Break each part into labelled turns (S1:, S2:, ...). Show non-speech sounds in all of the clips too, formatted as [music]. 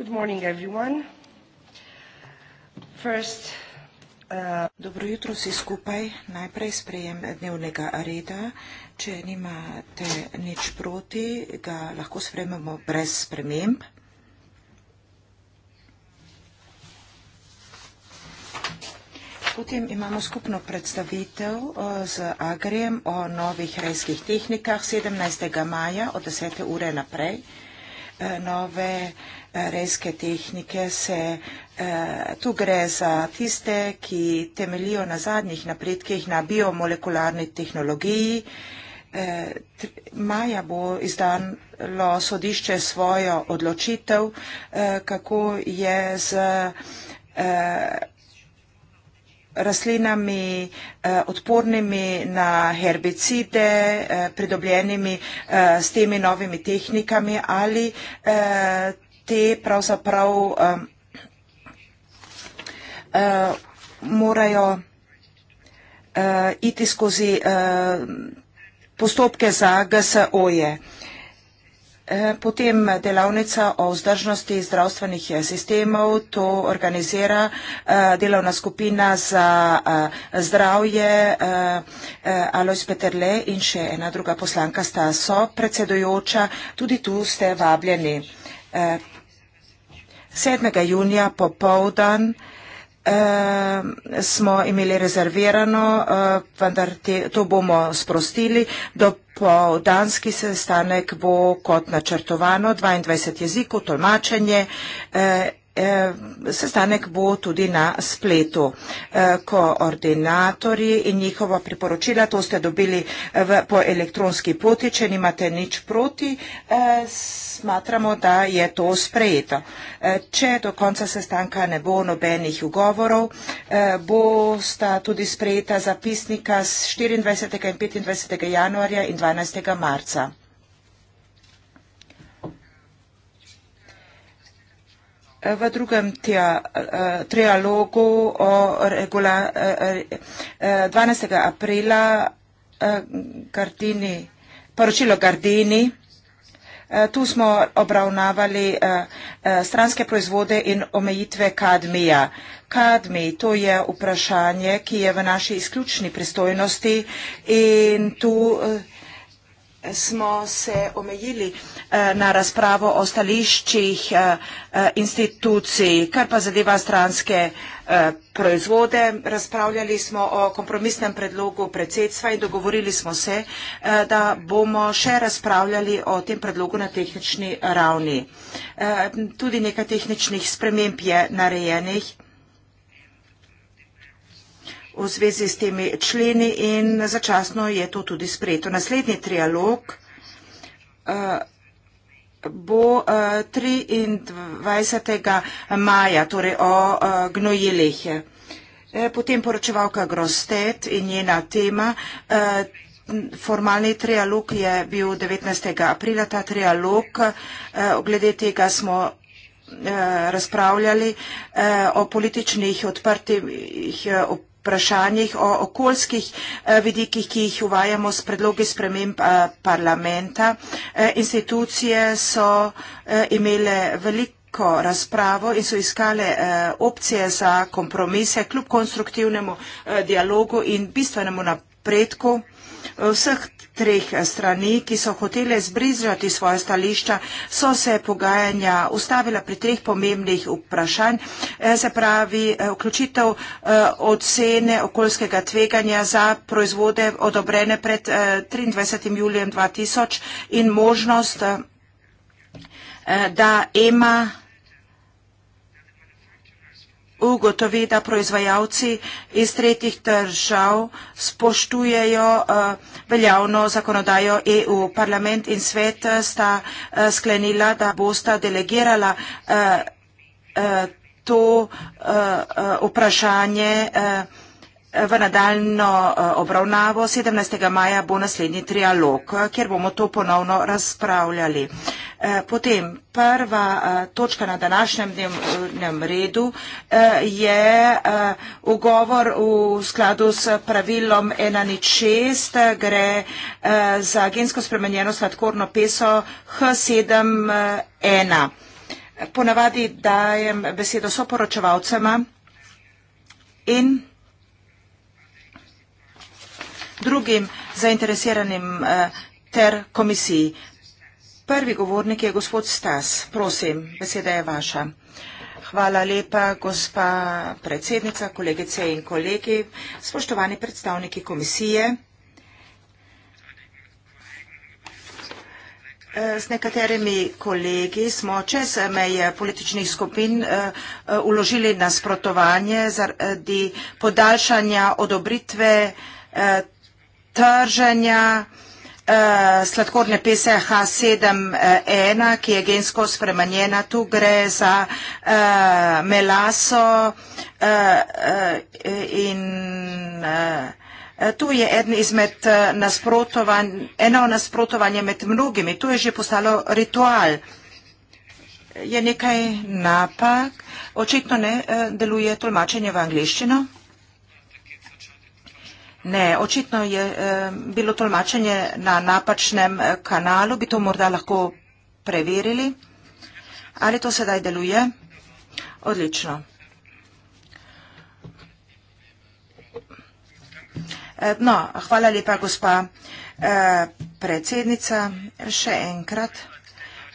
S1: Good morning, everyone. First, uh, dobro jutro vsi skupaj. Najprej sprejem dnevnega reda. Če nimate nič proti, ga lahko sprejmemo brez sprememb. Potem imamo skupno predstavitev uh, z Agrijem o novih rejskih tehnikah 17. maja od 10. ure naprej. Eh, nove eh, rejske tehnike. Se, eh, tu gre za tiste, ki temelijo na zadnjih napredkih na biomolekularni tehnologiji. Maja bo izdalo sodišče svojo odločitev, kako je z rastlinami eh, odpornimi na herbicide, eh, pridobljenimi eh, s temi novimi tehnikami ali te pravzaprav morajo iti skozi postopke za GSO-je. Eh, potem delavnica o vzdržnosti zdravstvenih eh, sistemov, to organizira eh, delovna skupina za zdravje Alois Peterle in še ena druga poslanka sta so predsedujoča, tudi tu ste vabljeni. 7. junija popovdan eh, smo imeli rezervirano, eh, vendar te, to bomo sprostili. Dopoldanski sestanek bo kot načrtovano 22 jezikov, tolmačenje. Eh, Eh, sestanek bo tudi na spletu. Eh, koordinatorji in njihova priporočila, to ste dobili eh, v, po elektronski poti, če nimate nič proti, smatramo, da je to sprejeto. Če do konca sestanka ne bo nobenih ugovorov, bo sta tudi sprejeta zapisnika z 24. in 25. januarja in 12. marca. v drugem tja, uh, eh, trialogu o regula, uh, uh, 12. aprila uh, Gardini, poročilo Gardini. Eh, tu smo obravnavali stranske proizvode in omejitve kadmija. Kadmi, to je vprašanje, ki je v naši izključni pristojnosti in tu smo se omejili eh, na razpravo o stališčih eh, eh, institucij, kar pa zadeva stranske proizvode. Razpravljali smo o kompromisnem predlogu predsedstva in dogovorili smo se, da bomo še razpravljali o tem predlogu na tehnični ravni. Tudi nekaj tehničnih sprememb je narejenih v zvezi s temi členi in začasno je to tudi sprejeto. Naslednji trialog eh, bo 23. Eh, maja, torej o eh, gnojilih. Potem poročevalka Grostet in njena tema. Formalni trialog je bil 19. aprila, ta trialog, glede tega smo razpravljali o političnih odprtih vprašanjih, o okoljskih eh, vidikih, ki jih uvajamo s predlogi sprememb eh, parlamenta. Eh, institucije so imele veliko razpravo in so iskale opcije za kompromise kljub konstruktivnemu dialogu in bistvenemu napredku vseh treh eh, strani, ki so hotele zbrizrati svoje stališča, so se pogajanja ustavila pri treh pomembnih vprašanj, eh, se pravi eh, vključitev ocene okoljskega tveganja za proizvode odobrene pred 23. julijem 2000 in možnost, da EMA ugotovi, da proizvajalci iz tretjih držav spoštujejo eh, veljavno zakonodajo EU. Parlament in svet eh, sta eh, sklenila, da bosta delegirala to vprašanje vprašanje V nadaljno eh, obravnavo 17. maja bo naslednji trialog, eh, kjer bomo to ponovno razpravljali. Eh, potem prva točka na današnjem dnevnem redu je ugovor v skladu s pravilom 16. Gre za gensko spremenjeno sladkorno peso H71. Ponavadi dajem besedo soporočevalcema in drugim zainteresiranim eh, ter komisiji. Prvi govornik je gospod Stas. Prosim, beseda je vaša. Hvala lepa, gospa predsednica, kolegice in kolegi, spoštovani predstavniki komisije. S eh, nekaterimi kolegi smo čez meje političnih skupin eh, uložili nasprotovanje zaradi podaljšanja odobritve, trženja eh, sladkorne PSH71, ki je gensko spremenjena. Tu gre za eh, melaso eh, in tu je eden izmed nasprotovanj, eno nasprotovanje med mnogimi. Tu je že postalo ritual. Je nekaj napak? Očitno ne deluje tolmačenje v angliščino. Ne, očitno je eh, bilo tolmačenje na napačnem eh, kanalu. Bi to morda lahko preverili? Ali to sedaj deluje? Odlično. Eh, no, hvala lepa, gospa predsednica. Še enkrat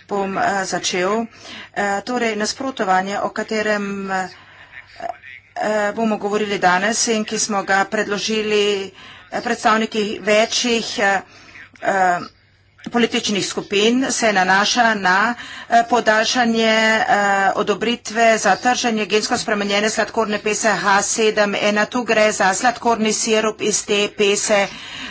S1: bom začel. Torej, nasprotovanje, o katerem vsega, Eh, bomo govorili danes in ki smo ga predložili eh, predstavniki večjih eh, političnih skupin se nanaša na eh, podaljšanje eh, odobritve za trženje gensko spremenjene sladkorne pese H7N. Tu gre za sladkorni sirup iz te pese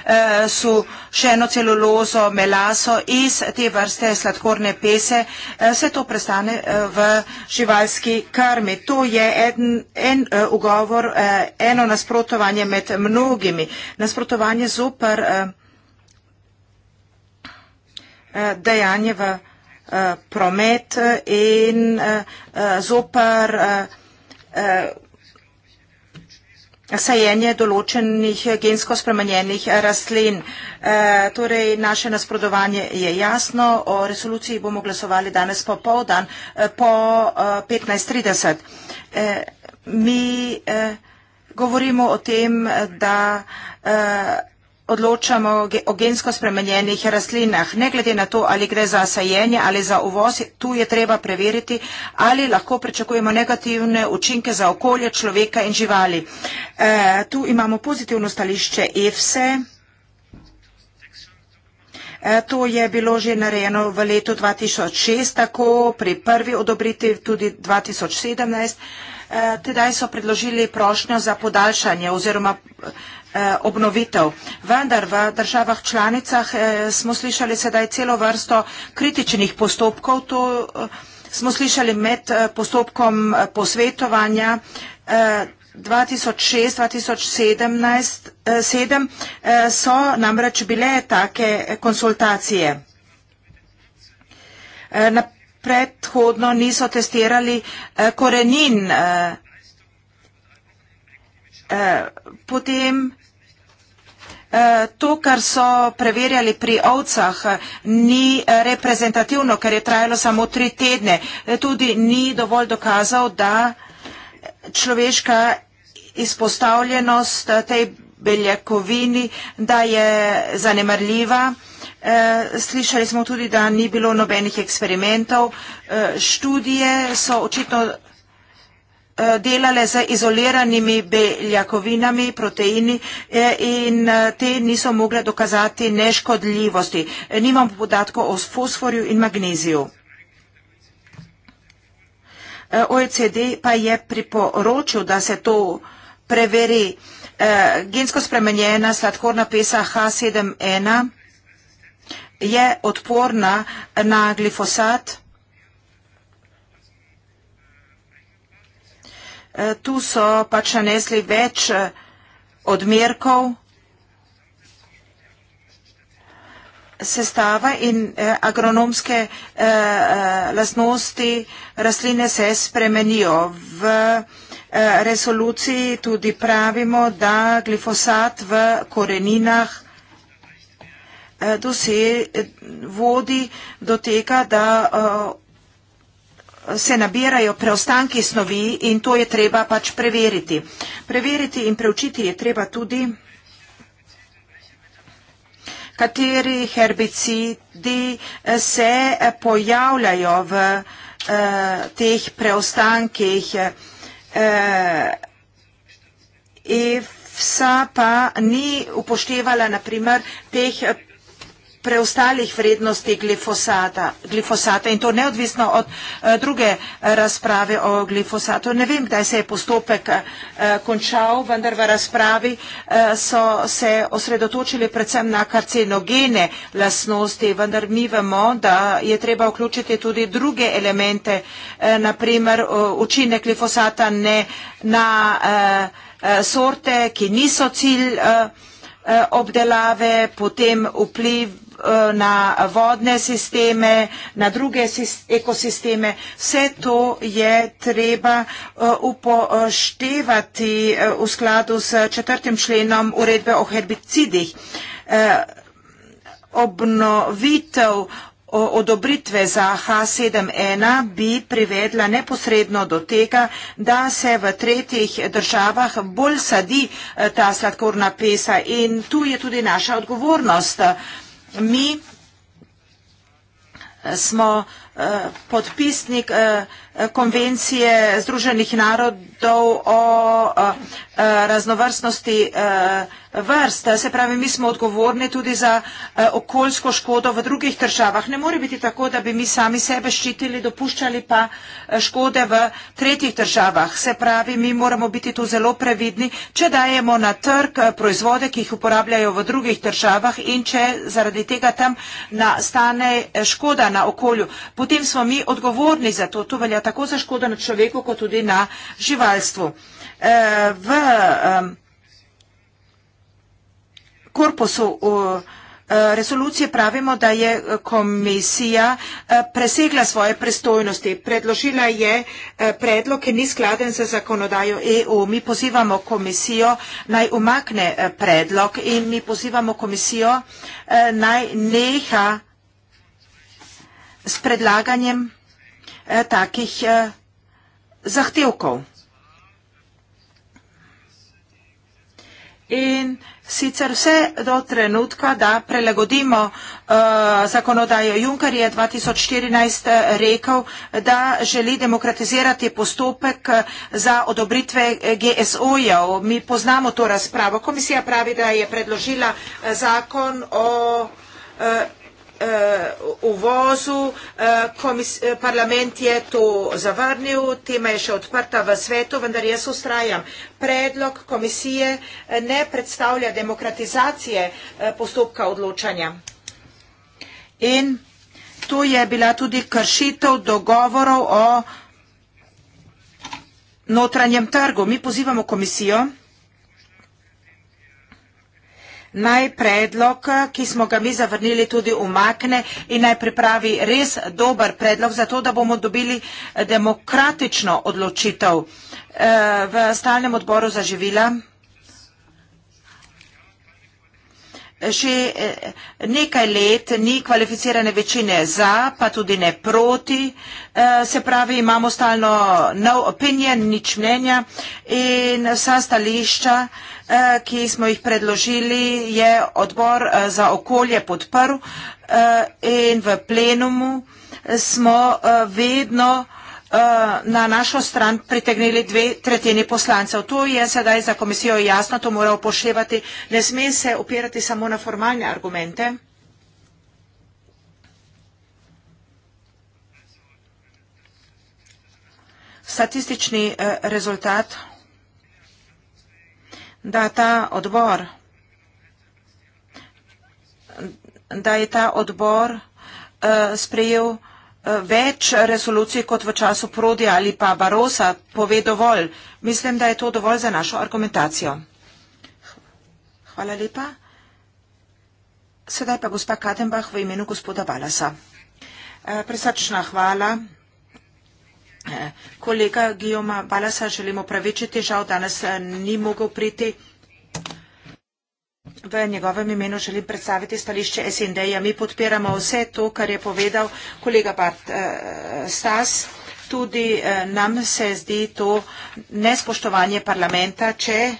S1: eh, su še eno celulozo melaso iz te vrste sladkorne pese, vse to prestane v živalski karmi. To je en, en ugovor, eno nasprotovanje med mnogimi. Nasprotovanje zupr dejanje v eh, promet in eh, zoper eh, sajenje določenih gensko spremenjenih rastlin. Torej, naše nasprodovanje je jasno, o resoluciji bomo glasovali danes po pol dan, po 15.30. Mi govorimo o tem, da odločamo o gensko spremenjenih rastlinah. Ne glede na to, ali gre za sajenje ali za uvoz, tu je treba preveriti, ali lahko pričakujemo negativne učinke za okolje človeka in živali. E, tu imamo pozitivno stališče EFSE. E, to je bilo že narejeno v letu 2006, tako pri prvi odobriti tudi 2017. E, tedaj so predložili prošnjo za podaljšanje oziroma Eh, obnovitev. Vendar v državah članicah eh, smo slišali sedaj celo vrsto kritičnih postopkov, to eh, smo slišali med postopkom posvetovanja 2006-2017 so namreč bile take konsultacije. Predhodno niso testirali korenin potem Eh, to, kar so preverjali pri ovcah, ni eh, reprezentativno, ker je trajalo samo tri tedne. Eh, tudi ni dovolj dokazal, da človeška izpostavljenost tej beljakovini, da je zanemrljiva. Slišali smo tudi, da ni bilo nobenih eksperimentov. Študije so očitno Eh, delale z izoliranimi beljakovinami, proteini eh, in eh, te niso mogle dokazati neškodljivosti. Nimam podatko o fosforju in magneziju. OECD pa je priporočil, da se to preveri gensko spremenjena sladkorna pesa H7.1 je odporna na glifosat, Eh, tu so pač nanesli več eh, odmerkov sestava in eh, agronomske lasnosti rastline se spremenijo. V resoluciji tudi pravimo, da glifosat v koreninah vodi do tega, da odmerkov se nabirajo preostanki snovi in to je treba pač preveriti. Preveriti in preučiti je treba tudi, kateri herbicidi se pojavljajo v eh, teh preostankih. Eh, eh, EFSA pa ni upoštevala naprimer teh preostankih, preostalih vrednosti glifosata, glifosata in to neodvisno od eh, druge eh, razprave o glifosatu. Ne vem, kdaj se je postopek eh, končal, vendar v razpravi eh, so se osredotočili predvsem na karcinogene lasnosti, vendar mi vemo, da je treba vključiti tudi druge elemente, eh, naprimer eh, učinek glifosata ne na eh, eh, sorte, ki niso cilj eh, obdelave, potem vpliv Eh, na vodne sisteme, na druge ekosisteme. Vse to je treba eh, upoštevati eh, v skladu s četrtim členom uredbe o herbicidih. Obnovitev odobritve za H7.1 bi privedla neposredno do tega, da se v tretjih državah bolj sadi ta sladkorna pesa in tu je tudi naša odgovornost. Uh, mi smo eh, podpisnik eh, konvencije Združenih narodov o eh, raznovrstnosti vrst. Se pravi, mi smo odgovorni tudi za eh, okoljsko škodo v drugih državah. Ne more biti tako, da bi mi sami sebe ščitili, dopuščali pa eh, škode v tretjih državah. Se pravi, mi moramo biti tu zelo previdni, če dajemo na trg eh, proizvode, ki jih uporabljajo v drugih državah in če zaradi tega tam nastane škoda na okolju. Potem smo mi odgovorni za to. To velja tako za škodo na človeku, kot tudi na živalstvu. V korpusu u eh, Resolucije pravimo da je eh, komisija eh, presegla svoje pristojnosti, predložila je predlog, ki ni skladen za zakonodajo EU. Mi pozivamo komisijo naj umakne predlog in mi pozivamo komisijo naj neha s predlaganjem takih zahtevkov. In sicer vse do trenutka, da prelagodimo uh, zakonodajo. Juncker je 2014 eh, rekel, da želi demokratizirati postopek eh, za odobritve GSO-jev. Mi poznamo to razpravo. Komisija pravi, da je predložila zakon o. Uh, Eh, uvozu. Eh, eh, parlament je to zavrnil, tema je še odprta v svetu, vendar jaz ustrajam. Predlog komisije ne predstavlja demokratizacije postopka odločanja. In tu je bila tudi kršitev dogovorov o notranjem trgu. Mi pozivamo komisijo, da naj predlog, ki smo ga mi zavrnili, tudi umakne in naj pripravi res dober predlog, zato da bomo dobili eh, demokratično odločitev eh, v stalnem odboru za živila. že eh, nekaj let ni kvalificirane večine za, pa tudi ne proti, eh, se pravi, imamo stalno no opinion, nič mnenja in vsa stališča, eh, ki smo jih predložili, je odbor za okolje podprl in v plenumu smo vedno Eh, na našo stran pritegnili dve tretjini poslancev. To je sedaj za komisijo jasno, to mora upoštevati. Ne sme se opirati samo na formalne argumente. Statistični eh, rezultat, da ta odbor, da je ta odbor eh, sprejel več resolucij kot v času Prodi ali pa Barosa pove dovolj. Mislim, da je to dovolj za našo argumentacijo. Hvala lepa. Sedaj pa gospa Kadenbach v imenu gospoda Balasa. Eh, presrčna hvala. Eh, kolega Gijoma Balasa želimo pravičiti, žal danes eh, ni mogel priti. V njegovem imenu želim predstaviti stališče SND-ja. Mi podpiramo vse to, kar je povedal kolega Bart uh, Stas. Tudi uh, nam se zdi to nespoštovanje parlamenta, če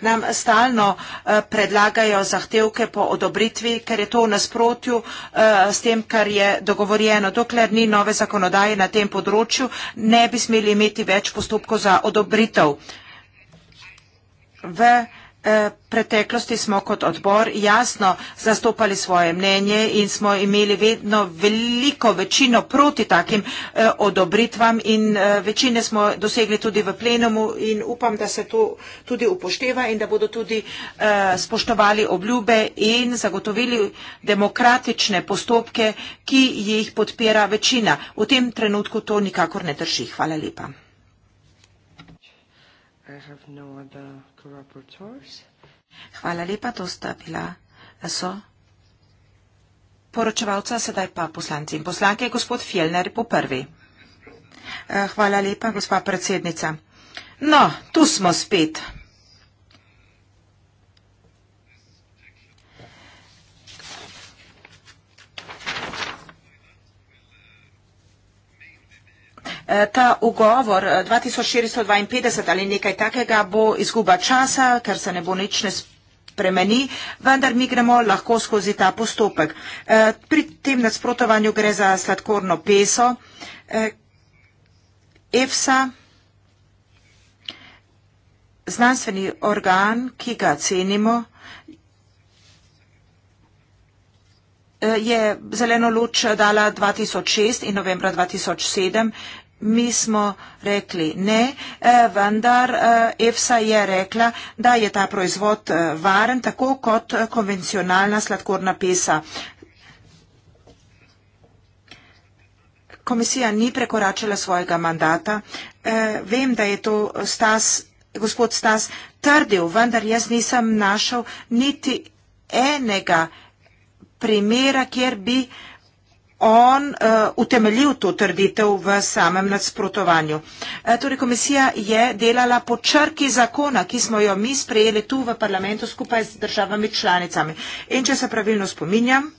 S1: nam stalno uh, predlagajo zahtevke po odobritvi, ker je to v nasprotju uh, s tem, kar je dogovorjeno. Dokler ni nove zakonodaje na tem področju, ne bi smeli imeti več postopkov za odobritev. V, uh, Eh, preteklosti smo kot odbor jasno zastopali svoje mnenje in smo imeli vedno veliko večino proti takim eh, odobritvam in eh, večine smo dosegli tudi v plenumu in upam, da se to tudi upošteva in da bodo tudi spoštovali obljube in zagotovili demokratične postopke, ki jih podpira večina. V tem trenutku to nikakor ne drži. Hvala lepa. I have no other... Hvala lepa, to sta bila so poročevalca, sedaj pa poslanci in poslanke, gospod Fjellner po prvi. Eh, hvala lepa, gospa predsednica. No, tu smo spet. Eh, ta ugovor 2452 eh, ali nekaj takega bo izguba časa, ker se ne bo nič ne spremeni, vendar mi gremo lahko skozi ta postopek. Eh, pri tem nasprotovanju gre za sladkorno peso, EFSA, znanstveni organ, ki ga cenimo, je zeleno luč dala 2006 in novembra 2007 Mi smo rekli ne, e, vendar e, EFSA je rekla, da je ta proizvod e, varen, tako kot konvencionalna sladkorna pesa. Komisija ni prekoračila svojega mandata. Vem, da je to Stas, gospod Stas trdil, vendar jaz nisem našel niti enega primera, kjer bi on uh, utemeljil to trditev v samem nasprotovanju. E, torej, komisija je delala po črki zakona, ki smo jo mi sprejeli tu v parlamentu skupaj z državami članicami. In če se pravilno spominjam,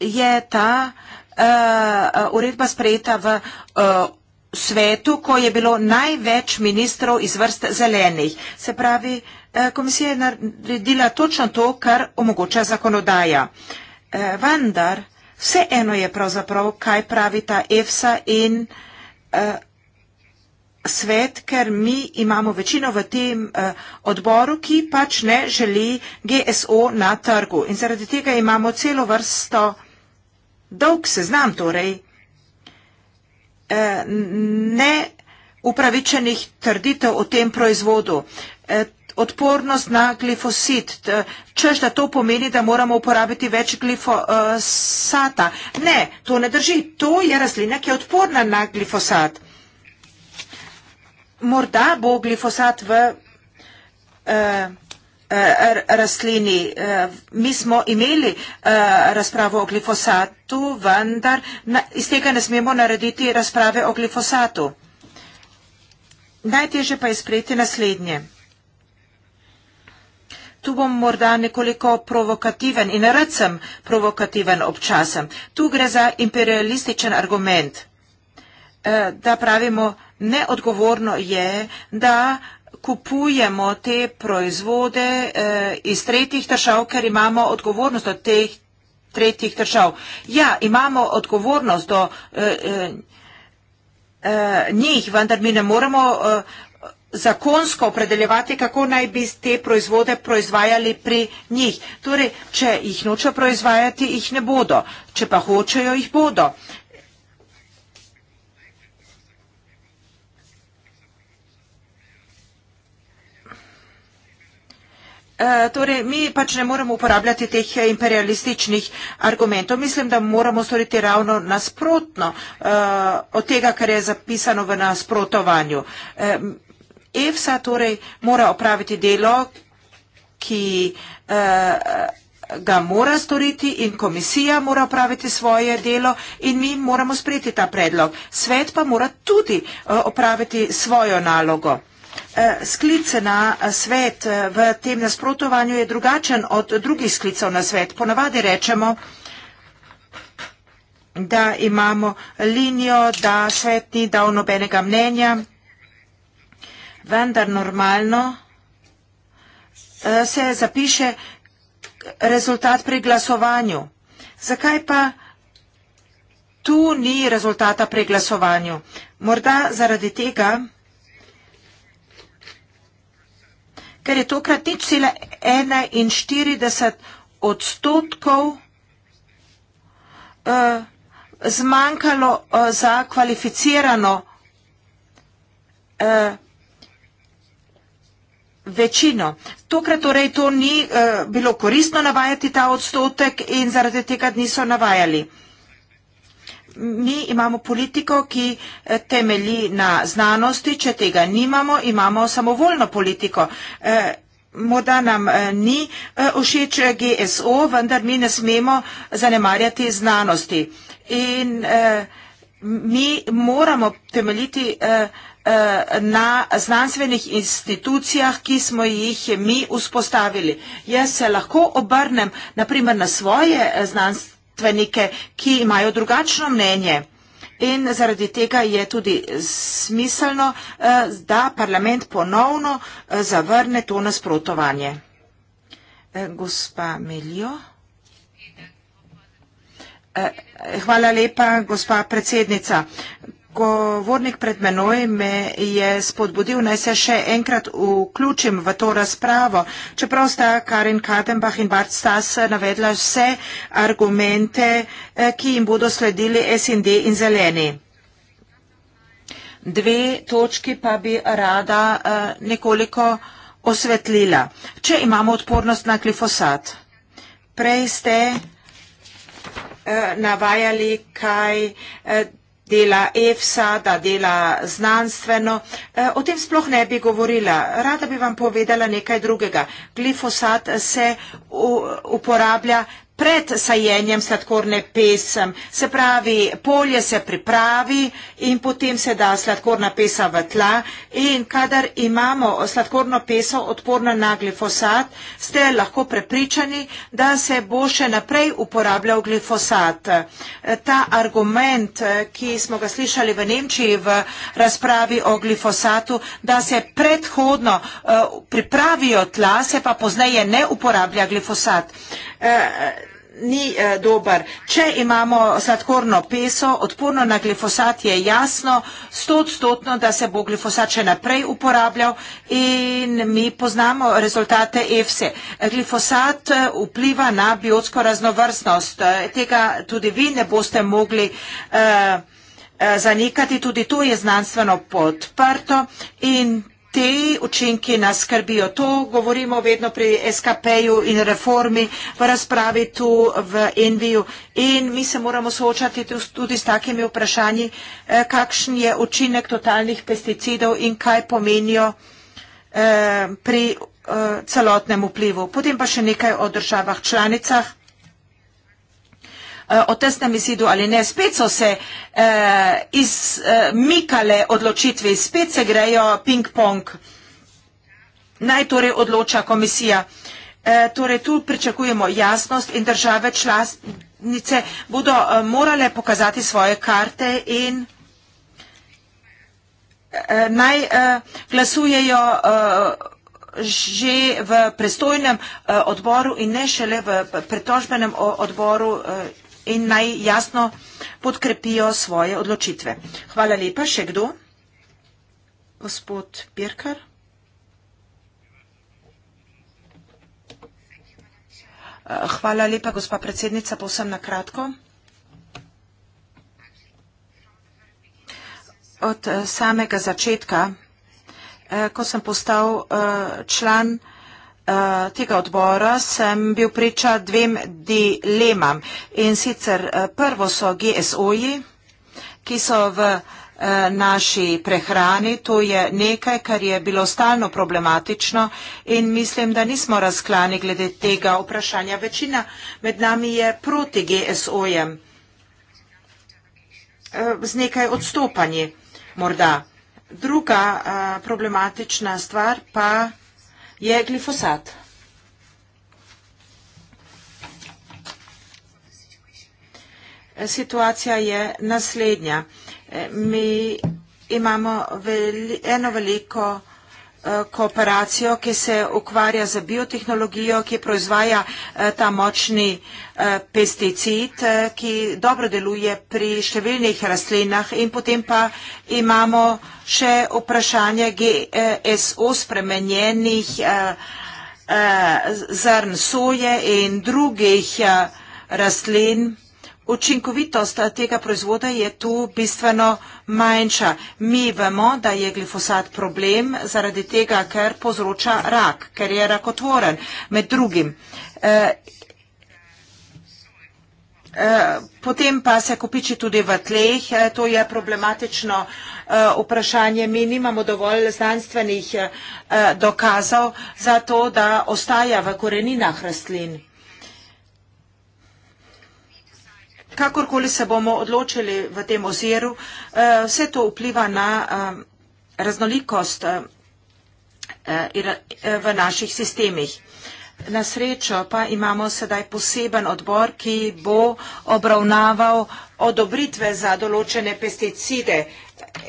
S1: je ta uh, uredba sprejeta v. Uh, svetu, ko je bilo največ ministrov iz vrst zelenih. Se pravi, uh, Eh, komisija je naredila točno to, kar omogoča zakonodaja. Eh, vendar vse eno je pravzaprav, kaj pravi ta EFSA in eh, svet, ker mi imamo večino v tem odboru, ki pač ne želi GSO na trgu. In zaradi tega imamo celo vrsto dolg seznam torej ne upravičenih trditev o tem proizvodu odpornost na glifosit. Češ, da to pomeni, da moramo uporabiti več glifosata. Eh, ne, to ne drži. To je rastlina, ki je odporna na glifosat. Morda bo glifosat v eh, eh, rastlini. Mi smo imeli razpravo o glifosatu, vendar iz tega ne smemo narediti razprave o glifosatu. Najtežje pa je sprejeti naslednje tu bom morda nekoliko provokativen in rad sem provokativen občasem. Tu gre za imperialističen argument, eh, da pravimo, neodgovorno je, da kupujemo te proizvode eh, iz tretjih držav, ker imamo odgovornost od teh tretjih držav. Ja, imamo odgovornost do eh, njih, vendar mi ne moremo zakonsko opredeljevati, kako naj bi te proizvode proizvajali pri njih. Torej, če jih noče proizvajati, jih ne bodo. Če pa hočejo, jih bodo. E, torej, mi pač ne moremo uporabljati teh imperialističnih argumentov. Mislim, da moramo storiti ravno nasprotno e, od tega, kar je zapisano v nasprotovanju. Torej, EFSA torej mora opraviti delo, ki eh, ga mora storiti in komisija mora opraviti svoje delo in mi moramo sprejeti ta predlog. Svet pa mora tudi eh, opraviti svojo nalogo. Eh, Sklice na svet v tem nasprotovanju je drugačen od drugih sklicov na svet. Ponavadi rečemo, da imamo linijo, da svet ni dal nobenega mnenja, vendar normalno eh, se zapiše rezultat pri glasovanju. Zakaj pa tu ni rezultata pri glasovanju? Morda zaradi tega, ker je tokrat nič cela 41 odstotkov eh, zmanjkalo eh, za kvalificirano večino. Tokrat torej to ni uh, bilo koristno navajati ta odstotek in zaradi tega niso navajali. Mi imamo politiko, ki eh, temeli na znanosti, če tega nimamo, imamo samovoljno politiko. E, eh, Moda nam ni všeč GSO, vendar mi ne smemo zanemarjati znanosti. In e, mi moramo temeliti. E, Eh, na znanstvenih institucijah, ki smo jih mi vzpostavili. Jaz se lahko obrnem naprimer na svoje eh, znanstvenike, ki imajo drugačno mnenje. In zaradi tega je tudi smiselno, eh, da parlament ponovno zavrne to nasprotovanje. Gospa Melijo. Hvala lepa, gospa predsednica govornik pred menoj me je spodbudil, naj se še enkrat vključim v to razpravo. Čeprav sta Karin Kadenbach in Bart Stas navedla vse argumente, eh, ki jim bodo sledili SND in zeleni. Dve točki pa bi rada eh, nekoliko osvetlila. Če imamo odpornost na glifosat, prej ste eh, navajali, kaj dela EFSA, da dela znanstveno. Eh, o tem sploh ne bi govorila. Rada bi vam povedala nekaj drugega. Glifosat se uporablja pred sajenjem sladkorne pesem. Se pravi, polje se pripravi in potem se da sladkorna pesa v tla in kadar imamo sladkorno peso odporno na glifosat, ste lahko prepričani, da se bo še naprej uporabljal glifosat. Ta argument, ki smo ga slišali v Nemčiji v razpravi o glifosatu, da se predhodno eh, pripravijo tla, se pa pozneje ne uporablja glifosat. Eh, ni eh, dober. Če imamo sladkorno peso, odporno na glifosat je jasno, stotstotno, da se bo glifosat še naprej uporabljal in mi poznamo rezultate EFSE. Glifosat eh, vpliva na biotsko raznovrstnost. Eh, tega tudi vi ne boste mogli. Eh, eh, Zanikati tudi to je znanstveno podprto in ti učinki nas skrbijo. To govorimo vedno pri SKP-ju in reformi v razpravi tu v Enviju. In mi se moramo soočati tudi s takimi vprašanji, eh, kakšen je učinek totalnih pesticidov in kaj pomenijo eh, pri eh, celotnem vplivu. Potem pa še nekaj o državah članicah. Eh, o testnem izidu ali ne. Spet so se eh, izmikale eh, odločitve, spet se grejo ping-pong. Naj torej odloča komisija. Eh, torej tu pričakujemo jasnost in države članice bodo eh, morale pokazati svoje karte in eh, naj eh, glasujejo. Eh, že v prestojnem uh, eh, odboru in ne šele v pretožbenem odboru. Uh in naj jasno podkrepijo svoje odločitve. Hvala lepa. Še kdo? Gospod Pirkar. Eh, hvala lepa, gospa predsednica, povsem na kratko. Od eh, samega začetka, eh, ko sem postal član Eh, tega odbora sem bil priča dvem dilemam. In sicer eh, prvo so GSO-ji, ki so v eh, naši prehrani. To je nekaj, kar je bilo stalno problematično in mislim, da nismo razklani glede tega vprašanja. Večina med nami je proti GSO-jem z nekaj odstopanji morda. Druga problematična stvar pa je, je glifosat. Situacija je naslednja. Mi imamo veli, eno veliko Eh, kooperacijo, ki se ukvarja z biotehnologijo, ki proizvaja eh, ta močni eh, pesticid, ki dobro deluje pri številnih rastlinah in potem pa imamo še vprašanje GSO spremenjenih zrn soje in drugih rastlin učinkovitost tega proizvoda je tu bistveno manjša. Mi vemo, da je glifosat problem zaradi tega, ker povzroča rak, ker je rakotvoren. Med drugim, eh, eh, potem pa se kopiči tudi v tleh, eh, to je problematično vprašanje. Mi nimamo dovolj znanstvenih dokazov za to, da ostaja v koreninah rastlin. kakorkoli se bomo odločili v tem oziru, eh, vse to vpliva na eh, raznolikost eh, v naših sistemih. Na srečo pa imamo sedaj poseben odbor, ki bo obravnaval odobritve za določene pesticide,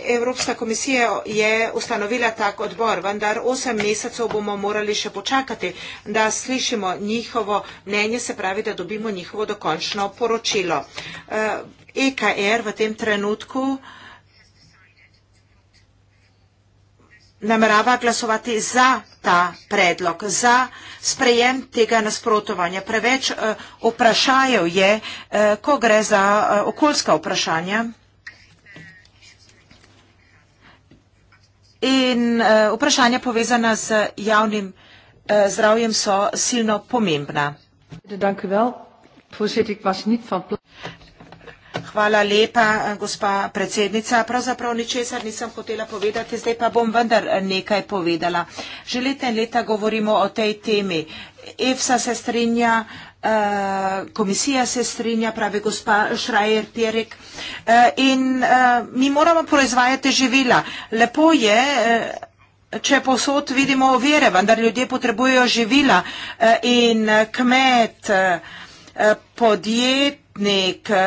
S1: Evropska komisija je ustanovila tak odbor, vendar 8 mesecev bomo morali še počakati, da slišimo njihovo mnenje, se pravi, da dobimo njihovo dokončno poročilo. EKR eh, e v tem trenutku namerava glasovati za ta predlog, za sprejem tega nasprotovanja. Preveč eh, vprašajev je, eh, ko gre za okoljska vprašanja. In uh, vprašanja povezana z javnim uh, zdravjem so silno pomembna. Hvala lepa, eh, gospa predsednica. Pravzaprav ničesar nisem hotela povedati, zdaj pa bom vendar nekaj povedala. Že leta in leta govorimo o tej temi EFSA se strinja, uh, komisija se strinja, pravi gospa Šrajer Tjerek. Uh, eh, in uh, mi moramo proizvajati živila. Lepo je, uh, če posod vidimo ovire, vendar ljudje potrebujejo živila uh, in uh, kmet, uh, podjetnik uh,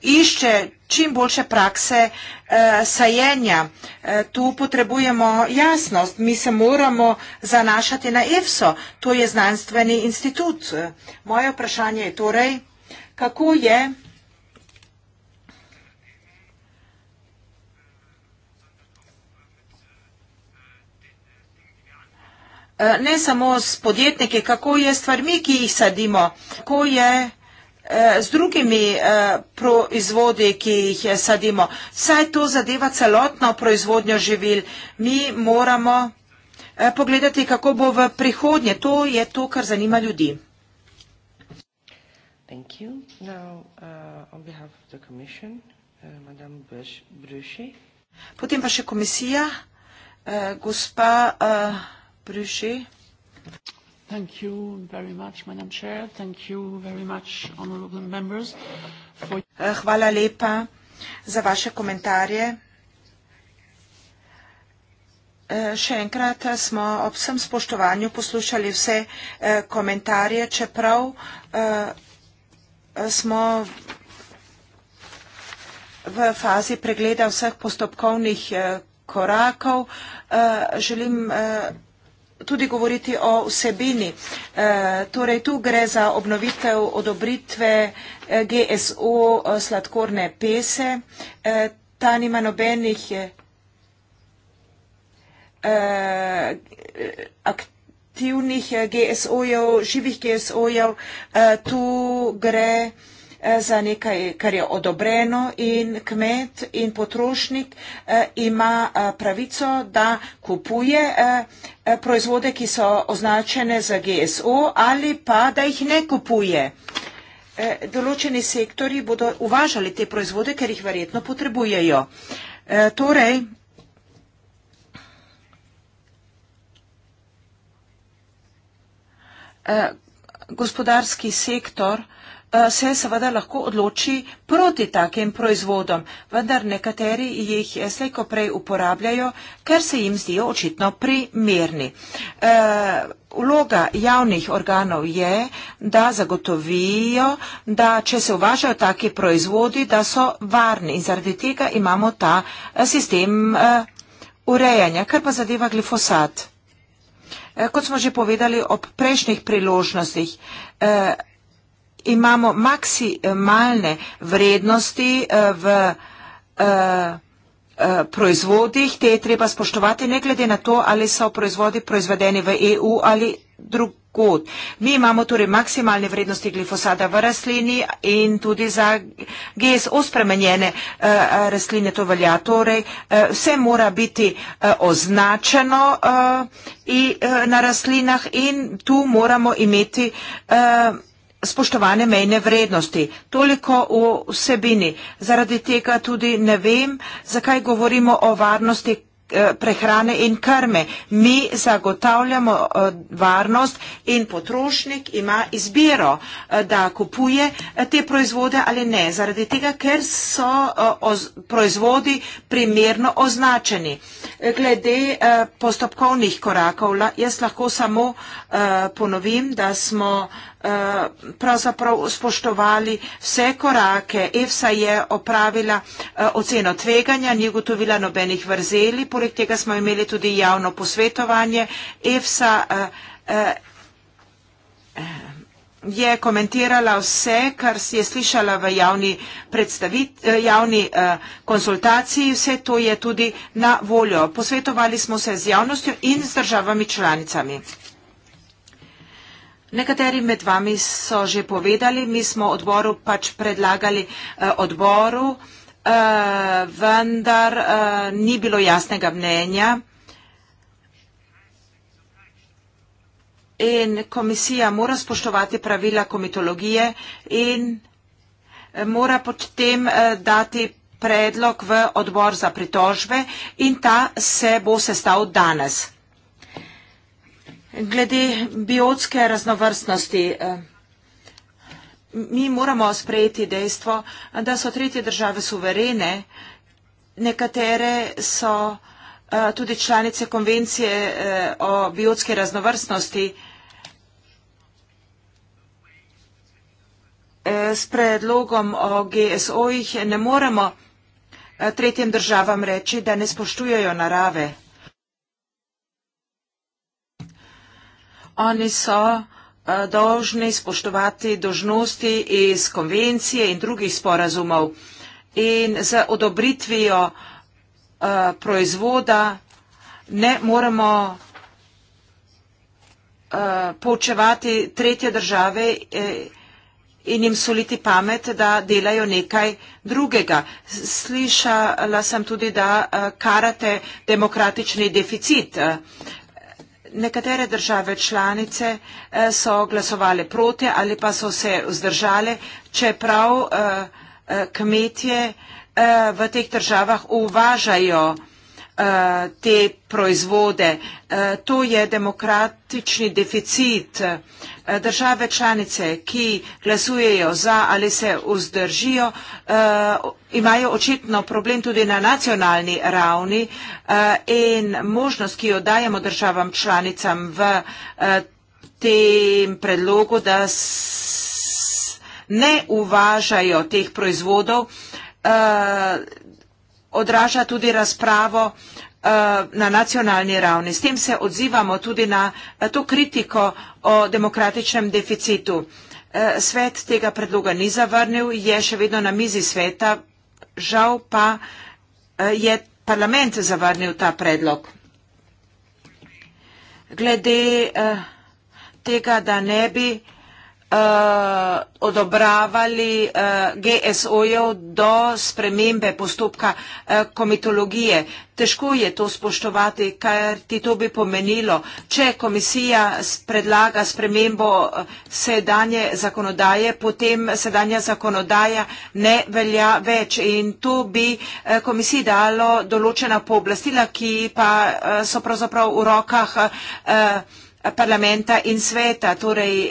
S1: išče čim boljše prakse eh, sajenja. Eh, tu potrebujemo jasnost. Mi se moramo zanašati na EFSO. To je znanstveni institut. Moje vprašanje je torej, kako je. Eh, ne samo s podjetniki, kako je stvarmi, ki jih sadimo, kako je. Eh, z drugimi eh, proizvodi, ki jih eh, sadimo. Saj to zadeva celotno proizvodnjo živil. Mi moramo pogledati, kako bo v prihodnje. To je to, kar zanima ljudi. Uh,
S2: uh,
S1: Potem pa še komisija, gospa Bruši. Thank you very much, Madam Chair. Thank you very much, honorable members. For... Eh, hvala lepa za vaše komentarje. Eh, še enkrat smo ob vsem spoštovanju poslušali vse eh, komentarje, čeprav smo v fazi pregleda vseh postopkovnih korakov. Želim tudi govoriti o vsebini. E, torej, tu gre za obnovitev odobritve e, GSO e, sladkorne pese. Ta nima nobenih aktivnih GSO-jev, živih GSO-jev. Tu gre za Eh, za nekaj, kar je odobreno in kmet in potrošnik eh, ima eh, pravico, da kupuje proizvode, ki so označene za GSO ali pa, da jih ne kupuje. Določeni sektori bodo uvažali te proizvode, ker jih verjetno potrebujejo. Torej, gospodarski sektor, Eh, se seveda lahko odloči proti takim proizvodom, vendar nekateri jih eh, slejko prej uporabljajo, ker se jim zdijo očitno primerni. Uloga eh, javnih organov je, da zagotovijo, da če se uvažajo taki proizvodi, da so varni in zaradi tega imamo ta sistem urejanja, kar pa zadeva glifosat. Kot smo že povedali ob prejšnjih priložnostih, imamo maksimalne vrednosti eh, v eh, eh, proizvodih, te je treba spoštovati ne glede na to, ali so proizvodi proizvedeni v EU ali drugod. Mi imamo torej maksimalne vrednosti glifosata v rastlini in tudi za GSO spremenjene rastline to velja. Torej, vse mora biti označeno na rastlinah in tu moramo imeti spoštovane mejne vrednosti. Toliko o vsebini. Zaradi tega tudi ne vem, zakaj govorimo o varnosti eh, prehrane in krme. Mi zagotavljamo eh, varnost in potrošnik ima izbiro, eh, da kupuje te proizvode ali ne, zaradi tega, ker so proizvodi primerno označeni. Glede postopkovnih korakov, jaz lahko samo ponovim, da smo Eh, pravzaprav spoštovali vse korake. EFSA je opravila eh, oceno tveganja, ni ugotovila nobenih vrzeli, poleg tega smo imeli tudi javno posvetovanje. EFSA eh, je komentirala vse, kar si je slišala v javni, javni konsultaciji, vse to je tudi na voljo. Posvetovali smo se z javnostjo in z državami članicami. Nekateri med vami so že povedali, mi smo odboru pač predlagali eh, odboru, eh, vendar eh, ni bilo jasnega mnenja. In komisija mora spoštovati pravila komitologije in mora potem dati predlog v odbor za pritožbe in ta se bo sestal danes glede biotske raznovrstnosti. Eh, mi moramo sprejeti dejstvo, da so tretje države suverene, nekatere so eh, tudi članice konvencije eh, o biotske raznovrstnosti. S predlogom o GSO-jih ne moremo tretjem državam reči, da ne spoštujejo narave. oni so eh, dolžni spoštovati dožnosti iz konvencije in drugih sporazumov. In z odobritvijo eh, proizvoda ne moramo eh, poučevati tretje države in jim soliti pamet, da delajo nekaj drugega. Slišala sem tudi, da karate demokratični deficit nekatere države članice eh, so glasovale proti ali pa so se vzdržale, čeprav eh, eh, kmetje v teh državah uvažajo te proizvode. To je demokratični deficit. Eh, države članice, ki glasujejo za ali se vzdržijo, eh, imajo očitno problem tudi na nacionalni ravni eh, in možnost, ki jo dajemo državam članicam v tem predlogu, da ne uvažajo teh proizvodov, odraža tudi razpravo, Eh, na nacionalni ravni. S tem se odzivamo tudi na eh, to kritiko o demokratičnem deficitu. Eh, svet tega predloga ni zavrnil, je še vedno na mizi sveta, žal pa je parlament zavrnil ta predlog. Glede tega, da ne bi uh, odobravali uh, eh, GSO-jev do spremembe postopka uh, komitologije. Težko je to spoštovati, kar ti to bi pomenilo. Če komisija predlaga spremembo sedanje zakonodaje, potem sedanja zakonodaja ne velja več in to bi komisiji dalo določena pooblastila, ki pa so pravzaprav v rokah parlamenta in sveta. Torej,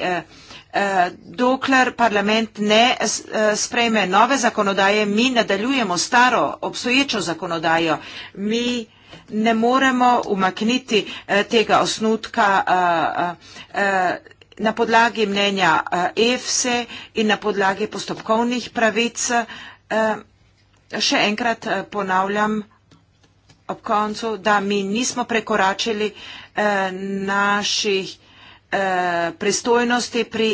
S1: Eh, dokler parlament ne eh, sprejme nove zakonodaje, mi nadaljujemo staro, obstoječo zakonodajo. Mi ne moremo umakniti eh, tega osnutka na podlagi mnenja EFSE in na podlagi postopkovnih pravic. Še enkrat ponavljam ob koncu, da mi nismo prekoračili naših Eh, pristojnosti pri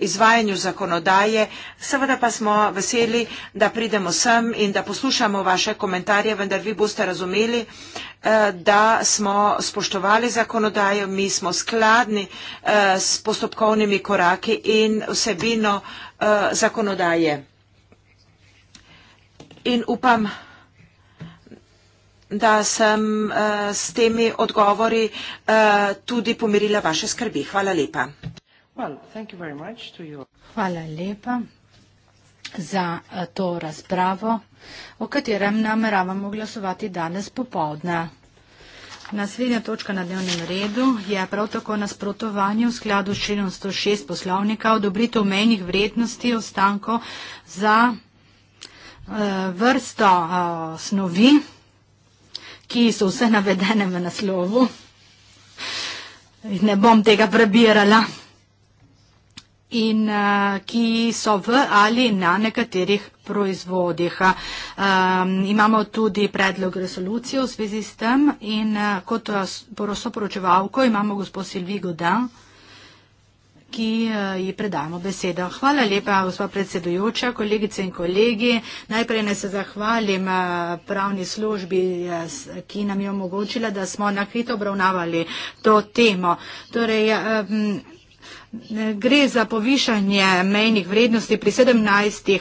S1: izvajanju zakonodaje. Seveda pa smo veseli, da pridemo sem in da poslušamo vaše komentarje, vendar vi boste razumeli, eh, da smo spoštovali zakonodajo, mi smo skladni eh, s postopkovnimi koraki in vsebino zakonodaje. In upam, da sem uh, s temi odgovori uh, tudi pomirila vaše skrbi. Hvala lepa.
S3: Hvala lepa za eh, to razpravo, o katerem nameravamo glasovati danes popovdne. Naslednja točka na dnevnem redu je prav tako nasprotovanje v skladu s členom 106 poslovnika odobritev menjih vrednosti ostankov za vrsto snovi ki so vse navedene v naslovu. Ne bom tega prebirala. In uh, ki so v ali na nekaterih proizvodih. Um, imamo tudi predlog resolucije v zvezi s tem in uh, kot soporočevalko imamo gospod Silvigo Dan ki eh, ji predamo besedo. Hvala lepa, gospod predsedujoča, kolegice in kolegi. Najprej ne se zahvalim eh, pravni službi, eh, ki nam je omogočila, da smo nakrito obravnavali to temo. Torej, gre za povišanje mejnih vrednosti pri 17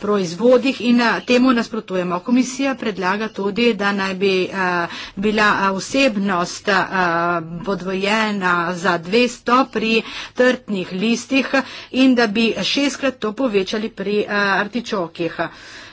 S3: proizvodih in eh, temu nasprotujemo. Komisija predlaga tudi, da naj bi eh, bila eh, vsebnost podvojena za 200 pri trtnih listih in da bi šestkrat to povečali pri artičokih.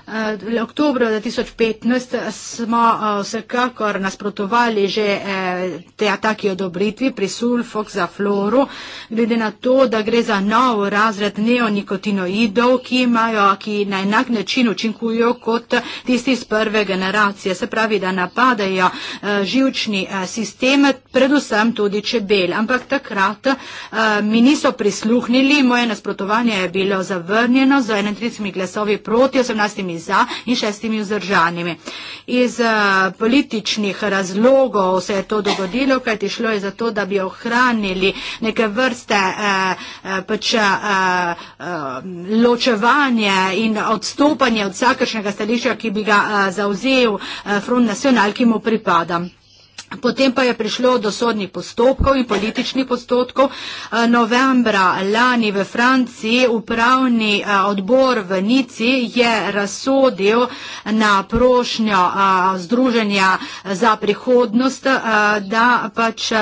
S3: Uh, oktobra 2015 smo uh, vsekakor nasprotovali že uh, eh, te ataki odobritvi pri sulfok za floru, glede na to, da gre za nov razred neonikotinoidov, ki, imajo, ki na enak način učinkujo kot tisti iz prve generacije. Se pravi, da napadajo uh, eh, živčni uh, sistem, predvsem tudi čebel. Ampak takrat uh, mi niso prisluhnili, moje nasprotovanje je bilo zavrnjeno z 31 glasovi proti 18 za in šestimi vzdržanimi. Iz eh, političnih razlogov se je to dogodilo, kajti šlo je za to, da bi ohranili neke vrste eh, eh, pač ločevanje in odstopanje od vsakršnega stališča, ki bi ga zauzel Front National, ki mu pripada. Potem pa je prišlo do sodnih postopkov in političnih postopkov. Eh, novembra lani v Franciji upravni eh, odbor v Nici je razsodil na prošnjo eh, Združenja za prihodnost, da pač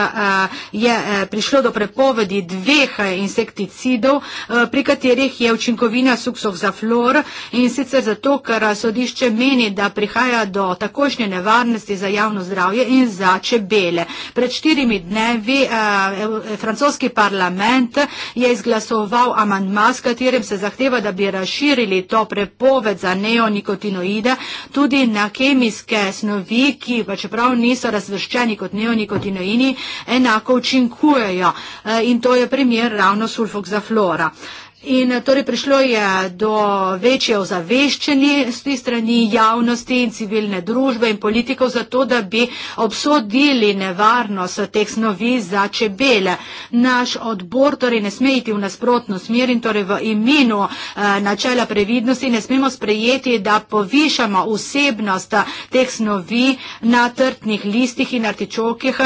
S3: je prišlo do prepovedi dveh insekticidov, pri katerih je učinkovina suksov za flor in sicer zato, ker sodišče meni, da prihaja do takošnje nevarnosti za javno zdravje in za čebele. Pred štirimi dnevi eh, francoski parlament je izglasoval amandma, s katerim se zahteva, da bi razširili to prepoved za neonikotinoide tudi na kemijske snovi, ki pa čeprav niso razvrščeni kot neonikotinoini, enako učinkujejo. Eh, in to je primer ravno sulfoxaflora. Eh, In eh, torej prišlo je do večje ozaveščenosti strani javnosti in civilne družbe in politikov za to, da bi obsodili nevarnost teh snovi za čebele. Naš odbor torej ne sme iti v nasprotno smer in torej v imenu eh, načela previdnosti ne smemo sprejeti, da povišamo vsebnost eh, teh snovi na trtnih listih in artičokih,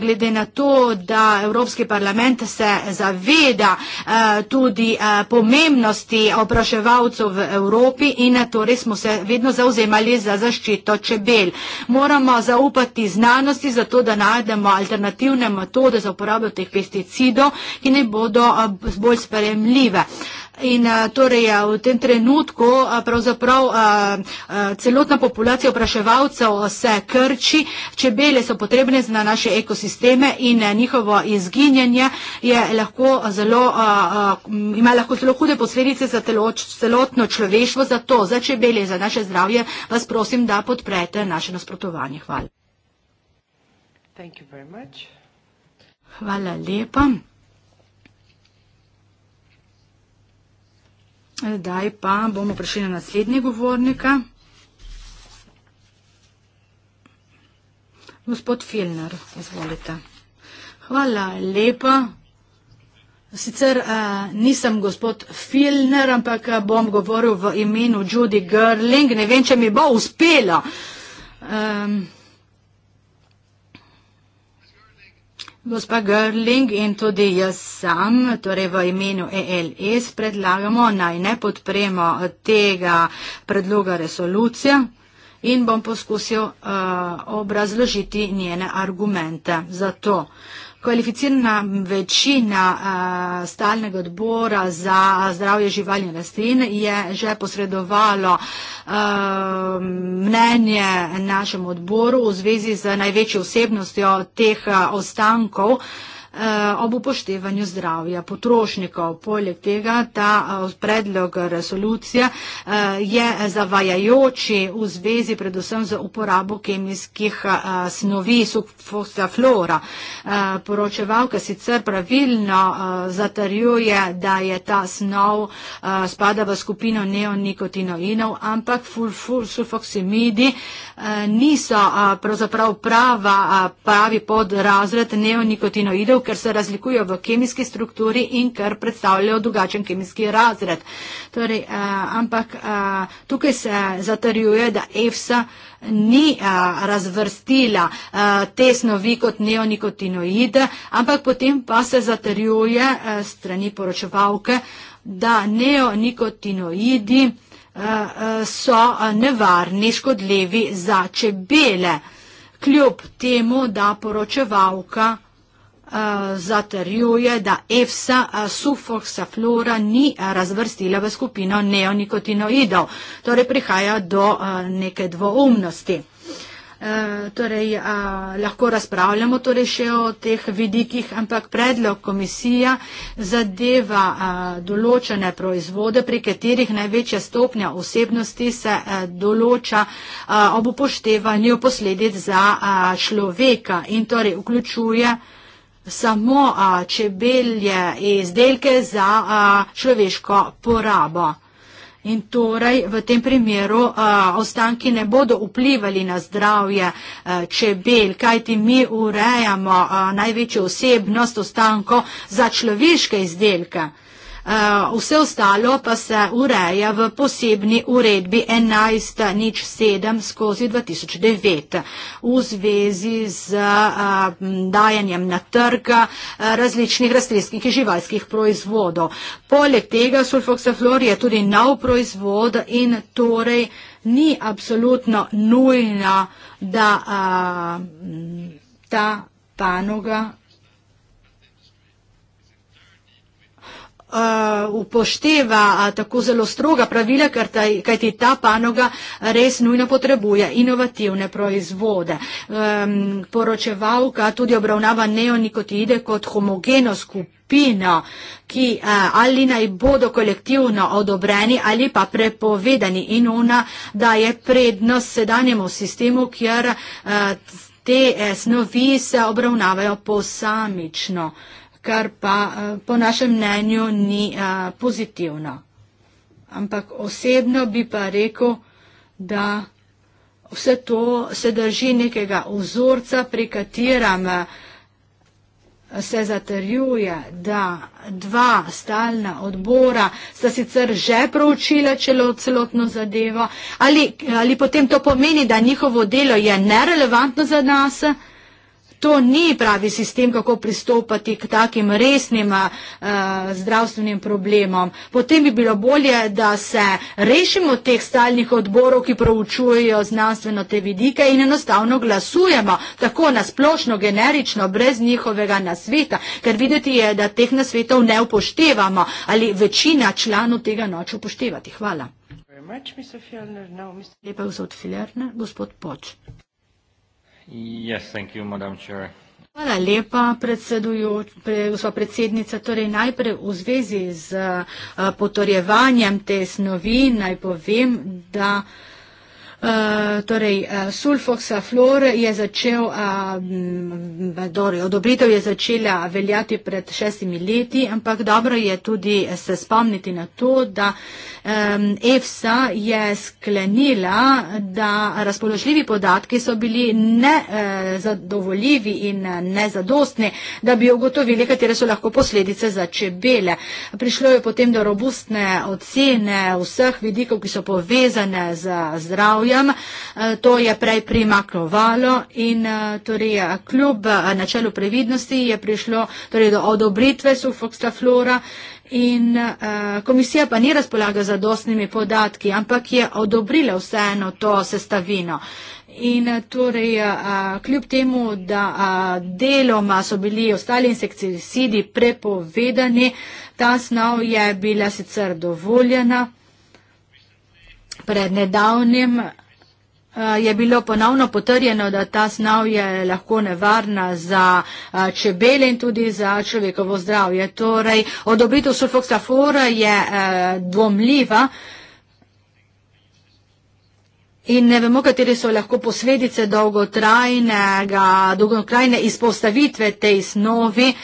S3: glede na to, da Evropski parlament se zaveda tudi pomembnosti oproševalcev v Evropi in torej smo se vedno zauzemali za zaščito čebel. Moramo zaupati znanosti za to, da najdemo alternativne metode za uporabo teh pesticidov, ki ne bodo eh, bolj spremljive. Uh, In torej v tem trenutku pravzaprav celotna populacija opraševalcev se krči, čebele so potrebne na naše ekosisteme in njihovo izginjanje lahko zelo, ima lahko zelo hude posledice za celotno človeštvo, zato za čebele, za naše zdravje vas prosim, da podprete naše nasprotovanje. Hvala. Hvala lepa. Zdaj pa bomo prišli na naslednji govornika. Gospod Filner, izvolite. Hvala lepa. Sicer uh, nisem gospod Filner, ampak eh, bom govoril v imenu Judy Gerling. Ne vem, če mi bo uspelo. Um, Gospa Gerling in tudi jaz sam, torej v imenu ELS, predlagamo naj ne podpremo tega predloga resolucije in bom poskusil uh, obrazložiti njene argumente za to. Uh, kvalificirana večina eh, stalnega odbora za zdravje živalj in rastlin je že posredovalo eh, mnenje našemu odboru v zvezi z največjo osebnostjo teh eh, ostankov, Eh, ob upoštevanju zdravja potrošnikov. Poleg tega ta eh, predlog resolucije eh, je zavajajoči v zvezi predvsem z uporabo kemijskih snovi subfosaflora. Poročevalka sicer pravilno zatarjuje, da je ta snov spada v skupino neonikotinoinov, ampak sulfoksimidi niso pravzaprav prava, pravi podrazred neonikotinoidov, ker se razlikujejo v kemijski strukturi in ker predstavljajo drugačen kemijski razred. Torej, uh, ampak uh, tukaj se zatrjuje, da EFSA ni uh, razvrstila uh, te snovi kot neonikotinoide, ampak potem pa se zatrjuje uh, strani poročevalke, da neonikotinoidi so nevarni, škodljivi za čebele. Kljub temu, da poročevalka Eh, zaterjuje, da EFSA eh, sufoksaflora ni eh, razvrstila v skupino neonikotinoidov. Torej prihaja do a, neke dvoumnosti. E, torej, a, lahko razpravljamo torej še o teh vidikih, ampak predlog komisija zadeva a, določene proizvode, pri katerih največja stopnja osebnosti se a, določa a, ob upoštevanju posledic za a, človeka in torej vključuje a, samo a, čebelje izdelke za a, človeško porabo. In torej v tem primeru a, ostanki ne bodo vplivali na zdravje a, čebel, kajti mi urejamo a, največjo osebnost ostanko za človeške izdelke. Eh, vse ostalo pa se ureja v posebni uredbi 11.07 skozi 2009 v zvezi z eh, dajanjem na trg eh, različnih rastlinskih in živalskih proizvodov. Poleg tega sulfoxaflor je tudi nov proizvod in torej ni absolutno nujno, da a, ta panoga Uh, upošteva tako zelo stroga pravila, ker ta, kajti ta panoga res nujno potrebuje inovativne proizvode. Um, poročevalka tudi obravnava neonikotide kot homogeno skupino, ki uh, ali naj bodo kolektivno odobreni ali pa prepovedani in ona daje prednost sedanjemu sistemu, kjer uh, te eh, snovi se obravnavajo posamično. Uh, kar pa eh, po našem mnenju ni eh, pozitivno. Ampak osebno bi pa rekel, da vse to se drži nekega vzorca, pri katerem eh, se zaterjuje, da dva stalna odbora sta sicer že proučila celo, celotno zadevo, ali, ali potem to pomeni, da njihovo delo je nerelevantno za nas, uh, to ni pravi sistem, kako pristopati k takim resnim uh, zdravstvenim problemom. Potem bi bilo bolje, da se rešimo teh stalnih odborov, ki proučujejo znanstveno te vidike in enostavno glasujemo tako nasplošno, generično, brez njihovega nasveta, ker videti je, da teh nasvetov ne upoštevamo ali večina članov tega noče upoštevati. Hvala. No, Lepa gospod Filerna, gospod Poč. Hvala lepa, gospod predsednica. Torej najprej v zvezi z eh, potorjevanjem te snovi naj povem, da. Eh, torej, eh, sulfoksaflor je začel, mm, torej, odobritev je začela veljati pred šestimi leti, ampak dobro je tudi se spomniti na to, da EFSA je sklenila, da razpoložljivi podatki so bili nezadovoljivi eh, in nezadostni, da bi ugotovili, katere so lahko posledice za čebele. Prišlo je potem do robustne ocene vseh vidikov, ki so povezane z zdravjem pričakujem. Eh, to je prej primaklovalo in eh, torej, eh, kljub načelu previdnosti je prišlo torej, do odobritve sufoksta flora. In uh, komisija pa ni razpolaga za dostnimi podatki, ampak je odobrila vseeno to sestavino. In torej, kljub temu, da deloma so bili ostali insekticidi prepovedani, ta snov je bila sicer dovoljena Pred nedavnim eh, je bilo ponovno potrjeno, da ta snov je lahko nevarna za eh, čebele in tudi za človekovo zdravje. Torej, odobritev sulfoksafora je eh, dvomljiva. In ne vemo, kateri so lahko posledice dolgotrajnega, dolgotrajne izpostavitve tej snovi. Uh,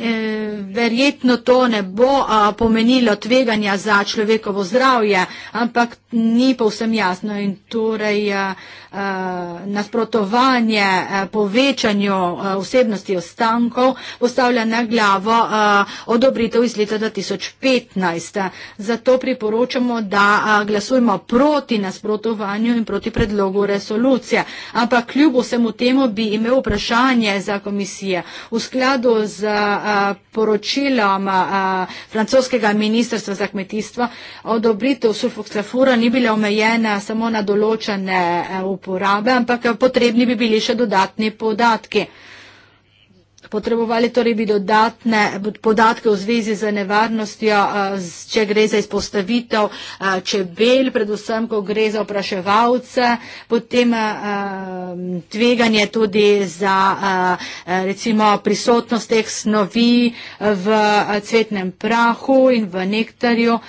S3: Eh, verjetno to ne bo pomenilo tveganja za človekovo zdravje, ampak ni povsem jasno in torej eh, eh, nasprotovanje povečanju osebnosti ostankov postavlja na glavo odobritev iz leta 2015. Zato priporočamo, da glasujemo proti nasprotovanju in proti predlogu resolucije. Ampak kljub vsemu temu bi imel vprašanje za komisije. V skladu z Eh, poročilom eh, francoskega ministrstva za kmetijstvo odobritev sulfoksafura ni bila omejena samo na določene eh, uporabe, ampak potrebni bi bili še dodatni podatki potrebovali torej bi dodatne podatke v zvezi z nevarnostjo, če gre za izpostavitev čebel, predvsem, ko gre za opraševalce, potem tveganje tudi za recimo prisotnost teh snovi v cvetnem prahu in v nektarju.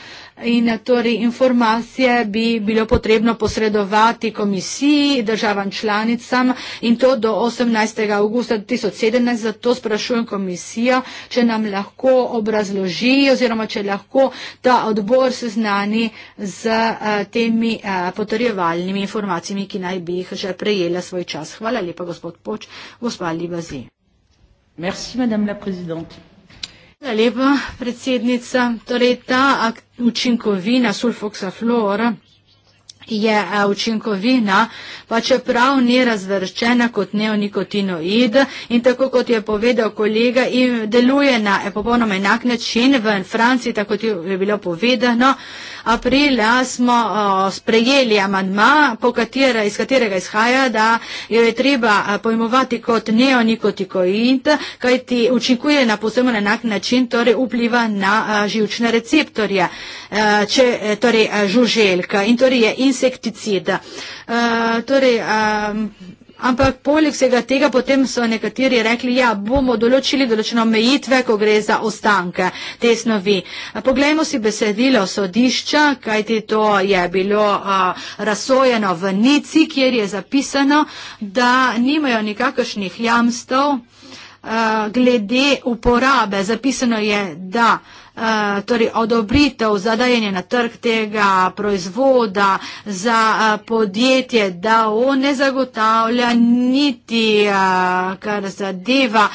S3: In torej informacije bi bilo potrebno posredovati komisiji, državam članicam in to do 18. augusta 2017. Zato sprašujem komisijo, če nam lahko obrazloži oziroma če lahko ta odbor seznani z eh, temi eh, potrjevalnimi informacijami, ki naj bi jih že prejela svoj čas. Hvala lepa, gospod Poč, gospod Libazi. Merci, madame la présidente. Hvala lepa, predsednica. Torej, ta učinkovina sulfoksaflor je učinkovina, pa čeprav ni razvrščena kot neonikotinoid in tako kot je povedal kolega, deluje na popolnoma enak način v Franciji, tako kot je bilo povedano aprila smo sprejeli amadma, katera, iz katerega izhaja, da jo je treba pojmovati kot neonikotikoid, kajti učinkuje na posebno enak način, torej vpliva na živčne receptorje, če, e, torej žuželjka in torej je insekticid. Torej, Ampak poleg vsega tega potem so nekateri rekli, ja, bomo določili določeno mejitve, ko gre za ostanke te snovi. Poglejmo si besedilo sodišča, kajti to je bilo a, razsojeno v Nici, kjer je zapisano, da nimajo nikakršnih jamstov a, glede uporabe. Zapisano je, da. Eh, torej odobritev za dajanje na trg tega proizvoda za eh, podjetje, da on ne zagotavlja niti, eh, kar zadeva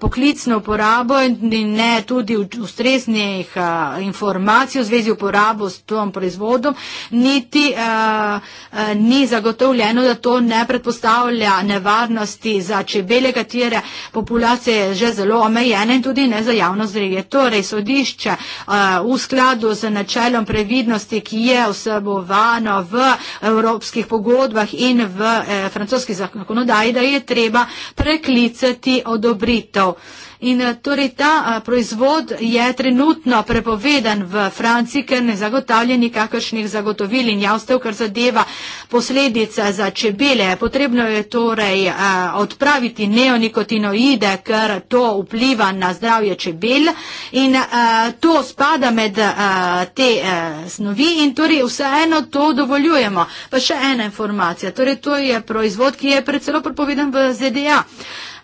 S3: poklicno uporabo in ne tudi ustreznih informacij v zvezi uporabo s tom proizvodom, niti ni zagotovljeno, da to ne predpostavlja nevarnosti za čebele, katere populacije je že zelo omejene in tudi ne za javno zdravje. Torej, sodiš sodišče eh, v skladu z načelom previdnosti, ki je vsebovano v evropskih pogodbah in v eh, francoski zakonodaji, da je treba preklicati odobritev. In eh, torej ta eh, proizvod je trenutno prepovedan v Franciji, ker ne zagotavlja nikakršnih zagotovil in javstev, kar zadeva posledica za čebele. Potrebno je torej eh, odpraviti neonikotinoide, ker to vpliva na zdravje čebel in to spada med te snovi in torej vseeno to dovoljujemo. Pa še ena informacija, torej to je proizvod, ki je predvsem prepovedan v ZDA.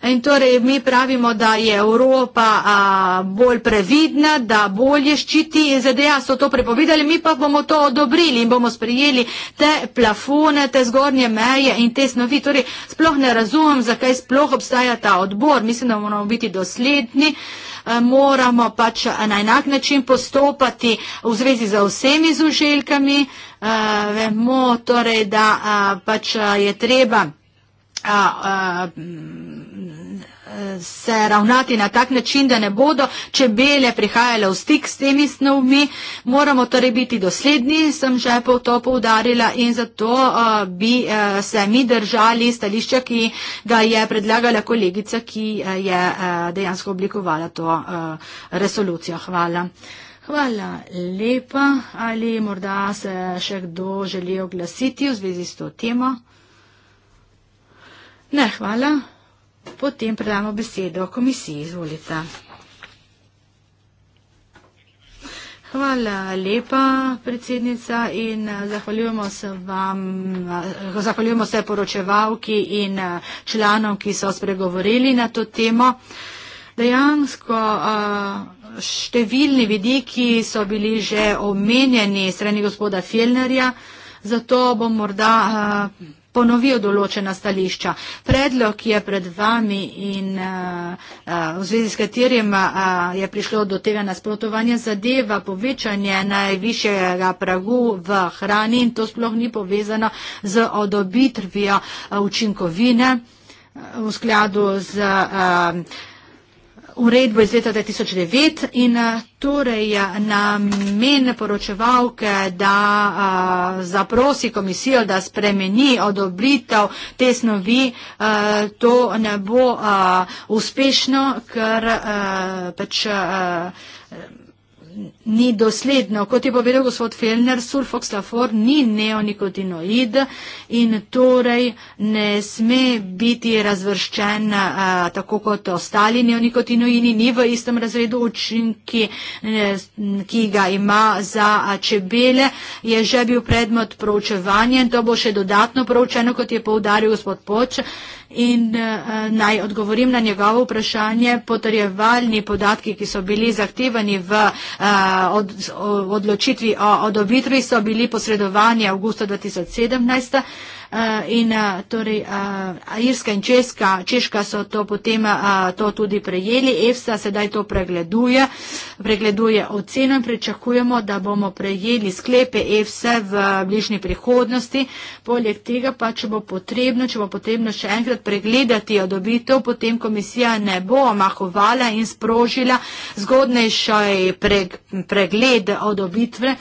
S3: In torej mi pravimo, da je Evropa a, bolj previdna, da bolje ščiti in ZDA so to prepovedali, mi pa bomo to odobrili in bomo sprijeli te plafone, te zgornje meje in te snovi. Torej sploh ne razumem, zakaj sploh obstaja ta odbor. Mislim, da moramo biti dosledni, a, moramo pač na enak način postopati v zvezi z vsemi zuželjkami. A, vemo torej, da a, pač a, je treba. A, a, se ravnati na tak način, da ne bodo čebele prihajale v stik s temi snovmi. Moramo torej biti dosledni, sem že pol to poudarila in zato bi se mi držali stališča, ki ga je predlagala kolegica, ki je dejansko oblikovala to resolucijo. Hvala. Hvala lepa. Ali morda se še kdo želi oglasiti v zvezi s to temo? Ne, hvala. Potem predamo besedo komisiji. Izvolite. Hvala lepa, predsednica, in eh, zahvaljujemo se vam, eh, zahvaljujemo se poročevalki in eh, članom, ki so spregovorili na to temo. Dejansko številni vidiki so bili že omenjeni strani gospoda Fjellnerja, zato bom morda ponovijo določena stališča. Predlog, ki je pred vami in eh, eh, v zvezi s katerim eh, je prišlo do tega nasprotovanja, zadeva povečanje najvišjega pragu v hrani in to sploh ni povezano z odobitvijo učinkovine v skladu z uh, uredbo iz leta 2009 in eh, torej eh, namen poročevalke, da a, eh, zaprosi komisijo, da spremeni odobritev te snovi, a, to ne bo a, uspešno, ker a, pač. A, ni dosledno. Kot je povedal gospod Fellner, sulfoxlafor ni neonikotinoid in torej ne sme biti razvrščen a, tako kot ostali neonikotinoidi, ni v istem razredu učinki, e, ki ga ima za čebele, je že bil predmet proučevanja in to bo še dodatno proučeno, kot je poudaril gospod Poč. In eh, naj odgovorim na njegovo vprašanje, potrjevalni podatki, ki so bili zahtevani v eh, od, odločitvi o odobitvi so bili posredovani avgusta 2017. Eh, in eh, torej eh, Irska in Česka, Češka so to potem to tudi prejeli, EFSA sedaj to pregleduje, pregleduje oceno in pričakujemo, da bomo prejeli sklepe EFSA v bližnji prihodnosti, poleg tega pa, če bo potrebno, če bo potrebno še enkrat pregledati odobitev, potem komisija ne bo omahovala in sprožila zgodnejši pregled odobitve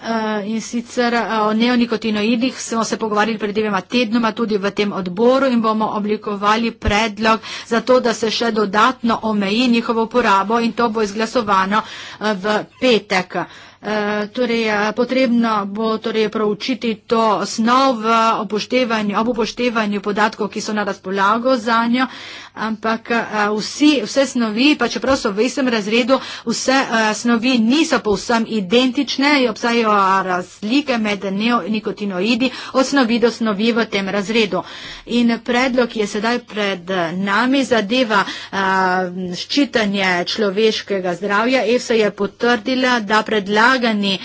S3: Eh, in sicer eh, o neonikotinoidih smo se pogovarjali pred dvema tednoma tudi v tem odboru in bomo oblikovali predlog za to, da se še dodatno omeji njihovo uporabo in to bo izglasovano eh, v petek. Torej, potrebno bo torej, proučiti to snov ob upoštevanju podatkov, ki so na razpolago za njo. Uh, ampak eh, vsi, vse snovi, pa čeprav so v istem razredu, vse eh, snovi niso povsem identične, obstajajo razlike med neonikotinoidi od snovi do snovi v tem razredu. In predlog, ki je sedaj pred nami, zadeva eh, ščitanje človeškega zdravja. EFSA je potrdila, da predlagani,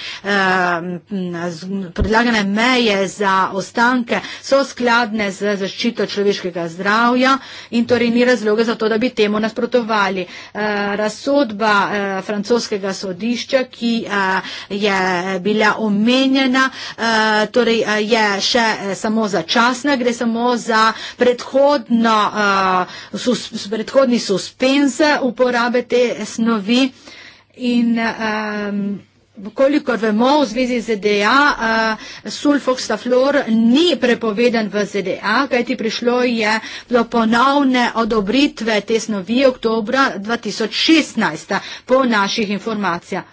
S3: predlagane meje za ostanke so skladne z zaščito človeškega zdravja in torej ni razloga za to, da bi temu nasprotovali. Eh, razsodba eh, francoskega sodišča, ki eh, je bila omenjena, torej je še samo začasna, gre samo za predhodni suspenz uporabe te snovi. In, um, kolikor vemo v zvezi z ZDA, uh, eh, sulfoxaflor ni prepovedan v ZDA, kajti prišlo je do ponovne odobritve te snovi oktobra 2016 po naših informacijah.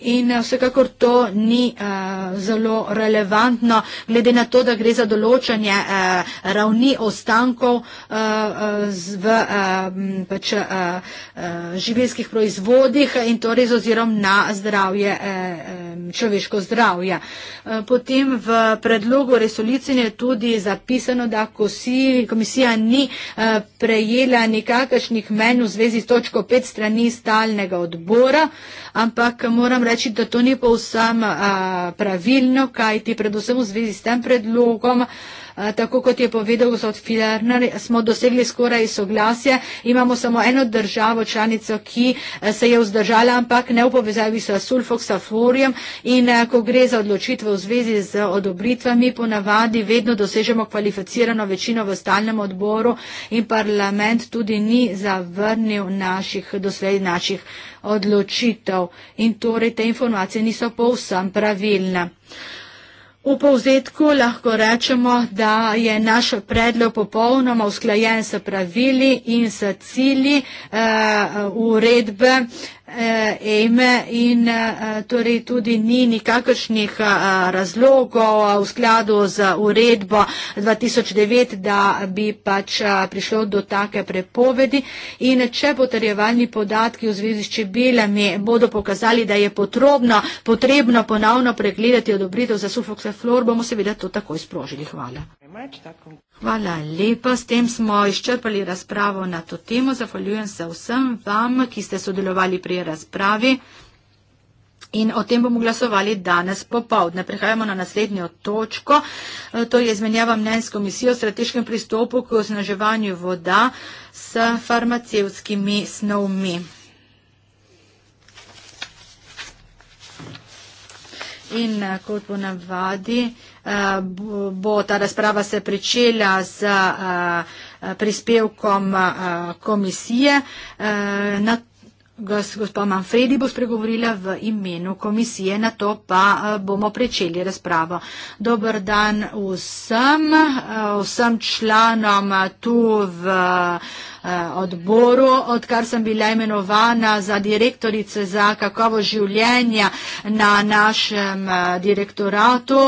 S3: In eh, vsekakor to ni uh, zelo relevantno, glede na to, da gre za določanje uh, ravni ostankov uh, uh, v uh, pač, uh, uh, živilskih proizvodih in torej z ozirom na zdravje, uh, človeško zdravje. Uh, potem v predlogu resolucije je tudi zapisano, da komisija ni uh, prejela nikakršnih menj v zvezi s točko 5 strani stalnega odbora. Uh, ampak moram reči, da to ni povsem pravilno, kajti predvsem v zvezi s tem predlogom. A, tako kot je povedal gospod Filarner, smo dosegli skoraj soglasje, imamo samo eno državo članico, ki se je vzdržala, ampak ne v povezavi s sulfoksaforjem in ko gre za odločitve v zvezi z odobritvami, ponavadi vedno dosežemo kvalificirano večino v stalnem odboru in parlament tudi ni zavrnil naših doslej naših odločitev. In torej te informacije niso povsem pravilne. V povzetku lahko rečemo, da je naš predlog popolnoma usklajen s pravili in s cili uh, eh, uredbe uh, Eme eh, in eh, torej tudi ni nikakršnih eh, razlogov v skladu z uredbo 2009, da bi pač prišlo do take prepovedi. In če potrjevalni podatki v zvezi s čebelami bodo pokazali, da je potrebno, potrebno ponovno pregledati odobritev za sufoksaflor, bomo seveda to takoj sprožili. Hvala. Hvala lepa, s tem smo izčrpali razpravo na to temo. Zahvaljujem se vsem vam, ki ste sodelovali pri razpravi. In o tem bomo glasovali danes popovdne. Prehajamo na naslednjo točko. E, to je izmenjava mnenj s komisijo o strateškem pristopu k osnaževanju voda s farmacevskimi snovmi. In eh, kot po navadi eh, bo ta razprava se pričela z eh, prispevkom komisije. Gospod Manfredi bo spregovorila v imenu komisije, na to pa bomo pričeli razpravo. Dobr dan vsem, vsem članom tu v. Eh, odboru, odkar sem bila imenovana za direktorice za kakovo življenja na našem eh, direktoratu.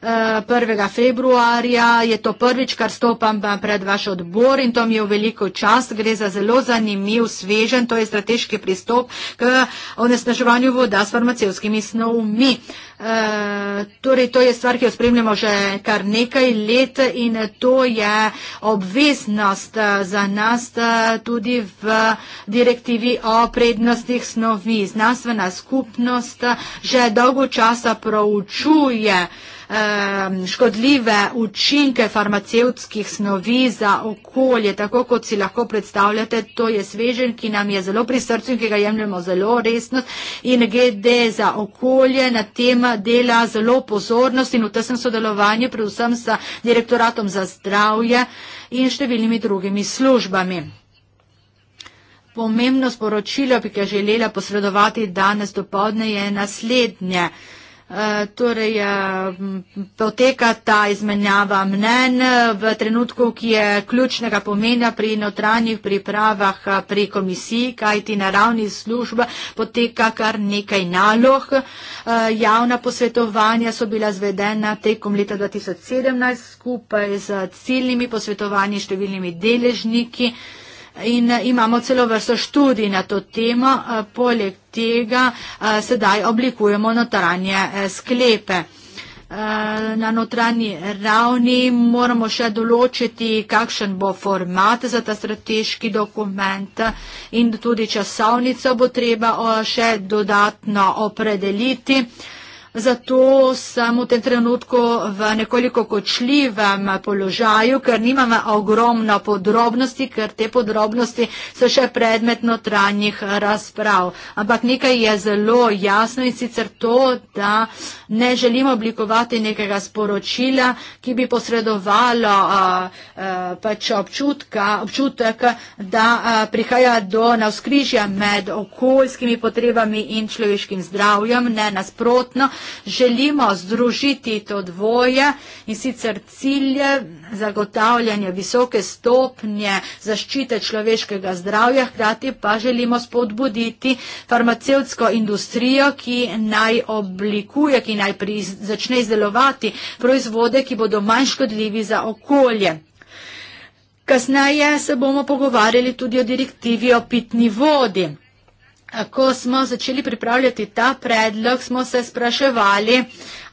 S3: 1. Eh, februarja je to prvič, kar stopam pred vaš odbor in to mi je v veliko čast. Gre za zelo zanimiv, svežen, to je strateški pristop k onesnaževanju voda s farmacevskimi snovmi. Eh, torej to je stvar, ki jo spremljamo že kar nekaj let in to je obveznost eh, za nas eh, tudi v direktivi o prednostih snovi. Znanstvena skupnost že dolgo časa proučuje uh, Eh, škodljive učinke farmacevtskih snovi za okolje, tako kot si lahko predstavljate, to je svežen, ki nam je zelo pri srcu in ki ga jemljemo zelo resno in GD za okolje na tem dela zelo pozornost in v tesnem sodelovanju predvsem sa direktoratom za zdravje in številnimi drugimi službami. Pomembno sporočilo, ki ga želela posredovati danes do podne, je naslednje. Eh, torej, ja, poteka ta izmenjava mnen eh, v trenutku, ki je ključnega pomena pri notranjih pripravah eh, pri komisiji, kajti na ravni služb poteka kar nekaj nalog. Javna posvetovanja so bila zvedena tekom leta 2017 skupaj z ciljnimi posvetovanji številnimi deležniki. In eh, imamo celo vrsto študij na to temo, eh, poleg tega eh, sedaj oblikujemo notranje sklepe. Na notranji ravni moramo še določiti, kakšen bo format za ta strateški dokument in tudi časovnico bo treba še dodatno opredeliti zato sem v tem trenutku v nekoliko kočljivem položaju, ker nimam ogromno podrobnosti, ker te podrobnosti so še predmet notranjih razprav. Ampak nekaj je zelo jasno in sicer to, da ne želimo oblikovati nekega sporočila, ki bi posredovalo a, a, pač občutka, občutek, da a, prihaja do navskrižja med okoljskimi potrebami in človeškim zdravjem, ne nasprotno želimo združiti to dvoje in sicer cilje zagotavljanja visoke stopnje zaščite človeškega zdravja, hkrati pa želimo spodbuditi farmacevtsko industrijo, ki naj oblikuje, ki naj pri, začne izdelovati proizvode, ki bodo manj škodljivi za okolje. Kasneje se bomo pogovarjali tudi o direktivi o pitni vodi ko smo začeli pripravljati ta predlog, smo se spraševali,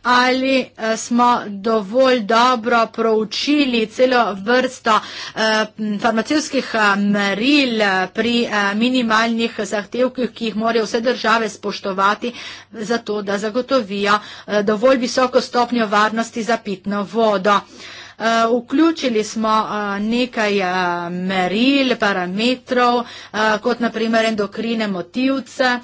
S3: ali eh, smo dovolj dobro proučili celo vrsto eh, farmacijskih eh, meril pri minimalnih zahtevkih, ki jih morajo vse države spoštovati, zato da zagotovijo dovolj visoko stopnjo varnosti za pitno vodo. Eh, vključili smo eh, nekaj eh, meril, parametrov, kot naprimer endokrine motivce,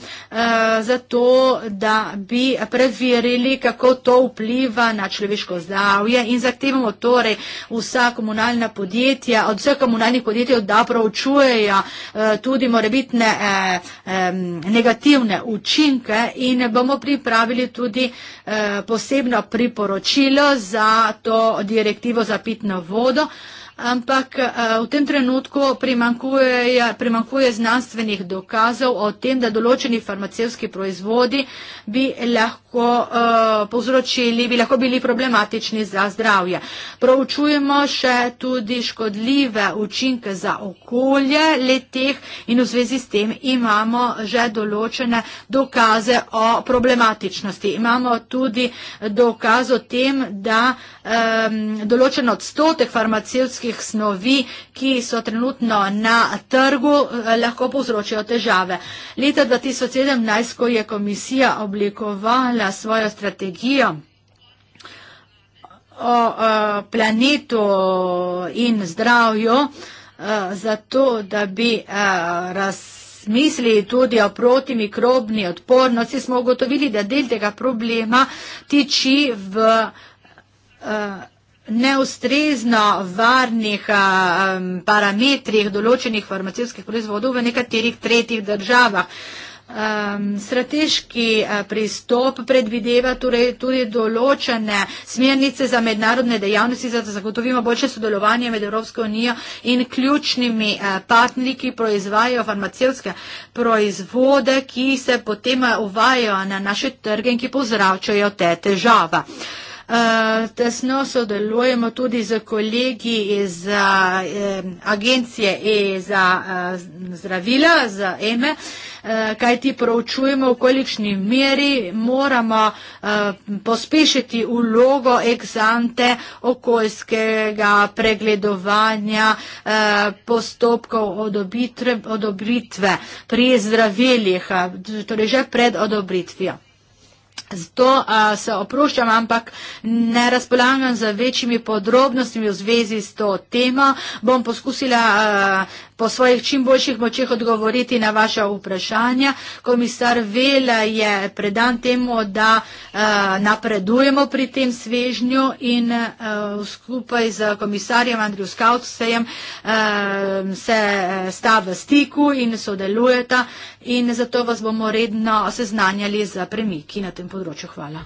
S3: zato da bi preverili, kako to vpliva na človeško zdravje in zahtevamo torej vsa komunalna podjetja, od vseh komunalnih podjetij, da pravčujejo tudi morebitne negativne učinke in bomo pripravili tudi posebno priporočilo za to direktivo za pitno vodo, ampak eh, v tem trenutku primankuje, primankuje znanstvenih dokazov o tem, da določeni farmacevski proizvodi bi lahko eh, povzročili, bi lahko bili problematični za zdravje. Proučujemo še tudi škodljive učinke za okolje letih in v zvezi s tem imamo že določene dokaze o problematičnosti. Imamo tudi dokaz o tem, da um, določen odstotek farmacevskih kemijskih snovi, ki so trenutno na trgu, eh, lahko povzročijo težave. Leta 2017, ko je komisija oblikovala svojo strategijo, o eh, planetu in zdravju, eh, zato da bi razmislili tudi o protimikrobni odpornosti, smo ugotovili, da del tega problema tiči v neustrezno varnih um, parametrih določenih farmacijskih proizvodov v nekaterih tretjih državah. Um, strateški uh, pristop predvideva torej tudi določene smernice za mednarodne dejavnosti, za da zagotovimo boljše sodelovanje med Evropsko unijo in ključnimi uh, partnerji, ki proizvajajo farmacijske proizvode, ki se potem uvajajo na naše trge in ki povzračajo te težave. Uh, Eh, tesno sodelujemo tudi z kolegi iz a, eh, agencije e za a, eh, zdravila, za EME, kaj ti proučujemo, v kolikšni meri moramo a, pospešiti ulogo eksante okoljskega pregledovanja a, postopkov odobitve, odobritve pri zdravilih, a, torej že pred odobritvijo. Zato uh, se oproščam, ampak ne razpolagam z večjimi podrobnostmi v zvezi s to temo. Bom poskusila uh, po svojih čim boljših močeh odgovoriti na vaše vprašanja. Komisar Vela je predan temu, da eh, napredujemo pri tem svežnju in eh, skupaj z komisarjem Andriju Skautsejem eh, se sta v stiku in sodelujeta in zato vas bomo redno seznanjali za premiki na tem področju. Hvala.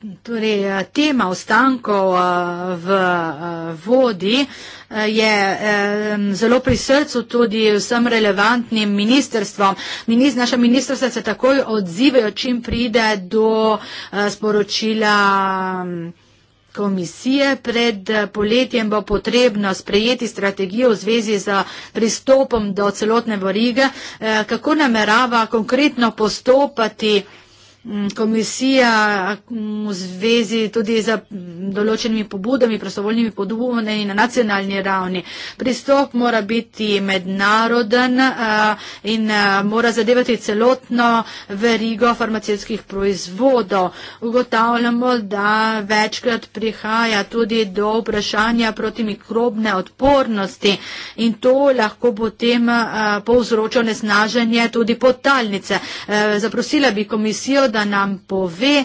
S3: Torej, eh, tema ostankov eh, v eh, vodi je zelo pri srcu tudi vsem relevantnim ministerstvom. Minist, naša ministrstva se takoj odzivajo, čim pride do sporočila komisije. Pred poletjem bo potrebno sprejeti strategijo v zvezi z pristopom do celotne borige. Kako namerava konkretno postopati? Mm, komisija mm, v zvezi tudi z določenimi pobudami, prostovoljnimi pobudami na nacionalni ravni. Pristop mora biti mednaroden in mora zadevati celotno verigo farmacijskih proizvodov. Ugotavljamo, da večkrat prihaja tudi do vprašanja protimikrobne odpornosti in to lahko potem povzroča nesnaženje tudi potalnice. E, zaprosila bi komisijo, da nam pove,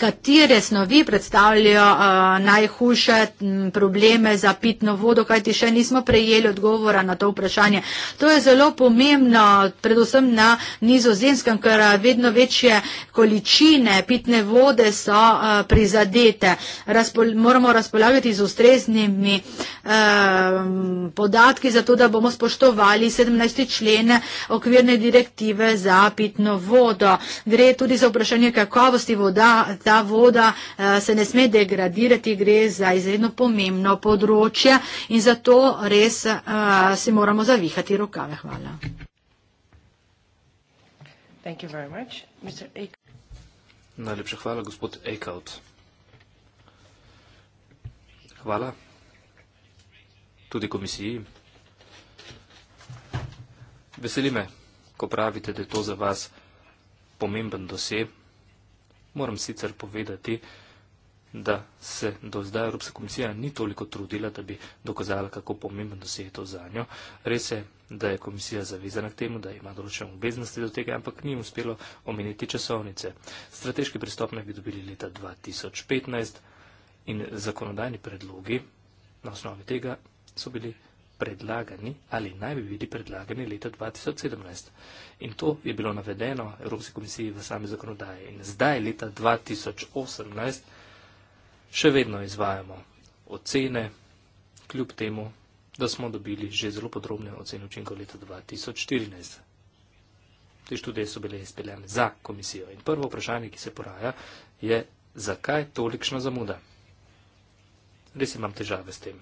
S3: katere snovi predstavljajo uh, najhujše probleme za pitno vodo, kajti še nismo prejeli odgovora na to vprašanje. To je zelo pomembno, predvsem na nizozemskem, ker uh, vedno večje količine pitne vode so uh, prizadete. Razpol moramo razpolagati z ustreznimi uh, podatki, zato da bomo spoštovali 17. člene okvirne direktive za pitno vodo. Gre tudi za vprašanje kakovosti voda, ta voda eh, se ne sme degradirati, gre za izredno pomembno področje in zato res eh, si moramo zavihati rokave. Hvala.
S2: Najlepša hvala, gospod Eikaut. Hvala tudi komisiji. Veseli me, ko pravite, da je to za vas pomemben dosej. Moram sicer povedati, da se do zdaj Evropska komisija ni toliko trudila, da bi dokazala, kako pomemben doseg je to za njo. Res je, da je komisija zavezana k temu, da ima določene obveznosti do tega, ampak ni uspelo omeniti časovnice. Strateški pristop naj bi dobili leta 2015 in zakonodajni predlogi na osnovi tega so bili predlagani ali naj bi bili predlagani leta 2017. In to je bilo navedeno Evropski komisiji v sami zakonodaji. In zdaj, leta 2018, še vedno izvajamo ocene, kljub temu, da smo dobili že zelo podrobne ocene učinkov leta 2014. Te študije so bile izpeljane za komisijo. In prvo vprašanje, ki se poraja, je, zakaj tolikšna zamuda? Res imam težave s tem.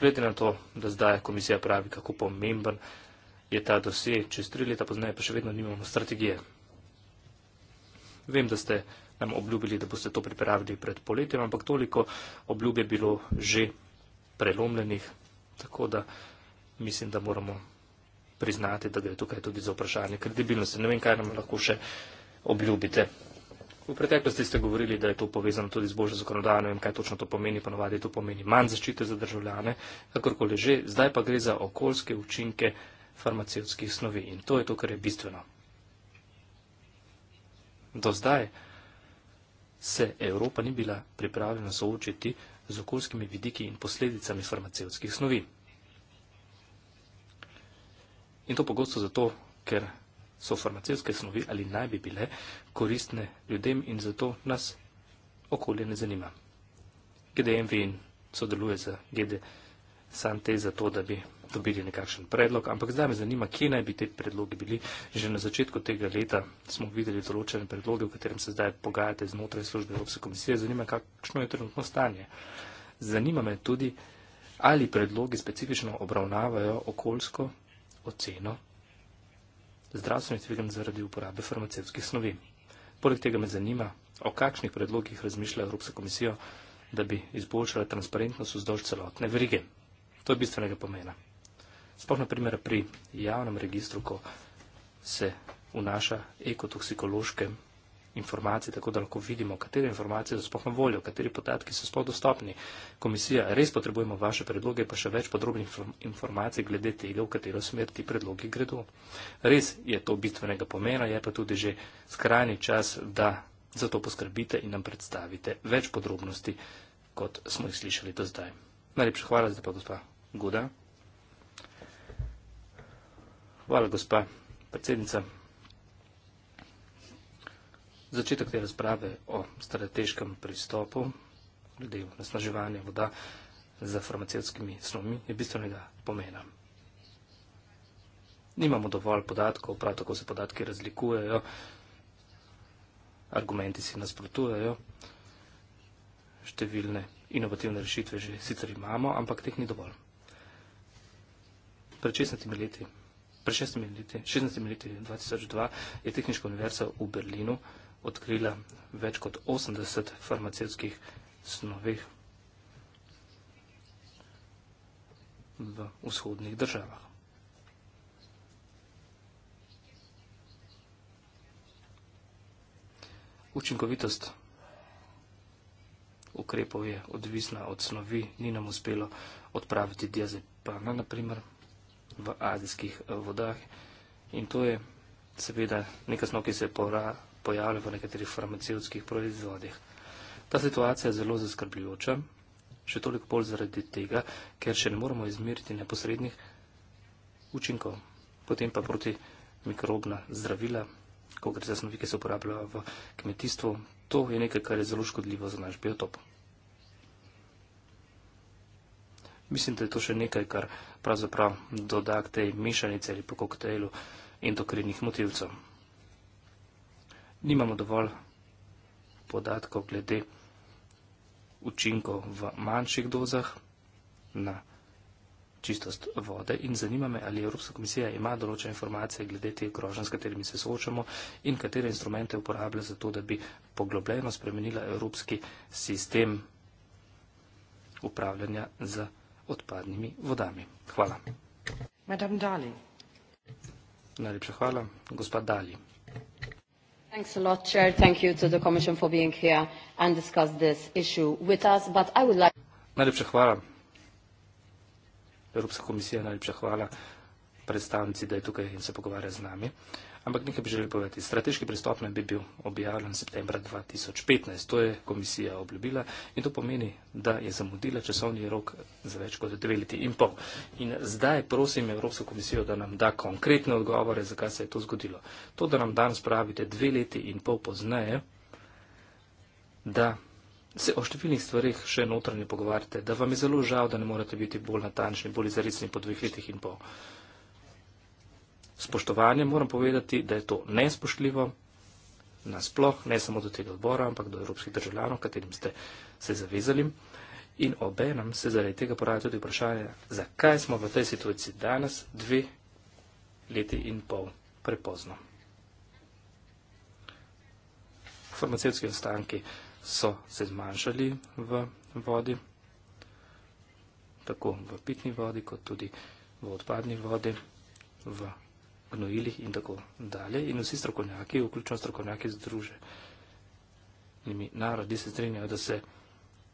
S2: Glede na to, da zdaj komisija pravi, kako pomemben je ta dosje, čez tri leta poznaje pa še vedno nimamo strategije. Vem, da ste nam obljubili, da boste to pripravili pred poletjem, ampak toliko obljub je bilo že prelomljenih, tako da mislim, da moramo priznati, da gre tukaj tudi za vprašanje kredibilnosti. Ne vem, kaj nam lahko še obljubite. V preteklosti ste govorili, da je to povezano tudi z božjo zakonodajo in kaj točno to pomeni, ponovadi to pomeni manj zaščite za državljane, kakorkoli že, zdaj pa gre za okoljske učinke farmacevskih snovi in to je to, kar je bistveno. Do zdaj se Evropa ni bila pripravljena soočiti z okoljskimi vidiki in posledicami farmacevskih snovi. In to pogosto zato, ker so farmacevske snovi ali naj bi bile koristne ljudem in zato nas okolje ne zanima. GDMV sodeluje z GD Sante za to, da bi dobili nekakšen predlog, ampak zdaj me zanima, kje naj bi te predlogi bili. Že na začetku tega leta smo videli določene predloge, v katerem se zdaj pogajate znotraj službe Evropske komisije. Zanima me, kakšno je trenutno stanje. Zanima me tudi, ali predlogi specifično obravnavajo okoljsko oceno zdravstveno tveganj zaradi uporabe farmacevskih snovi. Poleg tega me zanima, o kakšnih predlogih razmišlja Evropska komisija, da bi izboljšala transparentnost vzdolž celotne verige. To je bistvenega pomena. Sploh na primer pri javnem registru, ko se vnaša ekotoksikološke informacij, tako da lahko vidimo, katere informacije so sploh na voljo, kateri podatki so sploh dostopni. Komisija, res potrebujemo vaše predloge, pa še več podrobnih informacij glede tega, v katero smer ti predlogi gredo. Res je to bistvenega pomena, je pa tudi že skrajni čas, da za to poskrbite in nam predstavite več podrobnosti, kot smo jih slišali do zdaj. Najlepša hvala, zdaj pa gospa Guda. Hvala, gospa predsednica začetek te razprave o strateškem pristopu glede nasnaževanja voda z farmacevskimi snovmi je bistvenega pomena. Nimamo dovolj podatkov, prav tako se podatki razlikujejo, argumenti si nasprotujejo, številne inovativne rešitve že sicer imamo, ampak teh ni dovolj. Pred 16 leti, pred 16 leti, 16 leti 2002 je Tehniška univerza v Berlinu odkrila več kot 80 farmacevskih snovih v vzhodnih državah. Učinkovitost ukrepov je odvisna od snovi, ni nam uspelo odpraviti diazepana, naprimer, v azijskih vodah in to je seveda neka snov, ki se je porala pojavlja v nekaterih farmacevskih proizvodih. Ta situacija je zelo zaskrbljujoča, še toliko bolj zaradi tega, ker še ne moramo izmeriti neposrednih učinkov. Potem pa proti mikrobna zdravila, ko gre za snovi, ki se uporabljajo v kmetijstvu, to je nekaj, kar je zelo škodljivo za naš biotop. Mislim, da je to še nekaj, kar pravzaprav doda k tej mešanici ali po koktejlu endokrinnih motivcev nimamo dovolj podatkov glede učinkov v manjših dozah na čistost vode in zanima me, ali Evropska komisija ima določene informacije glede teh grožen, s katerimi se soočamo in katere instrumente uporablja za to, da bi poglobljeno spremenila evropski sistem upravljanja z odpadnimi vodami. Hvala.
S1: Madame Dali.
S2: Najlepša hvala. Gospod Dali
S3: thank you to the commission for being here and discuss this issue with us but i would like
S2: najlepša hvala evropska komisija najlepša hvala predstavnici da je tukaj in se pogovarja z nami ampak nekaj bi želeli povedati. Strateški pristop naj bi bil objavljen v septembra 2015. To je komisija obljubila in to pomeni, da je zamudila časovni rok za več kot dve leti in pol. In zdaj prosim Evropsko komisijo, da nam da konkretne odgovore, zakaj se je to zgodilo. To, da nam danes pravite dve leti in pol pozneje, da. Se o številnih stvarih še notranje pogovarjate, da vam je zelo žal, da ne morete biti bolj natančni, bolj zaresni po dveh letih in pol spoštovanjem moram povedati, da je to nespoštljivo, nasploh, ne samo do tega odbora, ampak do evropskih državljanov, katerim ste se zavezali. In obenem se zaradi tega poraja tudi vprašanje, zakaj smo v tej situaciji danes, dve leti in pol prepozno. Farmacevtski ostanki so se zmanjšali v vodi, tako v pitni vodi, kot tudi v odpadni vodi, v gnojilih in tako dalje. In vsi strokovnjaki, vključno strokovnjaki združe. Nimi narodi se strinjajo, da se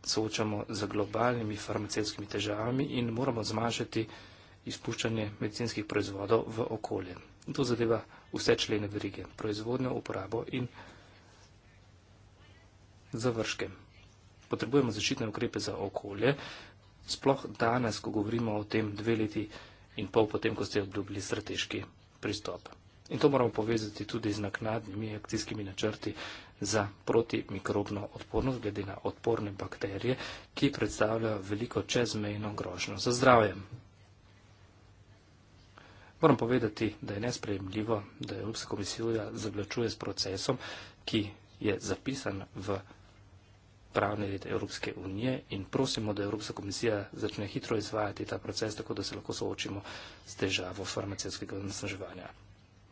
S2: soočamo z globalnimi farmacijskimi težavami in moramo zmanjšati izpuščanje medicinskih proizvodov v okolje. In to zadeva vse člene verige, proizvodnjo, uporabo in završke. Potrebujemo zaščitne ukrepe za okolje, sploh danes, ko govorimo o tem dve leti in pol potem, ko ste obljubili strateški pristop. In to moramo povezati tudi z naknadnimi akcijskimi načrti za protimikrobno odpornost glede na odporne bakterije, ki predstavljajo veliko čezmejno grožno za zdravje. Moram povedati, da je nesprejemljivo, da Evropska komisija zavlačuje s procesom, ki je zapisan v pravni red Evropske unije in prosimo, da Evropska komisija začne hitro izvajati ta proces, tako da se lahko soočimo s težavo farmacijskega nasnaževanja.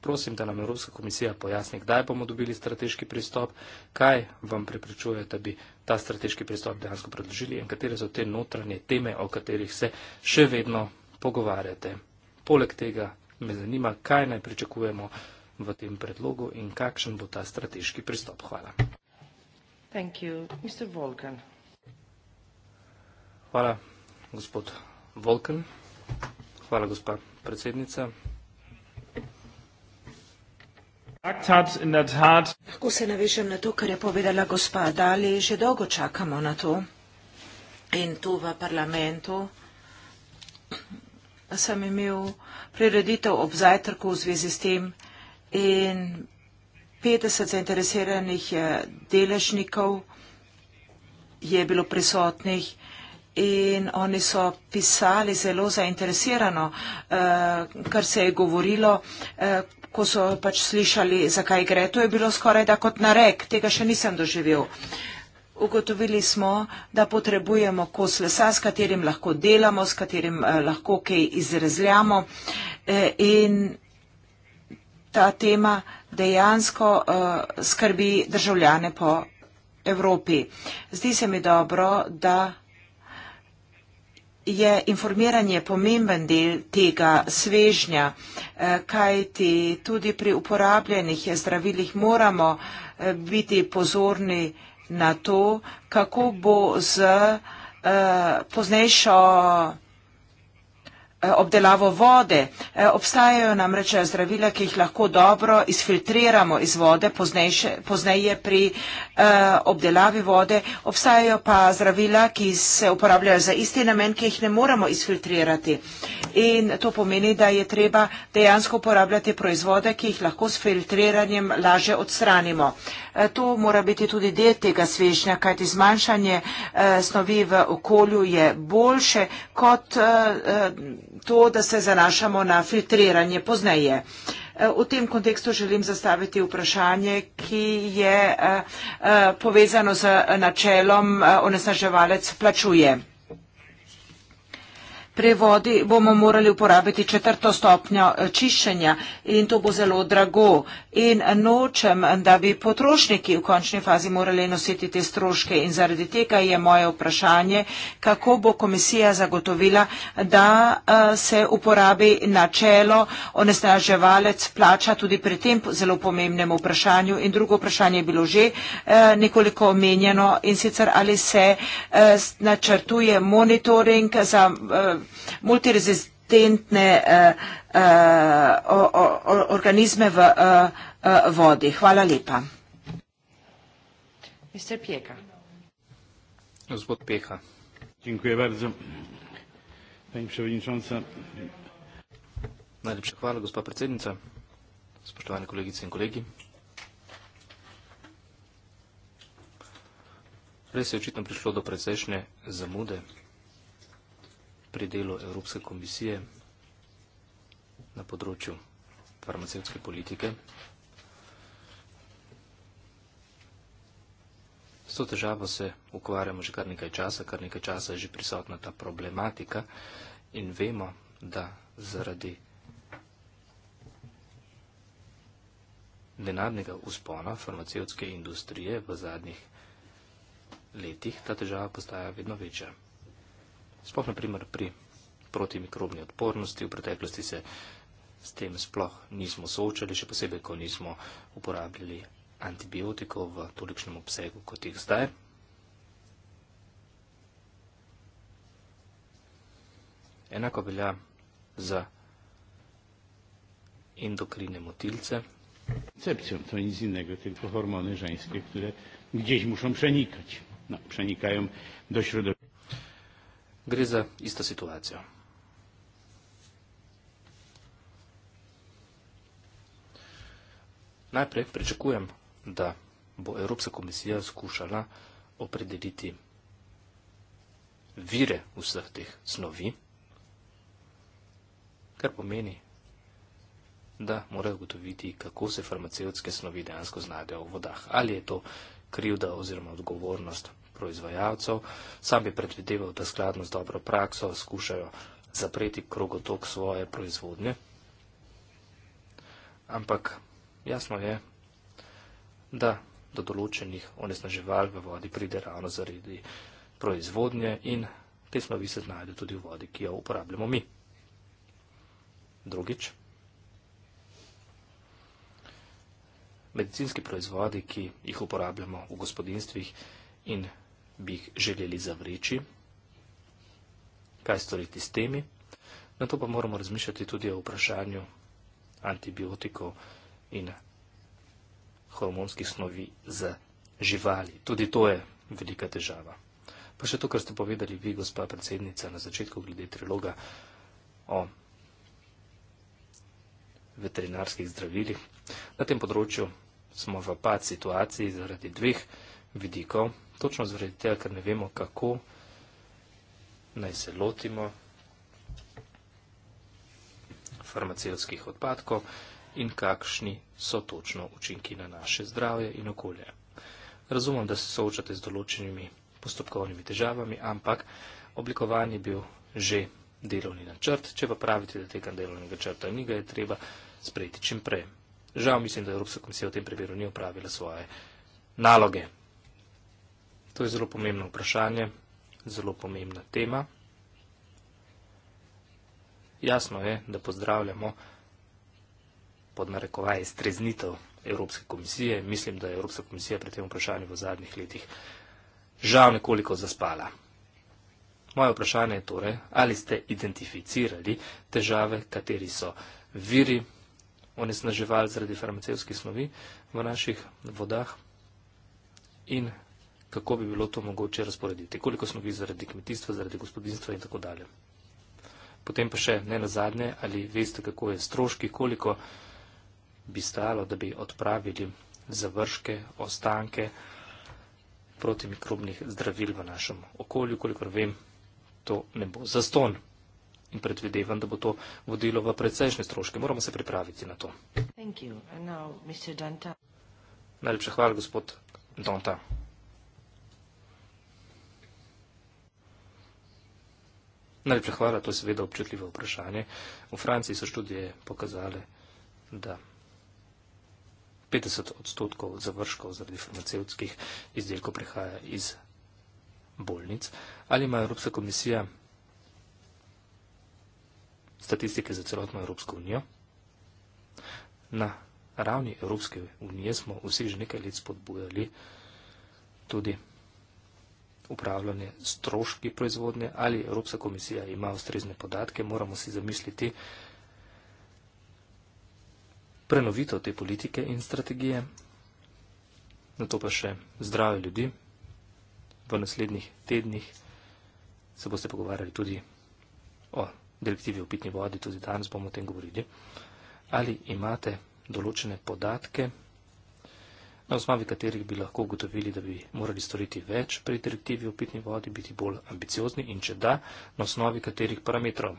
S2: Prosim, da nam Evropska komisija pojasni, kdaj bomo dobili strateški pristop, kaj vam preprečuje, da bi ta strateški pristop dejansko predložili in katere so te notranje teme, o katerih se še vedno pogovarjate. Poleg tega me zanima, kaj naj pričakujemo v tem predlogu in kakšen bo ta strateški pristop. Hvala. Hvala, gospod Volken. Hvala, gospa predsednica. Lahko
S1: se navežem na to, kar je povedala gospa Dali. Že dolgo čakamo na to. In tu v parlamentu sem imel prireditev ob zajtrku v zvezi s tem. In 50 zainteresiranih eh, deležnikov je bilo prisotnih in oni so pisali zelo zainteresirano, eh, kar se je govorilo, eh, ko so pač slišali, zakaj gre. To je bilo skoraj da kot narek, tega še nisem doživel. Ugotovili smo, da potrebujemo kos lesa, s katerim lahko delamo, s katerim lahko kaj izrezljamo in ta tema dejansko uh, skrbi državljane po Evropi. Zdi se mi dobro, da je informiranje pomemben del tega svežnja, eh, kajti tudi pri uporabljenih zdravilih moramo eh, biti pozorni na to, kako bo z uh, poznejšo Eh, obdelavo vode. Eh, obstajajo namreč eh, zdravila, ki jih lahko dobro izfiltriramo iz vode, poznejše, pozneje pri obdelavi vode. Obstajajo pa zdravila, ki se uporabljajo za isti namen, ki jih ne moramo izfiltrirati. In to pomeni, da je treba dejansko uporabljati proizvode, ki jih lahko s filtriranjem laže odstranimo. To mora biti tudi del tega svežnja, kajti zmanjšanje snovi v okolju je boljše kot to, da se zanašamo na filtriranje pozneje. E, v tem kontekstu želim zastaviti vprašanje, ki je e, e, povezano z načelom onesnaževalec plačuje. Pri vodi bomo morali uporabiti četrto stopnjo eh, čiščenja in to bo zelo drago. In nočem, da bi potrošniki v končni fazi morali nositi te stroške in zaradi tega je moje vprašanje, kako bo komisija zagotovila, da eh, se uporabi načelo onesnaževalec plača tudi pri tem zelo pomembnem vprašanju. In drugo vprašanje je bilo že eh, nekoliko omenjeno in sicer ali se načrtuje monitoring za multirezistentne uh, uh, organizme v uh, uh, vodi. Hvala lepa.
S3: Mr. Pjeka.
S2: Gospod Peha. Dziękuję bardzo, pani przewodnicząca. Najlepsza chwała, gospa predsednica, spoštovane kolegice in kolegi. Res je očitno prišlo do precejšnje zamude pri delu Evropske komisije na področju farmacevtske politike. S to težavo se ukvarjamo že kar nekaj časa, kar nekaj časa je že prisotna ta problematika in vemo, da zaradi denarnega uspona farmacevtske industrije v zadnjih letih ta težava postaja vedno večja sploh naprimer pri protimikrobni odpornosti. V preteklosti se s tem sploh nismo soočali, še posebej, ko nismo uporabljali antibiotikov v tolikšnem obsegu, kot jih zdaj. Enako velja za endokrine motilce. Koncepcijo to ni z inega, tudi hormone ženske, ki jih moramo prenikati. No, prenikajo do srdeča gre za isto situacijo. Najprej pričakujem, da bo Evropska komisija skušala opredeliti vire vseh teh snovi, kar pomeni, da morajo ugotoviti, kako se farmacevtske snovi dejansko znajdejo v vodah. Ali je to krivda oziroma odgovornost proizvajalcev, sam bi predvideval, da skladno z dobro prakso skušajo zapreti krogotok svoje proizvodnje. Ampak jasno je, da do določenih onesnaževal v vodi pride ravno zaradi proizvodnje in te snovi se znajde tudi v vodi, ki jo uporabljamo mi. Drugič. Medicinski proizvodi, ki jih uporabljamo v gospodinstvih in bi jih želeli zavreči, kaj storiti s temi. Na to pa moramo razmišljati tudi o vprašanju antibiotikov in hormonskih snovi za živali. Tudi to je velika težava. Pa še to, kar ste povedali vi, gospa predsednica, na začetku glede triloga o veterinarskih zdravilih. Na tem področju smo v pad situaciji zaradi dveh vidikov. Točno zaradi tega, ker ne vemo, kako naj se lotimo farmacevskih odpadkov in kakšni so točno učinki na naše zdravje in okolje. Razumem, da se soočate z določenimi postopkovnimi težavami, ampak oblikovan je bil že delovni načrt, če pa pravite, da tega delovnega črta ni, ga je treba sprejeti čim prej. Žal mislim, da Evropska komisija v tem primeru ni opravila svoje naloge. To je zelo pomembno vprašanje, zelo pomembna tema. Jasno je, da pozdravljamo pod narekovaj streznitev Evropske komisije. Mislim, da je Evropska komisija pri tem vprašanju v zadnjih letih žal nekoliko zaspala. Moje vprašanje je torej, ali ste identificirali težave, kateri so viri onesnaževal zaradi farmacevskih snovi v naših vodah in kako bi bilo to mogoče razporediti, koliko smo vi zaradi kmetijstva, zaradi gospodinstva in tako dalje. Potem pa še ne na zadnje, ali veste, kako je stroški, koliko bi stalo, da bi odpravili završke, ostanke protimikrobnih zdravil v našem okolju, kolikor vem, to ne bo zaston. In predvidevam, da bo to vodilo v precejšnje stroške. Moramo se pripraviti na to. Najlepša hvala, gospod Donta. Najlepša hvala, to je seveda občutljivo vprašanje. V Franciji so študije pokazale, da 50 odstotkov završkov zaradi farmacevtskih izdelkov prihaja iz bolnic. Ali ima Evropska komisija statistike za celotno Evropsko unijo? Na ravni Evropske unije smo vsi že nekaj let spodbujali tudi upravljanje stroški proizvodnje, ali Evropska komisija ima ustrezne podatke, moramo si zamisliti prenovito te politike in strategije, na to pa še zdrave ljudi. V naslednjih tednih se boste pogovarjali tudi o direktivi o pitni vodi, tudi danes bomo o tem govorili. Ali imate določene podatke? Na osnovi katerih bi lahko ugotovili, da bi morali storiti več pri direktivi o pitni vodi, biti bolj ambiciozni in če da, na osnovi katerih parametrov.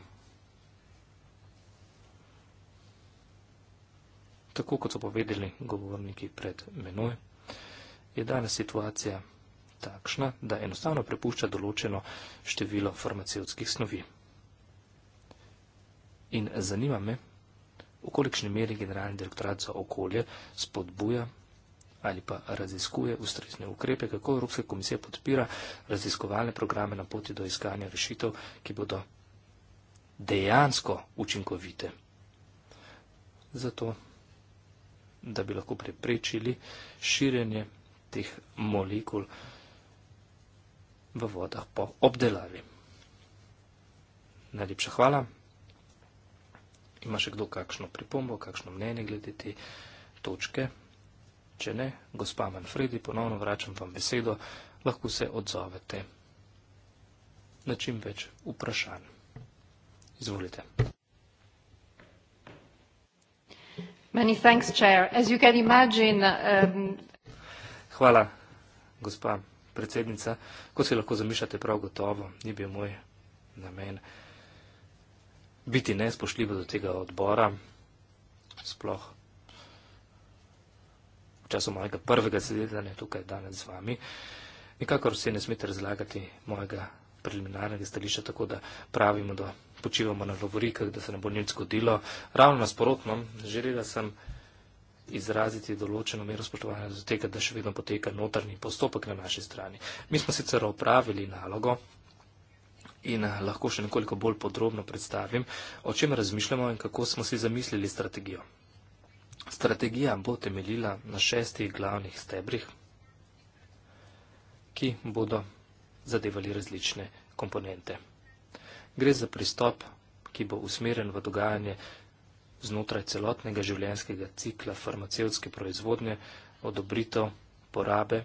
S2: Tako kot so povedali govorniki pred menoj, je danes situacija takšna, da enostavno prepušča določeno število farmacevtskih snovi. In zanima me, v kolikšni meri generalni direktorat za okolje spodbuja ali pa raziskuje ustrezne ukrepe, kako Evropska komisija podpira raziskovalne programe na poti do iskanja rešitev, ki bodo dejansko učinkovite. Zato, da bi lahko preprečili širjenje teh molekul v vodah po obdelavi. Najlepša hvala. Ima še kdo kakšno pripombo, kakšno mnenje glede te točke? Če ne, gospa Manfredi, ponovno vračam vam besedo, lahko se odzovete na čim več vprašanj. Izvolite.
S3: Many thanks, Chair. As you can imagine, um...
S2: Hvala, gospa predsednica. Kot si lahko zamišljate, prav gotovo ni bil moj namen biti nespošljiv do tega odbora. Sploh času mojega prvega sedenja tukaj danes z vami. Nikakor se ne smete razlagati mojega preliminarnega stališča, tako da pravimo, da počivamo na laborikah, da se ne bo nič zgodilo. Ravno nasprotno, želela sem izraziti določeno mero spoštovanja do tega, da še vedno poteka notrni postopek na naši strani. Mi smo sicer opravili nalogo in eh, lahko še nekoliko bolj podrobno predstavim, o čem razmišljamo in kako smo si zamislili strategijo. Strategija bo temeljila na šestih glavnih stebrih, ki bodo zadevali različne komponente. Gre za pristop, ki bo usmeren v dogajanje znotraj celotnega življenjskega cikla farmacevtske proizvodnje, odobritev, porabe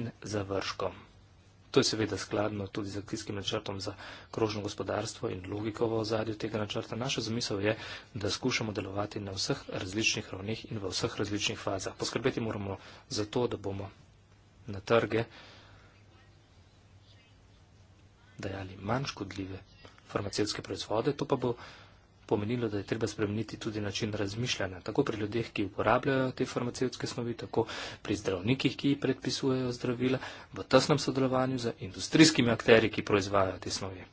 S2: in završkom. To je seveda skladno tudi z akcijskim načrtom za krožno gospodarstvo in logiko v ozadju tega načrta. Naša zamisel je, da skušamo delovati na vseh različnih ravneh in v vseh različnih fazah. Poskrbeti moramo za to, da bomo na trge dajali manj škodljive farmacevske proizvode. To pa bo pomenilo, da je treba spremeniti tudi način razmišljanja, tako pri ljudeh, ki uporabljajo te farmacevtske snovi, tako pri zdravnikih, ki predpisujejo zdravila, v tesnem sodelovanju z industrijskimi akteri, ki proizvajajo te snovi.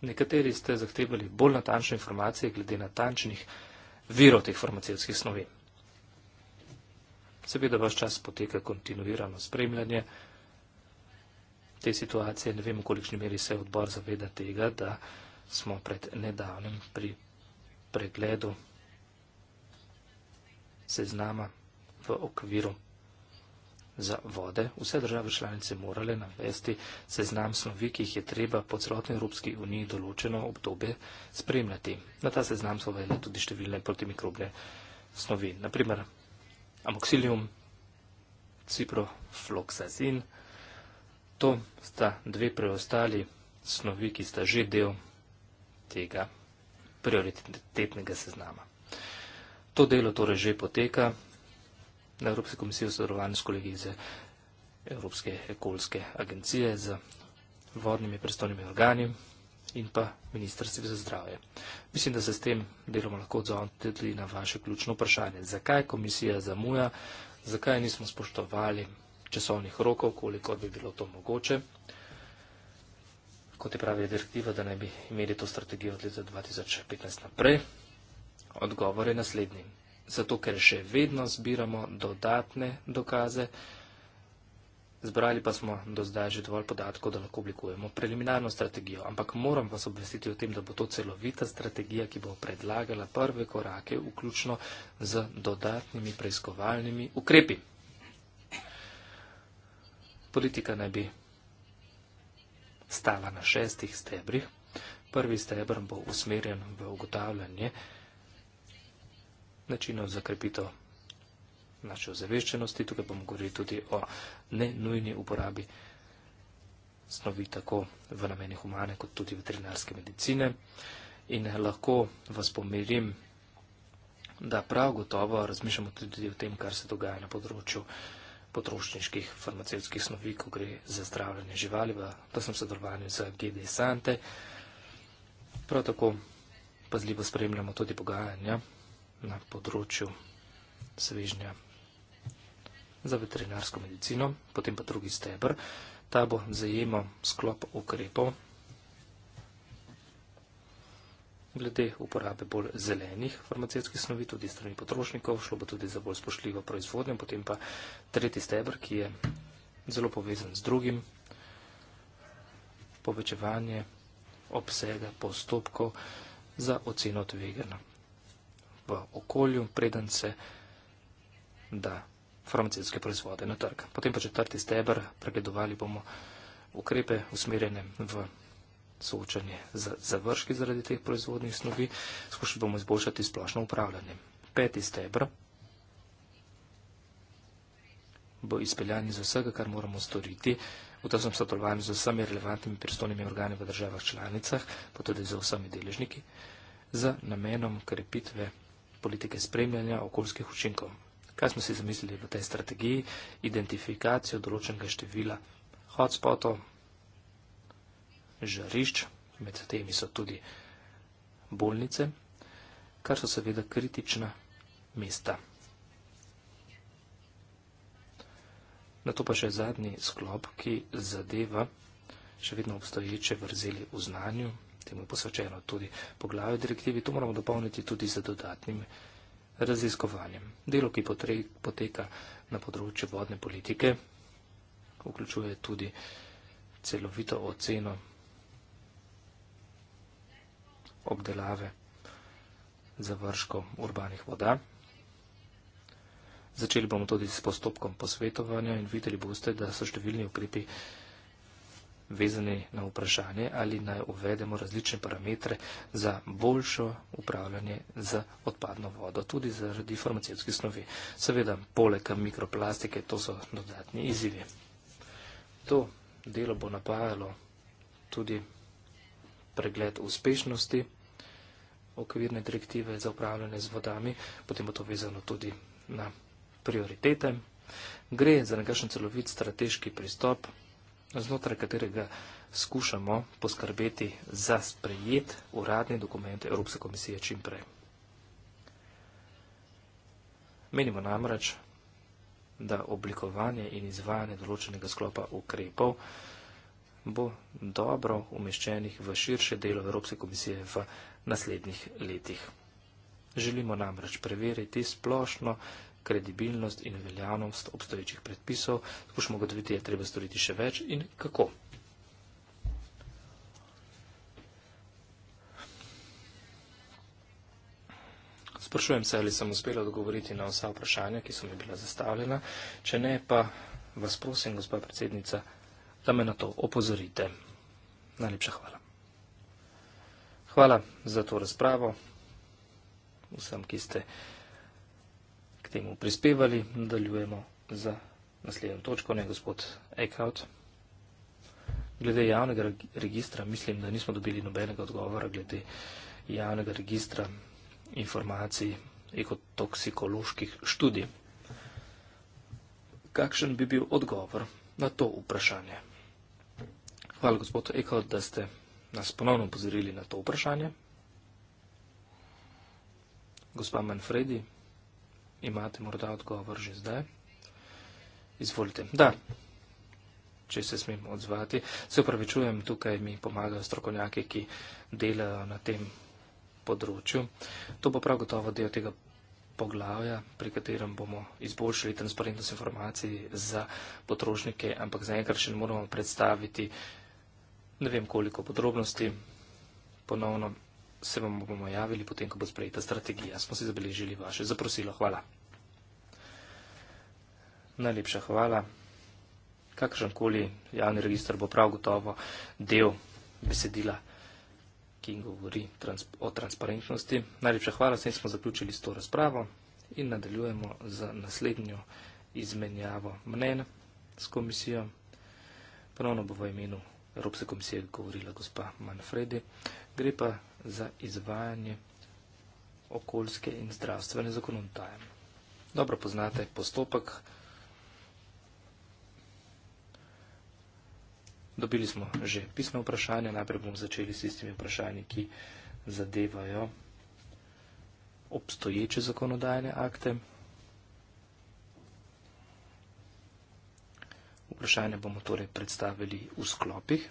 S2: Nekateri ste zahtevali bolj natančne informacije glede natančnih virov teh farmacevtskih snovi. Seveda vaš čas poteka kontinuirano spremljanje te situacije. Ne vem, v kolikšni meri se odbor zaveda tega, da smo pred nedavnem pri pregledu seznama v okviru za vode. Vse države članice morale navesti seznam snovi, ki jih je treba po celotni Evropski uniji določeno obdobje spremljati. Na ta seznam so vele tudi številne protimikrobne snovi. Naprimer, amoksilium, ciprofloxazin, to sta dve preostali snovi, ki sta že del tega prioritetnega seznama. To delo torej že poteka na Evropski komisiji v sodelovanju s kolegi iz Evropske ekolske agencije z vodnimi predstavnimi organi in pa ministrstvi za zdravje. Mislim, da se s tem deloma lahko odzovete tudi na vaše ključno vprašanje. Zakaj komisija zamuja, zakaj nismo spoštovali časovnih rokov, koliko bi bilo to mogoče? kot je pravi direktiva, da naj bi imeli to strategijo od leta 2015 naprej. Odgovor je naslednji. Zato, ker še vedno zbiramo dodatne dokaze, zbrali pa smo do zdaj že dovolj podatkov, da lahko oblikujemo preliminarno strategijo. Ampak moram vas obvestiti o tem, da bo to celovita strategija, ki bo predlagala prve korake, vključno z dodatnimi preiskovalnimi ukrepi. Politika naj bi stala na šestih stebrih. Prvi stebr bo usmerjen v ugotavljanje načinov za krepitev naše ozaveščenosti. Tukaj bomo govorili tudi o nenujni uporabi snovi tako v nameni humane kot tudi veterinarske medicine. In lahko vas pomirim, da prav gotovo razmišljamo tudi o tem, kar se dogaja na področju potrošniških farmacevskih snovi, ko gre za zdravljanje živali, v tesnem sodelovanju z GD Sante. Prav tako pazljivo spremljamo tudi pogajanja na področju svežnja za veterinarsko medicino, potem pa drugi stebr. Ta bo zajemal sklop ukrepov glede uporabe bolj zelenih farmacevskih snovi, tudi strani potrošnikov, šlo bo tudi za bolj spošljivo proizvodnjo, potem pa tretji stebr, ki je zelo povezan z drugim, povečevanje obsega postopkov za oceno tvegana v okolju, preden se da farmacijske proizvode na trg. Potem pa četrti stebr, pregledovali bomo ukrepe usmerjene v soočanje z završki zaradi teh proizvodnih snovi, skušali bomo izboljšati splošno upravljanje. Peti stebr bo izpeljan iz vsega, kar moramo storiti, v tem sem sodelovanju z vsemi relevantnimi pristojnimi organi v državah članicah, pa tudi z vsemi deležniki, z namenom krepitve politike spremljanja okoljskih učinkov. Kaj smo si zamislili v tej strategiji? Identifikacijo določenega števila hotspotov, žarišč, med temi so tudi bolnice, kar so seveda kritična mesta. Na to pa še zadnji sklop, ki zadeva še vedno obstoječe vrzeli v znanju, temu je posvečeno tudi poglavje direktivi, to moramo dopolniti tudi z dodatnim raziskovanjem. Delo, ki poteka na področju vodne politike, vključuje tudi celovito oceno obdelave završkov urbanih voda. Začeli bomo tudi s postopkom posvetovanja in videli boste, da so številni ukrepi vezani na vprašanje, ali naj uvedemo različne parametre za boljšo upravljanje z odpadno vodo, tudi zaradi farmacijskih snovi. Seveda, poleg mikroplastike, to so dodatni izzivi. To delo bo napajalo tudi pregled uspešnosti okvirne direktive za upravljanje z vodami, potem bo to vezano tudi na prioritete. Gre za nekakšen celovit strateški pristop, znotraj katerega skušamo poskrbeti za sprejet uradni dokument Evropske komisije čim prej. Menimo namreč, da oblikovanje in izvajanje določenega sklopa ukrepov bo dobro umeščenih v širše delo Evropske komisije v naslednjih letih. Želimo namreč preveriti splošno kredibilnost in veljavnost obstoječih predpisov, skušamo ugotoviti, je treba storiti še več in kako. Sprašujem se, ali sem uspela odgovoriti na vsa vprašanja, ki so mi bila zastavljena, če ne pa vas prosim, gospa predsednica, da me na to opozorite. Najlepša hvala. Hvala za to razpravo. Vsem, ki ste k temu prispevali, nadaljujemo za naslednjo točko. Ne, gospod Eckhout. Glede javnega registra, mislim, da nismo dobili nobenega odgovora glede javnega registra informacij ekotoksikoloških študij. Kakšen bi bil odgovor na to vprašanje? Hvala, gospod Eckhout, da ste nas ponovno upozorili na to vprašanje. Gospa Manfredi, imate morda odgovor že zdaj? Izvolite. Da, če se smem odzvati. Se upravičujem, tukaj mi pomagajo strokovnjaki, ki delajo na tem področju. To bo prav gotovo del tega poglavja, pri katerem bomo izboljšali transparentnost informacij za potrošnike, ampak zaenkrat še ne moramo predstaviti ne vem koliko podrobnosti, ponovno se vam bomo javili, potem ko bo sprejeta strategija. Smo si zabeležili vaše zaprosilo. Hvala. Najlepša hvala. Kakršenkoli javni registr bo prav gotovo del besedila, ki govori trans o transparentnosti. Najlepša hvala, s tem smo zaključili s to razpravo in nadaljujemo z naslednjo izmenjavo mnen s komisijo. Ponovno bo v imenu Evropske komisije, govorila gospa Manfredi, gre pa za izvajanje okoljske in zdravstvene zakonodaje. Dobro poznate postopek. Dobili smo že pisno vprašanje, najprej bomo začeli s tistimi vprašanji, ki zadevajo obstoječe zakonodajne akte. vprašanja bomo torej predstavili v sklopih.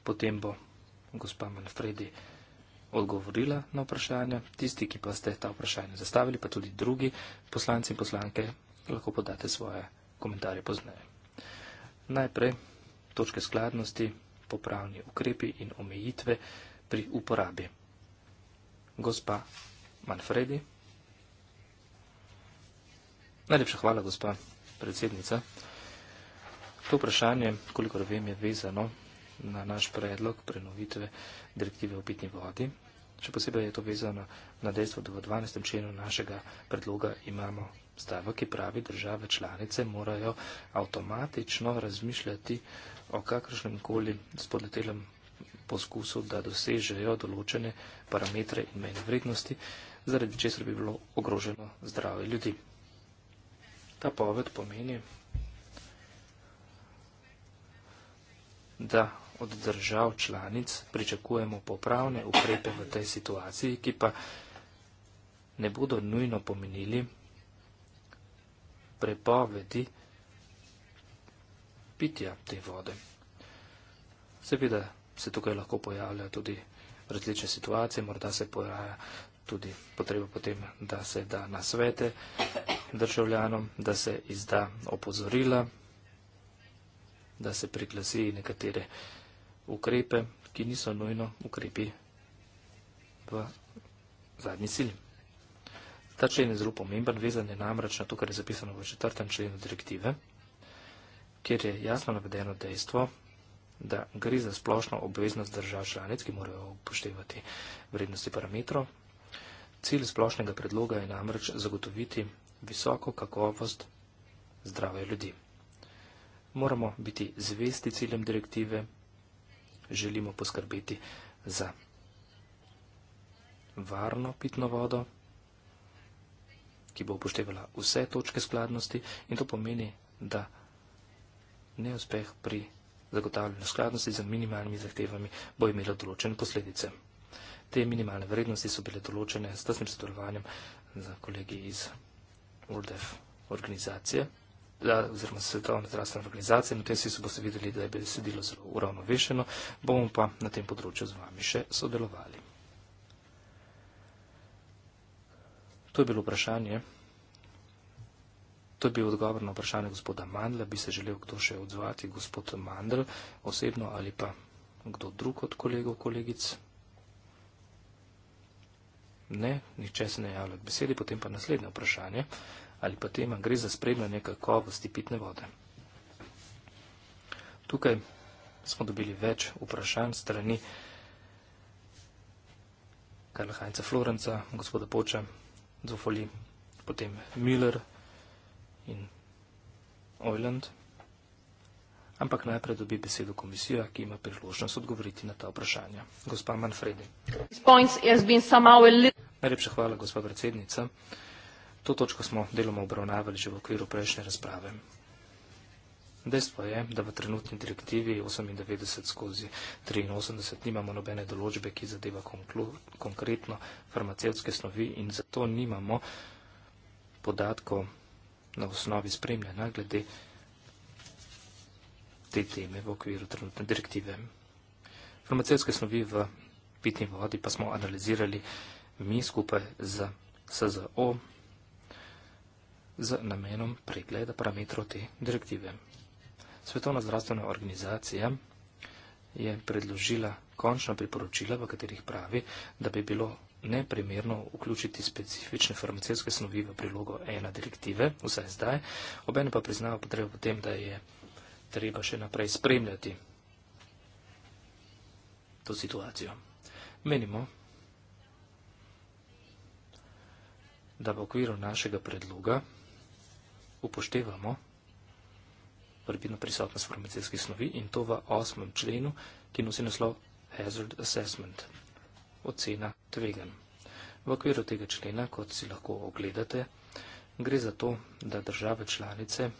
S2: Potem bo gospa Manfredi odgovorila na vprašanja. Tisti, ki pa ste ta vprašanja zastavili, pa tudi drugi poslanci in poslanke, lahko podate svoje komentarje pozneje. Najprej točke skladnosti, popravni ukrepi in omejitve pri uporabi. Gospa Manfredi. Najlepša hvala, gospa predsednica. To vprašanje, koliko vem, je vezano na naš predlog prenovitve direktive o pitni vodi. Še posebej je to vezano na dejstvo, da v 12. členu našega predloga imamo stavek, ki pravi, države članice morajo avtomatično razmišljati o kakršnem koli spodletelem poskusu, da dosežejo določene parametre in mejne vrednosti, zaradi česar bi bilo ogroženo zdravje ljudi. Ta poved pomeni, da od držav članic pričakujemo popravne ukrepe v tej situaciji, ki pa ne bodo nujno pomenili prepovedi pitja te vode. Seveda se tukaj lahko pojavlja tudi različne situacije, morda se pojavlja tudi potreba potem, da se da na svete državljanom, da se izda opozorila, da se priglasi nekatere ukrepe, ki niso nujno ukrepi v zadnji cilj. Ta člen je zelo pomemben, vezan je namreč na to, kar je zapisano v četrtem členu direktive, kjer je jasno navedeno dejstvo, da gre za splošno obveznost držav članic, ki morajo upoštevati vrednosti parametrov. Cilj splošnega predloga je namreč zagotoviti visoko kakovost zdrave ljudi. Moramo biti zvesti ciljem direktive, želimo poskrbeti za varno pitno vodo, ki bo upoštevala vse točke skladnosti in to pomeni, da neuspeh pri zagotavljanju skladnosti z minimalnimi zahtevami bo imelo določene posledice. Te minimalne vrednosti so bile določene s tesnim sodelovanjem za kolegi iz UNDEF organizacije, da, oziroma Svetovne zdravstvene organizacije, na tem svi boste videli, da je besedilo zelo uravnovešeno, bomo pa na tem področju z vami še sodelovali. To je bilo vprašanje. To je bil odgovor na vprašanje gospoda Mandla. Bi se želel kdo še odzvati, gospod Mandl osebno ali pa kdo drug od kolegov, kolegic? Ne, nihče se ne javlja k besedi, potem pa naslednje vprašanje ali pa tema gre za spremljanje kakovosti pitne vode. Tukaj smo dobili več vprašanj strani Karla Hajnca Florenca, gospoda Poča, Zofoli, potem Miller in Oiland. Ampak najprej dobi besedo komisija, ki ima priložnost odgovoriti na ta vprašanja. Gospa Manfredi. Najlepša hvala, gospa predsednica. Uh, To točko smo deloma obravnavali že v okviru prejšnje razprave. Dejstvo je, da v trenutni direktivi 98 skozi 83 nimamo nobene določbe, ki zadeva konkretno farmacevtske snovi in zato nimamo podatkov na osnovi spremljena glede te teme v okviru trenutne direktive. Farmacevtske snovi v pitni vodi pa smo analizirali mi skupaj z SZO, z namenom pregleda parametrov te direktive. Svetovna zdravstvena organizacija je predložila končna priporočila, v katerih pravi, da bi bilo neprimerno vključiti specifične farmacevske snovi v prilogo ena direktive, vsaj zdaj, obene pa priznava potrebo potem, da je treba še naprej spremljati to situacijo. Menimo, da v okviru našega predloga upoštevamo morbidno prisotnost farmacijskih snovi in to v osmem členu, ki nosi naslov Hazard Assessment, ocena tvegan. V okviru tega člena, kot si lahko ogledate, gre za to, da države članice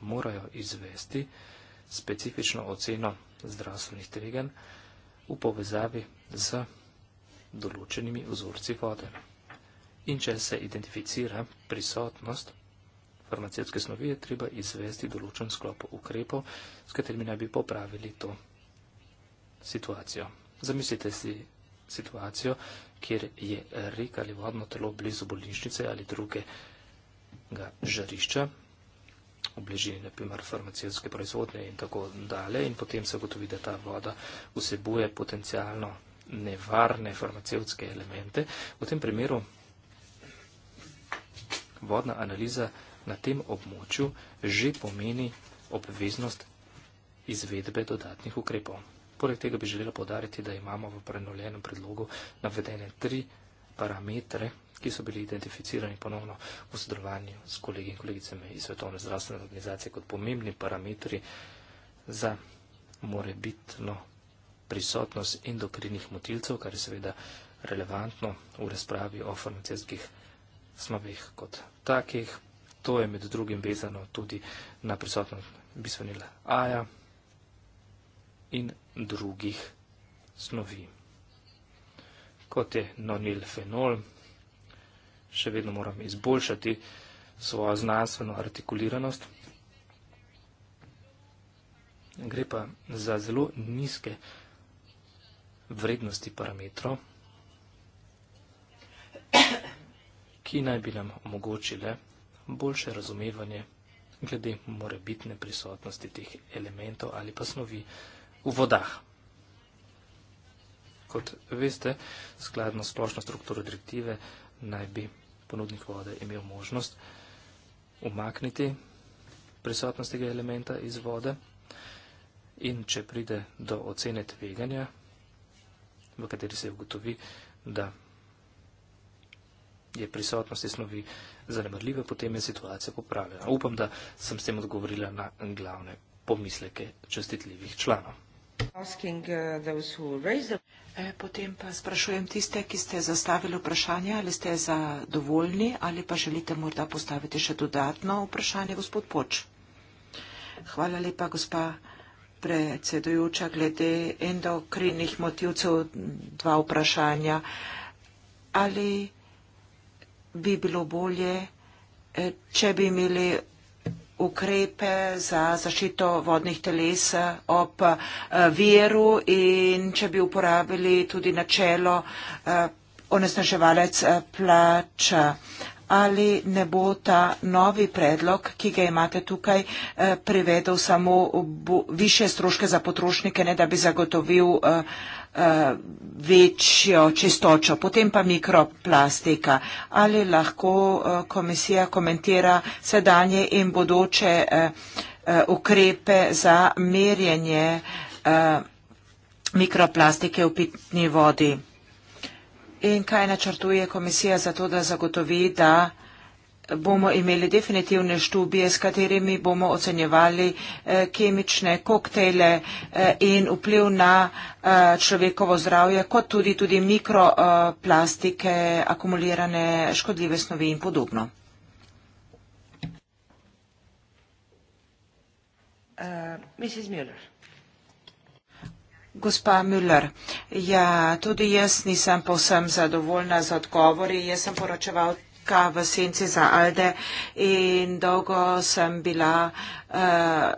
S2: morajo izvesti specifično oceno zdravstvenih tvegan v povezavi z določenimi vzorci vode. In če se identificira prisotnost farmacijske snovi, je treba izvesti določen sklop ukrepov, s katerimi naj bi popravili to situacijo. Zamislite si situacijo, kjer je rek ali vodno telo blizu bolnišnice ali drugega žarišča, v bližini naprimer farmacijske proizvodnje in tako dalje, in potem se gotovi, da ta voda vsebuje potencijalno nevarne farmacevtske elemente. V tem primeru vodna analiza na tem območju že pomeni obveznost izvedbe dodatnih ukrepov. Poleg tega bi želela podariti, da imamo v prenovljenem predlogu navedene tri parametre, ki so bili identificirani ponovno v sodelovanju s kolegi in kolegicami iz Svetovne zdravstvene organizacije kot pomembni parametri za morebitno prisotnost endokrinih motilcev, kar je seveda relevantno v razpravi o farmacijskih smavih kot takih to je med drugim vezano tudi na prisotnost bisfenila A-ja in drugih snovi, kot je nonilfenol. Še vedno moram izboljšati svojo znanstveno artikuliranost. Gre pa za zelo nizke vrednosti parametrov, ki naj bi nam omogočile, boljše razumevanje glede morebitne prisotnosti teh elementov ali pa snovi v vodah. Kot veste, skladno splošno strukturo direktive naj bi ponudnik vode imel možnost umakniti prisotnost tega elementa iz vode in če pride do ocene tveganja, v kateri se ugotovi, da je prisotnost te snovi zanemrljiva, potem je situacija popravljena. Upam, da sem s tem odgovorila na glavne pomisleke čestitljivih članov.
S1: Uh, e, potem pa sprašujem tiste, ki ste zastavili vprašanje, ali ste zadovoljni ali pa želite morda postaviti še dodatno vprašanje, gospod Poč. Hvala lepa, gospa predsedujoča, glede endokrinih motivcev dva vprašanja. Ali bi bilo bolje, eh, če bi imeli ukrepe za zaščito vodnih teles eh, ob eh, veru in če bi uporabili tudi načelo onesnaževalec plača. Ali ne bo ta novi predlog, ki ga imate tukaj, privedel samo više stroške za potrošnike, ne da bi zagotovil večjo čistočo, potem pa mikroplastika. Ali lahko eh, komisija komentira sedanje in bodoče eh, eh, ukrepe za merjenje mikroplastike v pitni vodi? In kaj načrtuje komisija za to, da zagotovi, da bomo imeli definitivne študije, s katerimi bomo ocenjevali eh, kemične koktejle eh, in vpliv na eh, človekovo zdravje, kot tudi, tudi mikroplastike, akumulirane škodljive snovi in podobno. Gospa Müller, ja, tudi jaz nisem povsem zadovoljna z odgovori. Jaz sem poročeval Ženska v senci za Alde in dolgo sem bila eh,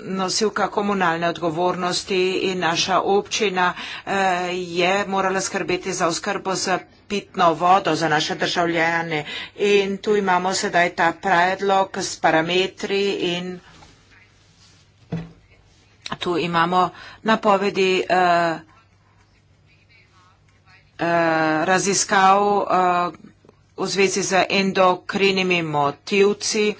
S1: nosilka komunalne odgovornosti in naša občina eh, je morala skrbeti za oskrbo z pitno vodo za naše državljane in tu imamo sedaj ta predlog s parametri in tu imamo napovedi eh, raziskav komunalne odgovornosti v zvezi z endokrinimi motivci.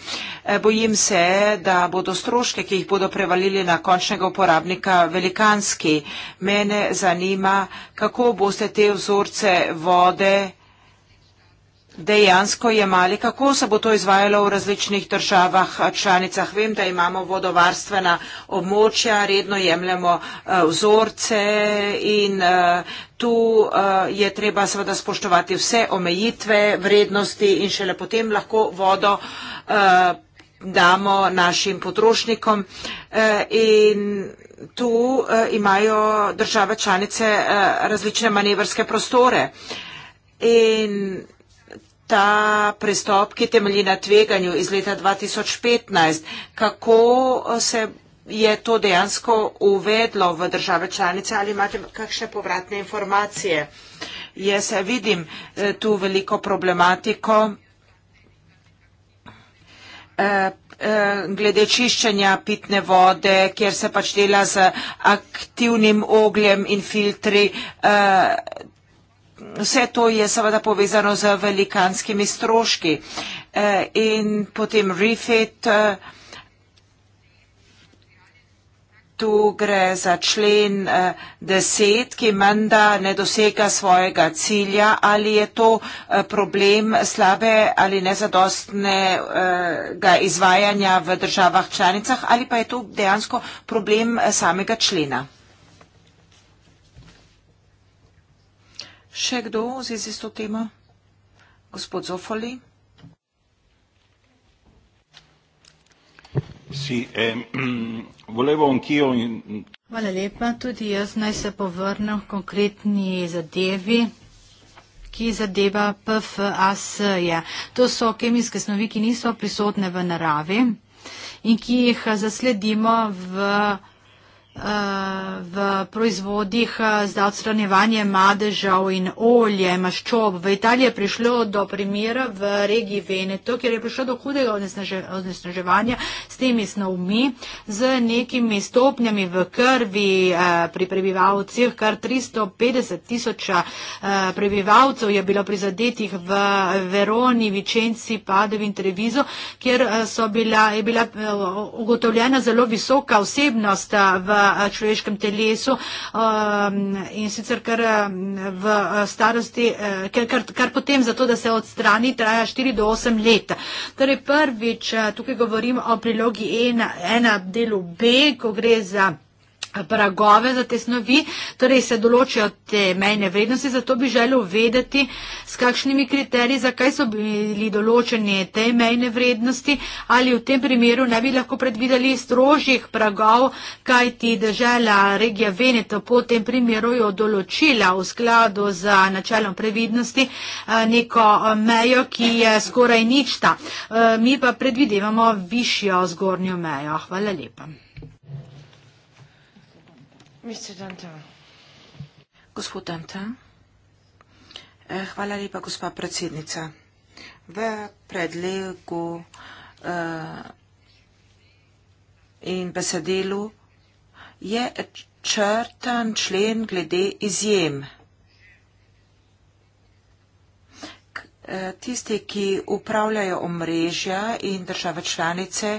S1: Eh, bojim se, da bodo stroške, ki jih bodo prevalili na končnega uporabnika, velikanski. Mene zanima, kako boste te vzorce vode dejansko jemali, kako se bo to izvajalo v različnih državah eh, članicah. Vem, da imamo vodovarstvena območja, redno jemljemo eh, vzorce in eh, tu je treba seveda spoštovati vse omejitve, vrednosti in šele potem lahko vodo damo našim potrošnikom. In tu imajo države članice različne manevrske prostore. In ta prestop, ki temelji na tveganju iz leta 2015, kako eh, se je to dejansko uvedlo v države članice ali imate kakšne povratne informacije. Jaz vidim eh, tu veliko problematiko eh, glede čiščenja pitne vode, kjer se pač dela z aktivnim ogljem in filtri vse to je seveda povezano z velikanskimi stroški eh, in potem refit. Eh, tu gre za člen eh, deset, ki menda ne dosega svojega cilja, ali je to problem slabe ali nezadostnega izvajanja v državah članicah ali pa je to dejansko problem samega člena. Še kdo v zvezi s to temo? Gospod Zofoli.
S3: Si, eh, [clears throat] in... Hvala lepa. Tudi jaz naj se povrnem v konkretni zadevi ki zadeva PFAS-je. To so kemijske snovi, ki niso prisotne v naravi in ki jih zasledimo v v proizvodih eh, za odstranjevanje madežav in olje, maščob. V Italiji je prišlo do primera v regiji Veneto, kjer je prišlo do hudega odnesnaževanja s temi snovmi, z nekimi stopnjami v krvi eh, pri prebivalcih. Kar 350 tisoč eh, prebivalcev je bilo prizadetih v Veroni, Vičenci, Padev in Trevizo, kjer bila, je bila ugotovljena zelo visoka vsebnost v Eh, človeškem telesu um, in sicer kar eh, v eh, starosti, kar, kar, kar potem zato, da se odstrani, traja 4 do 8 let. Torej prvič, tukaj govorim o prilogi 1, e 1 delu B, ko gre za pragove za te snovi, torej se določijo te mejne vrednosti, zato bi želel vedeti, s kakšnimi kriteriji, zakaj so bili določeni te mejne vrednosti, ali v tem primeru ne bi lahko predvideli strožjih pragov, kaj ti država, regija Veneto po tem primeru jo določila v skladu z načelom previdnosti eh, neko eh, mejo, ki je skoraj ničta. Eh, mi pa predvidevamo višjo zgornjo mejo. Hvala lepa.
S1: Mr. Dantin. Gospod Dantin. Eh, hvala lepa, gospa predsednica. V predlegu eh, in besedelu je črtan člen glede izjem. Eh, tisti, ki upravljajo omrežja in države članice,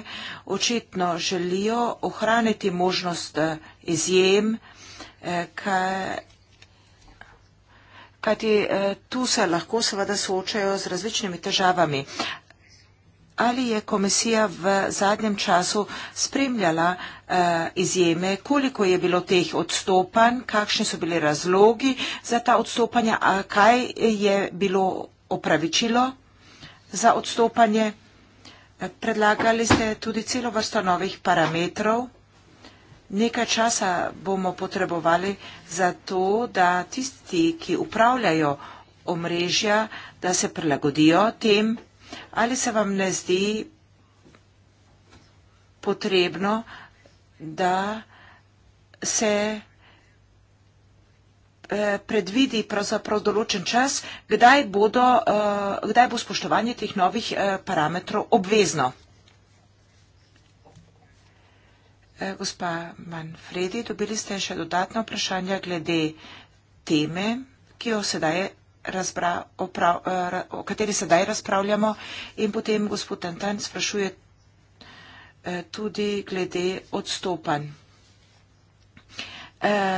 S1: očitno želijo ohraniti možnost izjem, eh, kajti eh, tu se lahko seveda soočajo z različnimi težavami. Ali je komisija v zadnjem času spremljala eh, izjeme, koliko je bilo teh odstopanj, kakšni so bili razlogi za ta odstopanja, a kaj je bilo opravičilo za odstopanje? Predlagali ste tudi celo vrsto novih parametrov. Nekaj časa bomo potrebovali za to, da tisti, ki upravljajo omrežja, da se prilagodijo tem. Ali se vam ne zdi potrebno, da se eh, predvidi pravzaprav določen čas, kdaj, bodo, eh, kdaj bo spoštovanje teh novih eh, parametrov obvezno? Eh, gospa Manfredi, dobili ste še dodatna vprašanja glede teme, ki jo sedaj razbra, oprav, eh, o kateri sedaj razpravljamo in potem gospod Antan sprašuje eh, tudi glede odstopanj.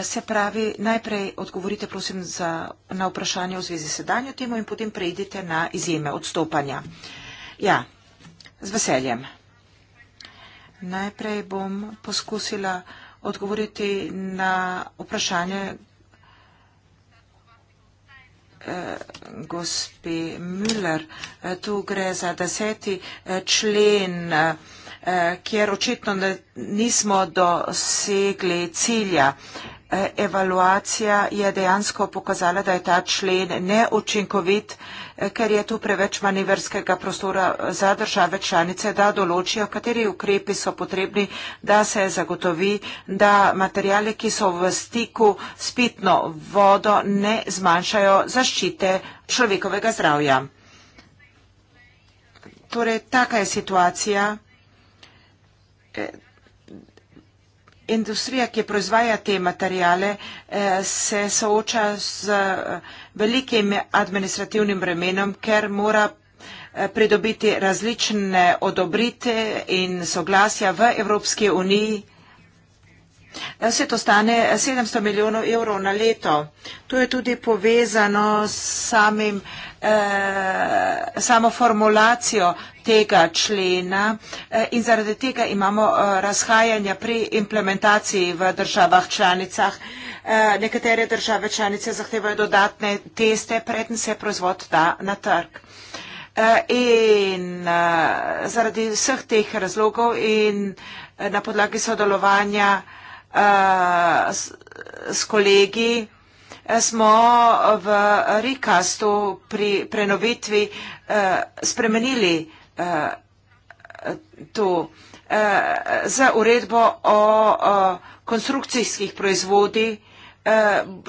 S1: Se pravi, najprej odgovorite prosim za, na vprašanje v zvezi s sedanjo temo in potem prejdite na izjeme odstopanja. Ja, z veseljem. Najprej bom poskusila odgovoriti na vprašanje eh, gospe Müller. Eh, tu gre za deseti eh, člen Eh, kjer očitno nismo dosegli cilja. Eh, evaluacija je dejansko pokazala, da je ta člen neučinkovit, eh, ker je tu preveč manevrskega prostora za države članice, da določijo, kateri ukrepi so potrebni, da se zagotovi, da materijale, ki so v stiku s pitno vodo, ne zmanjšajo zaščite človekovega zdravja. Torej, taka je situacija. Eh, industrija, ki proizvaja te materijale, eh, se sooča z eh, velikim administrativnim bremenom, ker mora pridobiti različne odobrite in soglasja v Evropski uniji. Vse eh, to stane 700 eh, milijonov evrov na leto. To je tudi povezano s samim, eh, samo formulacijo tega člena eh, in zaradi tega imamo eh, razhajanja pri implementaciji v državah članicah. Eh, nekatere države članice zahtevajo dodatne teste, preden se proizvod da na trg. Eh, in uh, zaradi vseh teh razlogov in uh, na podlagi sodelovanja uh, Eh, s, s kolegi eh, smo v Rikastu pri prenovitvi eh, spremenili to za uredbo o konstrukcijskih proizvodih.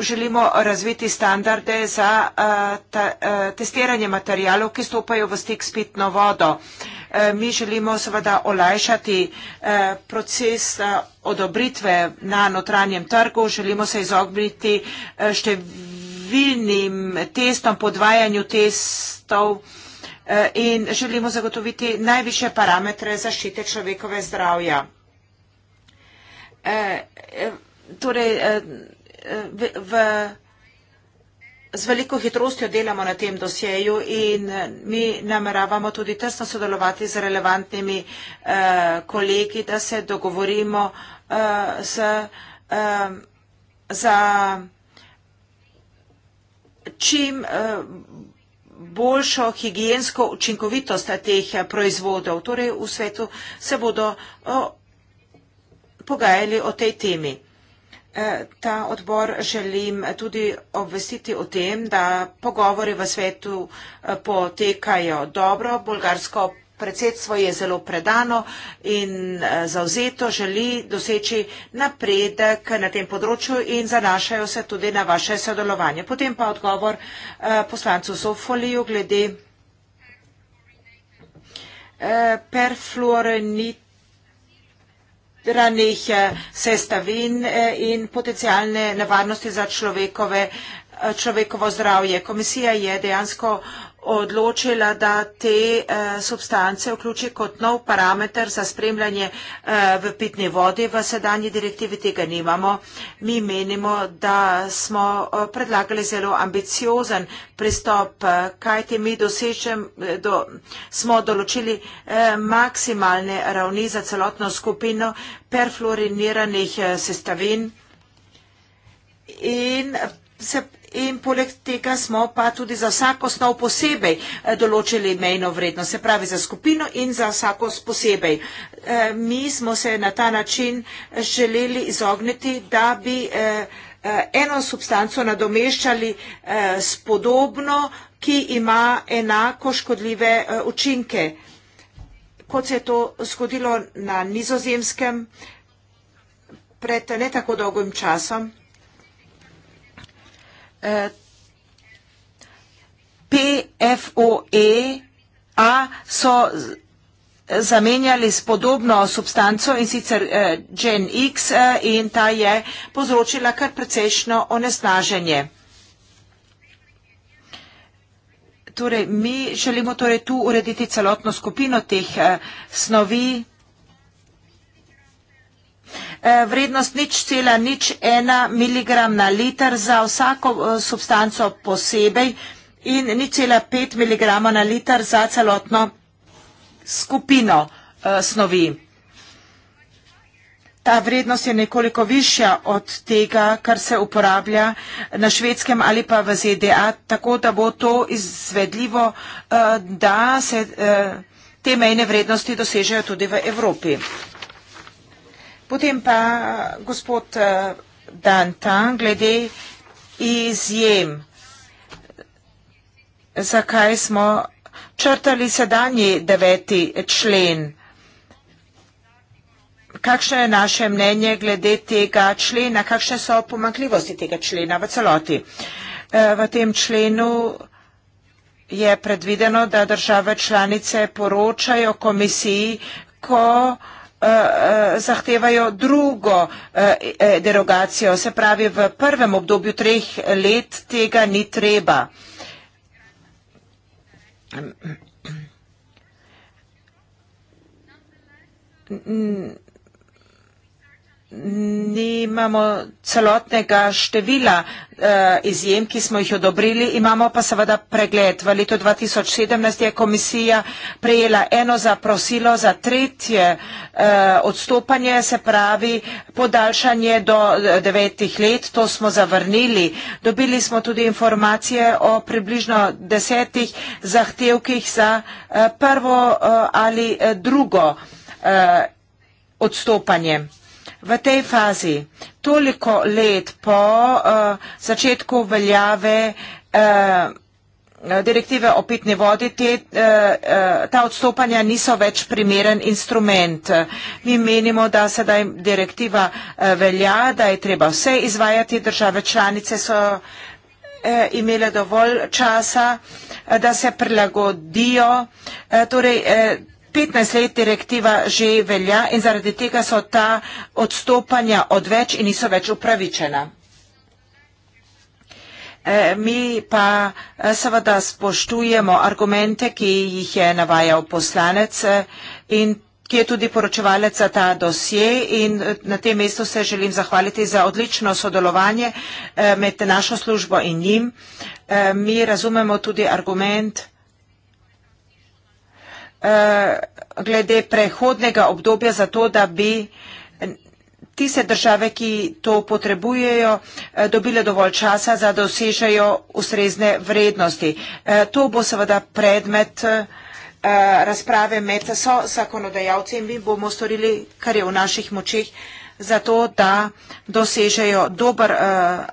S1: Želimo razviti standarde za testiranje materijalov, ki stopajo v stik s pitno vodo. Eh, mi želimo seveda olajšati eh, proces eh, odobritve na notranjem trgu, želimo se izogniti številnim testom, podvajanju testov in želimo zagotoviti najviše parametre zaščite človekove zdravja. Torej, v, v, z veliko hitrostjo delamo na tem dosjeju in eh, mi nameravamo tudi tesno sodelovati z relevantnimi eh, kolegi, da se dogovorimo eh, z, eh, za čim eh, boljšo higijensko učinkovitost teh eh, proizvodov. Torej v svetu se bodo oh, pogajali o tej temi. Eh, ta odbor želim tudi obvestiti o tem, da pogovori v svetu eh, potekajo dobro. Bolgarsko predsedstvo je zelo predano in eh, zauzeto, želi doseči napredek na tem področju in zanašajo se tudi na vaše sodelovanje. Potem pa odgovor poslancu Sofoliju glede perfluoreniti zbiranih eh, sestavin eh, in potencijalne nevarnosti za eh, človekovo zdravje. Komisija je dejansko odločila, da te eh, substance vključi kot nov parameter za spremljanje eh, v pitni vodi. V sedanji direktivi tega nimamo. Mi menimo, da smo eh, predlagali zelo ambiciozen pristop, kajti mi dosečem, do, smo določili maksimalne ravni za celotno skupino perfluoriniranih sestavin in se in poleg tega smo pa tudi za vsako snov posebej eh, določili mejno vrednost, se pravi za skupino in za vsako posebej. Eh, mi smo se na ta način želeli izogniti, da bi eh, eno substanco nadomeščali s podobno, ki ima enako škodljive učinke. Kot se je to zgodilo na nizozemskem pred ne tako dolgim časom, PFOE A so zamenjali s podobno substanco in sicer eh, Gen X eh, in ta je povzročila kar precejšno onesnaženje. Torej, mi želimo torej tu urediti celotno skupino teh eh, snovi, Eh, vrednost nič cela nič ena miligram na liter za vsako eh, substanco posebej in nič cela pet miligrama na liter za celotno skupino eh, snovi. Ta vrednost je nekoliko višja od tega, kar se uporablja na švedskem ali pa v ZDA, tako da bo to izvedljivo, da se te mejne vrednosti dosežejo tudi v Evropi. Potem pa gospod eh, Dantan, glede izjem, zakaj smo črtali sedanji deveti člen. Kakšno je naše mnenje glede tega člena, kakšne so pomakljivosti tega člena v celoti? Eh, v tem členu je predvideno, da države članice poročajo komisiji, ko Eh, eh, zahtevajo drugo eh, derogacijo, se pravi v prvem obdobju treh let tega ni treba. Mm nimamo celotnega števila eh, izjem, ki smo jih odobrili, imamo pa seveda pregled. V letu 2017 je komisija prejela eno zaprosilo za tretje eh, odstopanje, se pravi podaljšanje do eh, devetih let, to smo zavrnili. Dobili smo tudi informacije o približno desetih zahtevkih za prvo ali drugo odstopanje v tej fazi, toliko let po uh, začetku veljave uh, direktive o pitni vodi, te, uh, uh, ta odstopanja niso več primeren instrument. Mi menimo, da sedaj direktiva uh, velja, da je treba vse izvajati, države članice so imele dovolj časa, da se prilagodijo. Torej, 15 let direktiva že velja in zaradi tega so ta odstopanja odveč in niso več upravičena. E, mi pa e, seveda spoštujemo argumente, ki jih je navajal poslanec e, in ki je tudi poročevalec za ta dosje in na tem mestu se želim zahvaliti za odlično sodelovanje med našo službo in njim. Mi razumemo tudi argument, da Eh, glede prehodnega obdobja za to, da bi tiste države, ki to potrebujejo, eh, dobile dovolj časa, da dosežejo ustrezne vrednosti. Eh, to bo seveda predmet razprave med so zakonodajalci in mi bomo storili, kar je v naših močih, zato da dosežejo dober uh,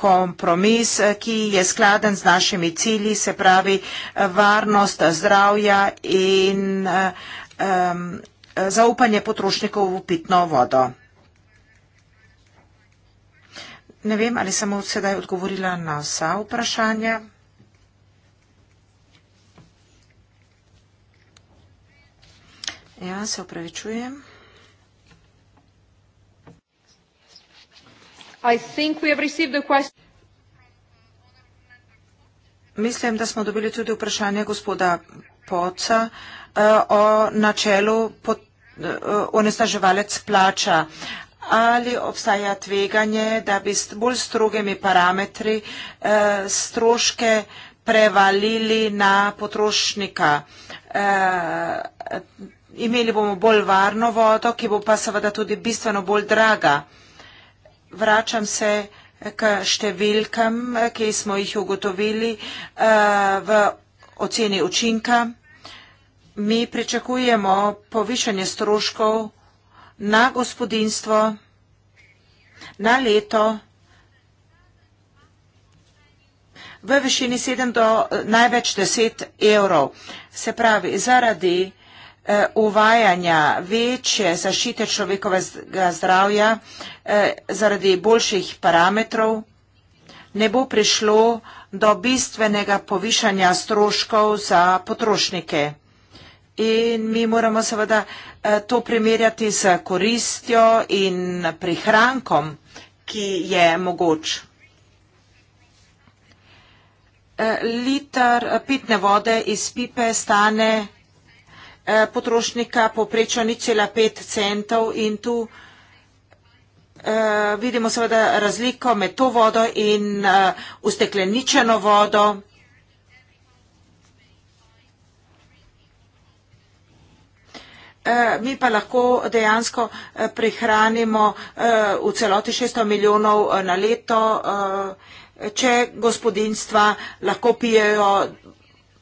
S1: kompromis, eh, ki je skladen z našimi cilji, se pravi eh, varnost zdravja in um, zaupanje potrošnikov v pitno vodo. Ne vem, ali sem od sedaj odgovorila na vsa vprašanja. Ja, se opravičujem. I think we have received the question. Mislim, da smo dobili tudi vprašanje gospoda Poca eh, o načelu eh, onesnaževalec plača. Ali obstaja tveganje, da bi s bolj strogimi parametri eh, stroške prevalili na potrošnika? Imeli bomo bolj varno vodo, ki bo pa seveda tudi bistveno bolj draga vračam se eh, k številkam, eh, ki smo jih ugotovili eh, v oceni učinka. Mi pričakujemo povišanje stroškov na gospodinstvo, na leto, v višini 7 do največ 10 evrov. Se pravi, zaradi vsega, Eh, uvajanja večje zašite človekovega zdravja eh, zaradi boljših parametrov, ne bo prišlo do bistvenega povišanja stroškov za potrošnike. In mi moramo seveda eh, to primerjati z koristjo in prihrankom, ki je mogoč. Liter pitne vode iz pipe stane Eh, potrošnika poprečo ni cela pet centov in tu eh, vidimo seveda razliko med to vodo in eh, ustekleničeno vodo. Mi pa lahko dejansko prihranimo v celoti 600 milijonov na leto, če gospodinstva lahko pijejo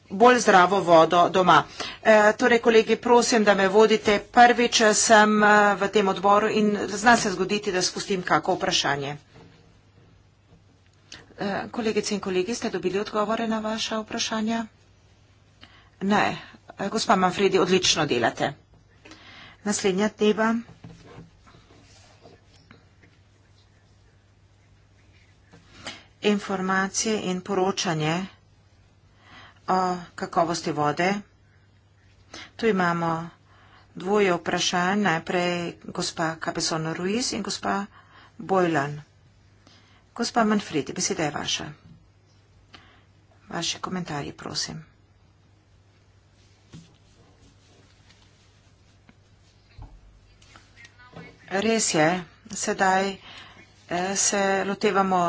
S1: bolj zdravo vodo doma. E, torej, kolegi, prosim, da me vodite. Prvič e, sem e, v tem odboru in zna se zgoditi, da spustim kako vprašanje. E, kolegice in kolegi, ste dobili odgovore na vaše vprašanja? Ne. E, gospa Manfredi, odlično delate. Naslednja teba. Informacije in poročanje o kakovosti vode. Tu imamo dvoje vprašanj, najprej gospa Capison Ruiz in gospa Bojlan. Gospa Manfred, beseda je vaša. Vaši komentarji, prosim. Res je, sedaj eh, se lotevamo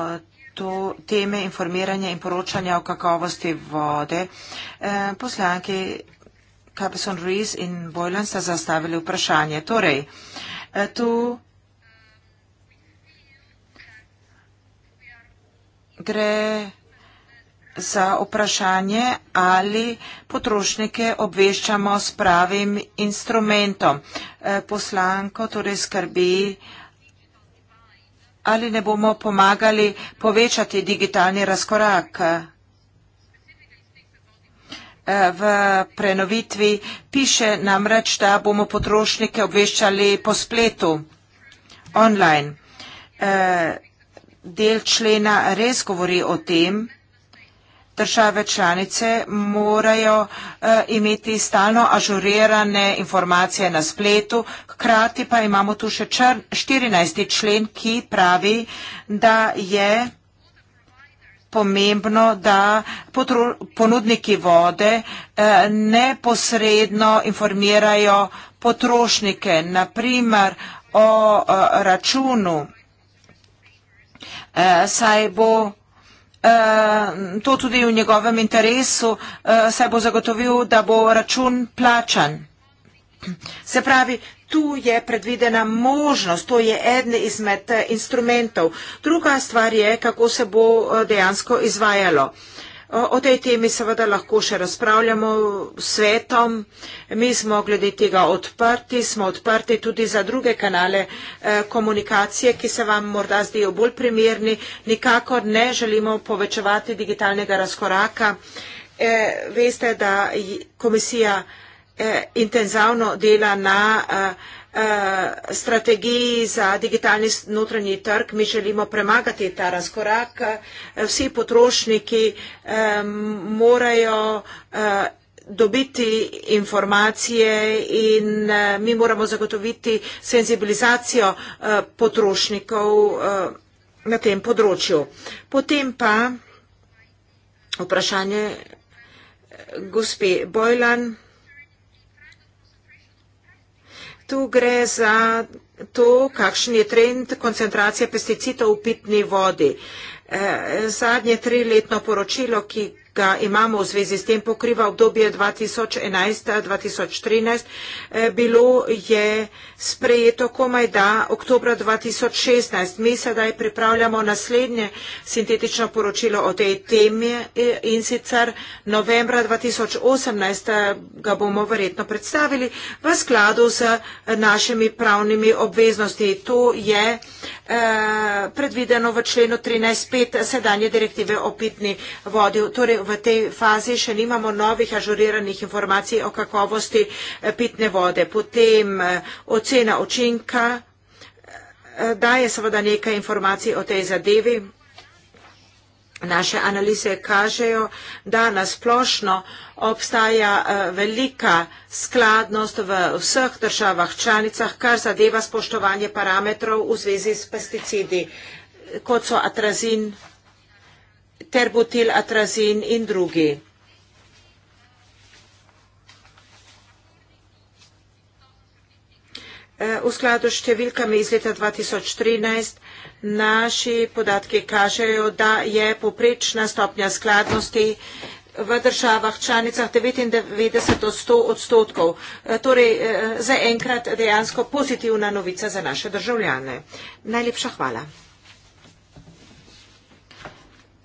S1: to teme informiranja in poročanja o kakovosti vode. Eh, poslanki Capison Ruiz in Boylan sta zastavili vprašanje. Torej, eh, tu gre za vprašanje, ali potrošnike obveščamo s pravim instrumentom. Eh, poslanko torej skrbi, ali ne bomo pomagali povečati digitalni razkorak e, v prenovitvi. Piše namreč, da bomo potrošnike obveščali po spletu, online. E, del člena res govori o tem, da bomo države članice morajo uh, imeti stalno ažurirane informacije na spletu. Hkrati pa imamo tu še čr, 14. člen, ki pravi, da je pomembno, da potru, ponudniki vode uh, neposredno informirajo potrošnike, naprimer o uh, računu, uh, saj bo Eh, to tudi v njegovem interesu, eh, saj bo zagotovil, da bo račun plačan. Se pravi, tu je predvidena možnost, to je eden izmed eh, instrumentov. Druga stvar je, kako se bo dejansko izvajalo. Uh, O tej temi seveda lahko še razpravljamo s svetom. Mi smo glede tega odprti, smo odprti tudi za druge kanale eh, komunikacije, ki se vam morda zdijo bolj primerni. Nikakor ne želimo povečevati digitalnega razkoraka. Eh, veste, da komisija eh, intenzavno dela na Eh, strategiji za digitalni notranji trg mi želimo premagati ta razkorak. Eh, vsi potrošniki eh, morajo dobiti informacije in mi moramo zagotoviti senzibilizacijo potrošnikov na tem področju. Potem pa vprašanje gospe Bojlan tu gre za to, kakšen je trend koncentracije pesticidov v pitni vodi. Eh, zadnje triletno poročilo, ki ga imamo v zvezi s tem, pokriva obdobje 2011-2013, eh, bilo je sprejeto komaj da oktobra 2016. Mi sedaj pripravljamo naslednje sintetično poročilo o tej temi eh, in sicer novembra 2018 eh, ga bomo verjetno predstavili v skladu z našimi pravnimi obveznosti. To je predvideno v členu 13.5 sedanje direktive o pitni vodi. Torej, v tej fazi še nimamo novih ažuriranih informacij o kakovosti eh, pitne vode. Potem eh, ocena učinka eh, daje seveda nekaj informacij o tej zadevi. Naše analize kažejo, da nasplošno obstaja velika skladnost v vseh državah članicah, kar zadeva spoštovanje parametrov v zvezi s pesticidi, kot so atrazin, ter butil atrazin in drugi. E, v skladu s številkami iz leta 2013 naši podatki kažejo, da je poprečna stopnja skladnosti v državah članicah 99 od 100 odstotkov. E, torej, e, zaenkrat dejansko pozitivna novica za naše državljane. Najlepša hvala.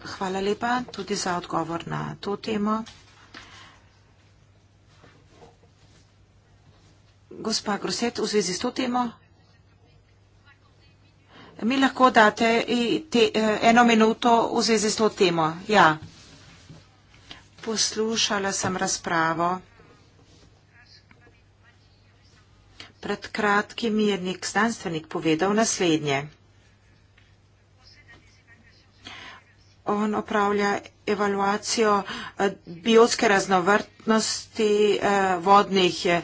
S1: Hvala lepa tudi za odgovor na to temo. Gospa Groset, v zvezi s to temo. Mi lahko date te, e, eno minuto v zvezi s to temo. Ja. Poslušala sem razpravo. Pred kratkim je nek znanstvenik povedal naslednje. On opravlja evaluacijo eh, biotske raznovrtnosti eh, vodnih eh,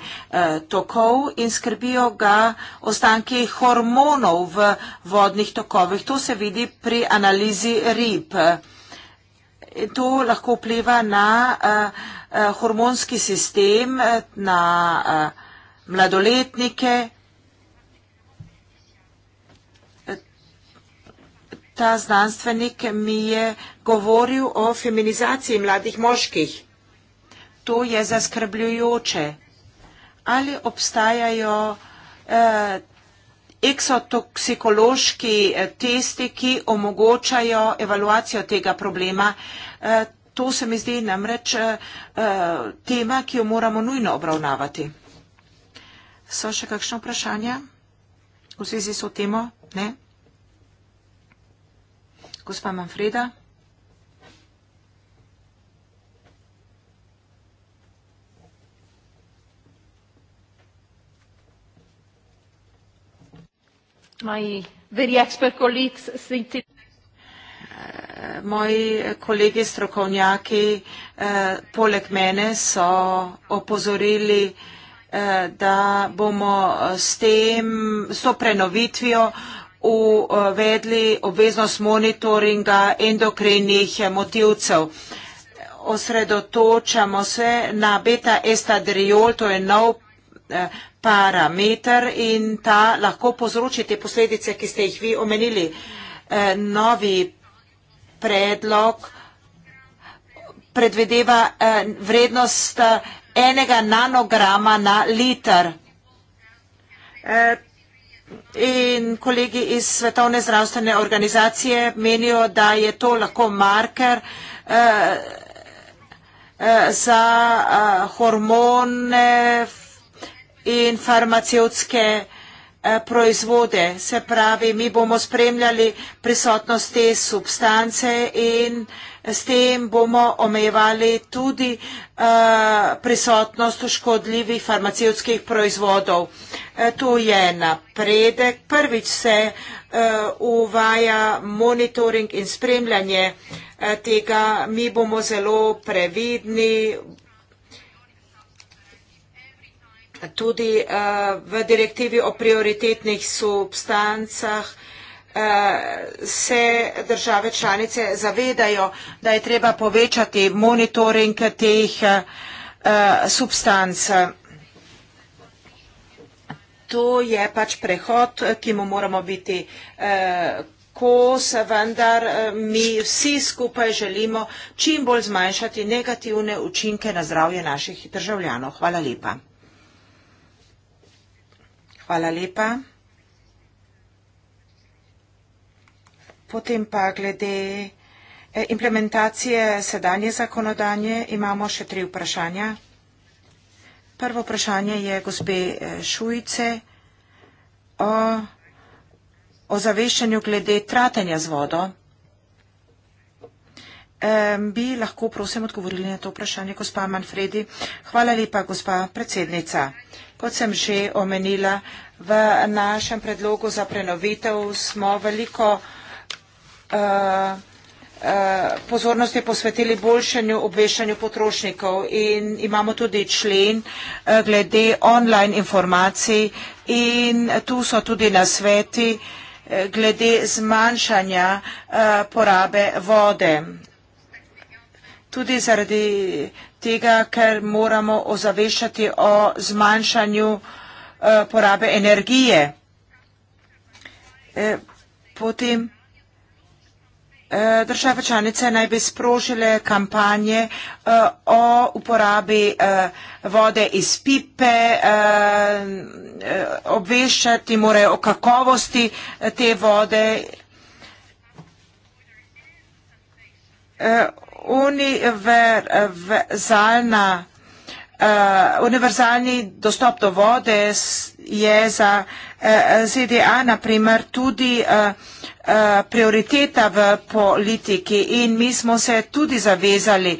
S1: tokov in skrbijo ga ostanki hormonov v vodnih tokovih. To se vidi pri analizi rib. To lahko vpliva na hormonski sistem, na mladoletnike, ta znanstvenik mi je govoril o feminizaciji mladih moških. To je zaskrbljujoče. Ali obstajajo eh, eksotoksikološki eh, testi, ki omogočajo evaluacijo tega problema? Eh, to se mi zdi namreč eh, eh tema, ki jo moramo nujno obravnavati. So še kakšno vprašanje v zvezi s to temo? Ne? Gospa Manfreda. Moji veri ekspert kolegi, sveti. Eh, moji kolegi strokovnjaki eh, poleg mene so opozorili, eh, da bomo s tem, s to prenovitvijo, uvedli obveznost monitoringa endokrinih motivcev. Osredotočamo se na beta-estadriol, to je nov eh, parameter in ta lahko povzroči te posledice, ki ste jih vi omenili. Eh, novi predlog predvedeva eh, vrednost enega nanograma na liter in kolegi iz Svetovne zdravstvene organizacije menijo, da je to lahko marker eh, eh, za eh, hormone in farmacijske proizvode. Se pravi, mi bomo spremljali prisotnost te substance in vsega, S tem bomo omejevali tudi uh, prisotnost škodljivih farmacevskih proizvodov. E, tu je napredek. Prvič se uh, uvaja monitoring in spremljanje e, tega. Mi bomo zelo previdni tudi uh, v direktivi o prioritetnih substancah. Uh, Eh, se države članice zavedajo, da je treba povečati monitoring teh eh, substanc. To je pač prehod, ki mu moramo biti eh, kos, vendar mi vsi skupaj želimo čim bolj zmanjšati negativne učinke na zdravje naših državljanov. Hvala lepa. Hvala lepa. Potem pa glede eh, implementacije sedanje zakonodanje imamo še tri vprašanja. Prvo vprašanje je gospe eh, Šujice o, o zaveščanju glede tratenja z vodo. Um, bi lahko prosim odgovorili na to vprašanje, gospa Manfredi. Hvala lepa, gospa predsednica. Kot sem že omenila, v našem predlogu za prenovitev smo veliko uh, Eh, eh, pozornosti posvetili boljšanju obveščanju potrošnikov in imamo tudi člen eh, glede online informacij in tu so tudi nasveti glede zmanjšanja porabe vode. Tudi zaradi tega, ker moramo ozaveščati o zmanjšanju porabe energije. Potem Eh, države članice naj bi sprožile kampanje eh, o uporabi eh, vode iz pipe, obveščati morajo o kakovosti te vode. Univerzalna vode Eh, univerzalni dostop do vode je za eh, ZDA na primer tudi eh, prioriteta v politiki in mi smo se tudi zavezali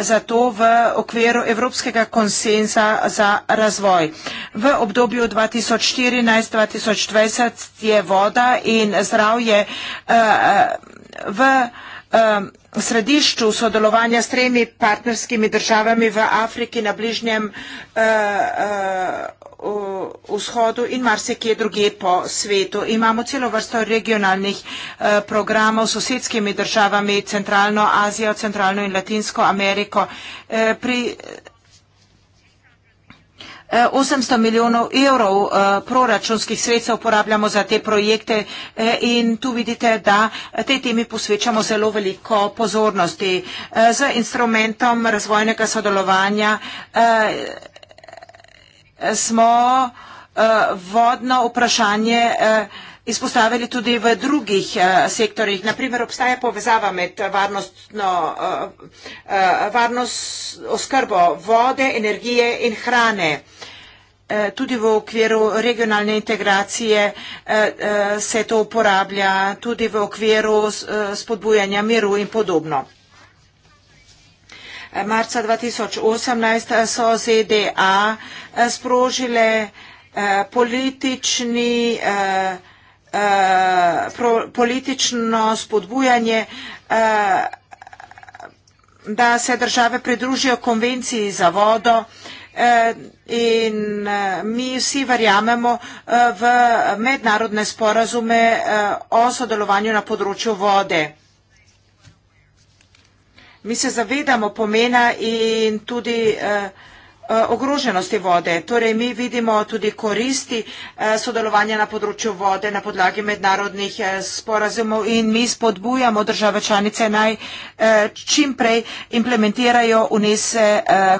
S1: za to v okviru evropskega konsensa za razvoj. V obdobju 2014-2020 je voda in zdravje v v središču sodelovanja s tremi partnerskimi državami v Afriki, na bližnjem eh, eh, vzhodu in marsikje druge po svetu. Imamo celo vrsto regionalnih eh, programov s sosedskimi državami, Centralno Azijo, Centralno in Latinsko Ameriko. Pri 800 eh, milijonov evrov eh, proračunskih sredstev uporabljamo za te projekte eh, in tu vidite, da te temi posvečamo zelo veliko pozornosti. Z instrumentom razvojnega sodelovanja smo vodno vprašanje vprašanje izpostavili tudi v drugih eh, sektorjih. Naprimer, obstaja povezava med varnostno, eh, eh, varnost oskrbo vode, energije in hrane. Tudi v okviru regionalne integracije se to uporablja, tudi v okviru spodbujanja miru in podobno. Marca 2018 so ZDA sprožile politični Eh, pro, politično spodbujanje, eh, da se države pridružijo konvenciji za vodo eh, in eh, mi vsi verjamemo v mednarodne sporazume o sodelovanju na področju vode. Mi se zavedamo pomena in tudi eh, Eh, ogroženosti vode. Torej, mi vidimo tudi koristi eh, sodelovanja na področju vode na podlagi mednarodnih eh, sporazumov in mi spodbujamo države članice naj čim prej implementirajo unese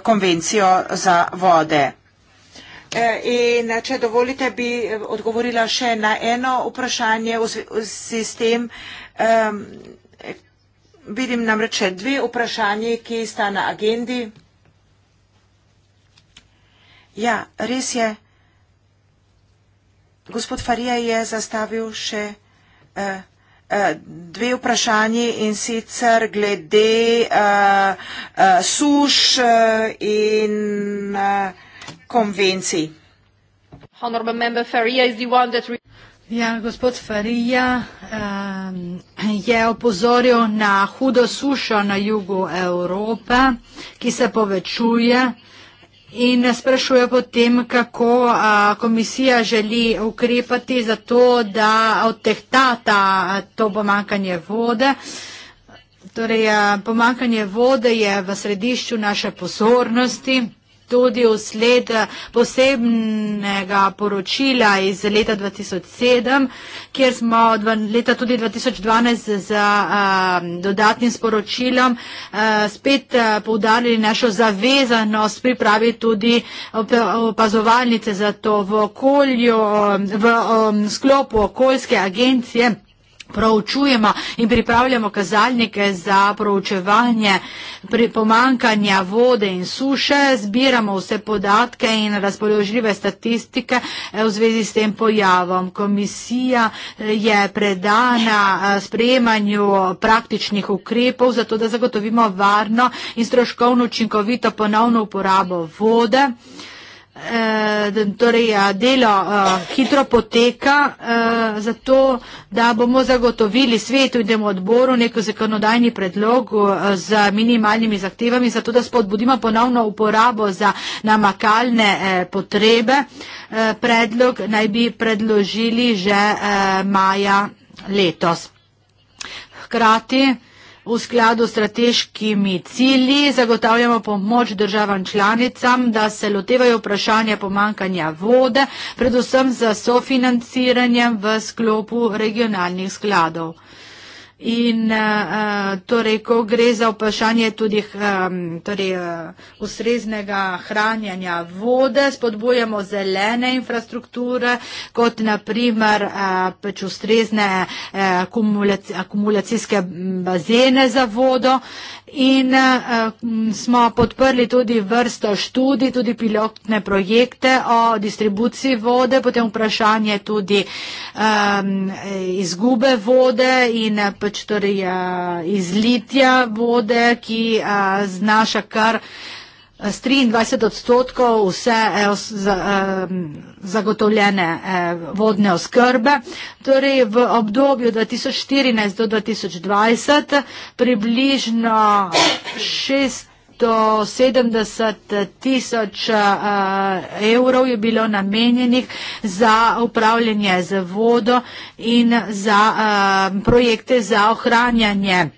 S1: konvencijo za vode. In če dovolite, bi odgovorila še na eno vprašanje v sistem. Vidim namreč dve vprašanje, ki sta na agendi. Ja, res je, gospod Farija je zastavil še uh, uh, dve vprašanji in sicer glede uh, uh, suš uh, in uh, konvencij.
S3: Ja, gospod Farija um, je opozoril na hudo sušo na jugu Evrope, ki se povečuje. Uh, In sprašuje potem, kako a, komisija želi ukrepati za to, da odtehta ta, to pomankanje vode. Torej, pomankanje vode je v središču naše pozornosti tudi usled eh, posebnega poročila iz leta 2007, kjer smo od leta tudi 2012 z a, eh, dodatnim sporočilom a, eh, spet a, poudarili našo zavezanost pripravi tudi opazovalnice za to v okolju, v a, sklopu okoljske agencije proučujemo in pripravljamo kazalnike za proučevanje pomankanja vode in suše, zbiramo vse podatke in razpoložljive statistike eh, v zvezi s tem pojavom. Komisija eh, je predana eh, sprejemanju praktičnih ukrepov, zato da zagotovimo varno in stroškovno učinkovito ponovno uporabo vode. Eh, torej eh, delo eh, hitro poteka, zato da bomo zagotovili svetu in temu odboru neko zakonodajni predlog z minimalnimi zahtevami, zato da spodbudimo ponovno uporabo za namakalne potrebe. Predlog naj bi predložili že maja letos. Hkrati, V skladu s strateškimi cilji zagotavljamo pomoč državam članicam, da se lotevajo vprašanja pomankanja vode, predvsem za sofinanciranje v sklopu regionalnih skladov. In eh, eh, torej, ko gre za vprašanje tudi eh, torej, ustreznega hranjanja vode, spodbujamo zelene infrastrukture, kot naprimer pač ustrezne akumulacijske bazene za vodo. In uh, smo podprli tudi vrsto študij, tudi pilotne projekte o distribuciji vode, potem vprašanje tudi um, izgube vode in eh, pač torej uh, izlitja vode, ki uh, znaša kar uh, s 23 odstotkov vse eh, eh, zagotovljene eh, vodne oskrbe. Torej v obdobju 2014 do 2020 približno 670 tisoč evrov je bilo namenjenih za upravljanje z vodo in za projekte za ohranjanje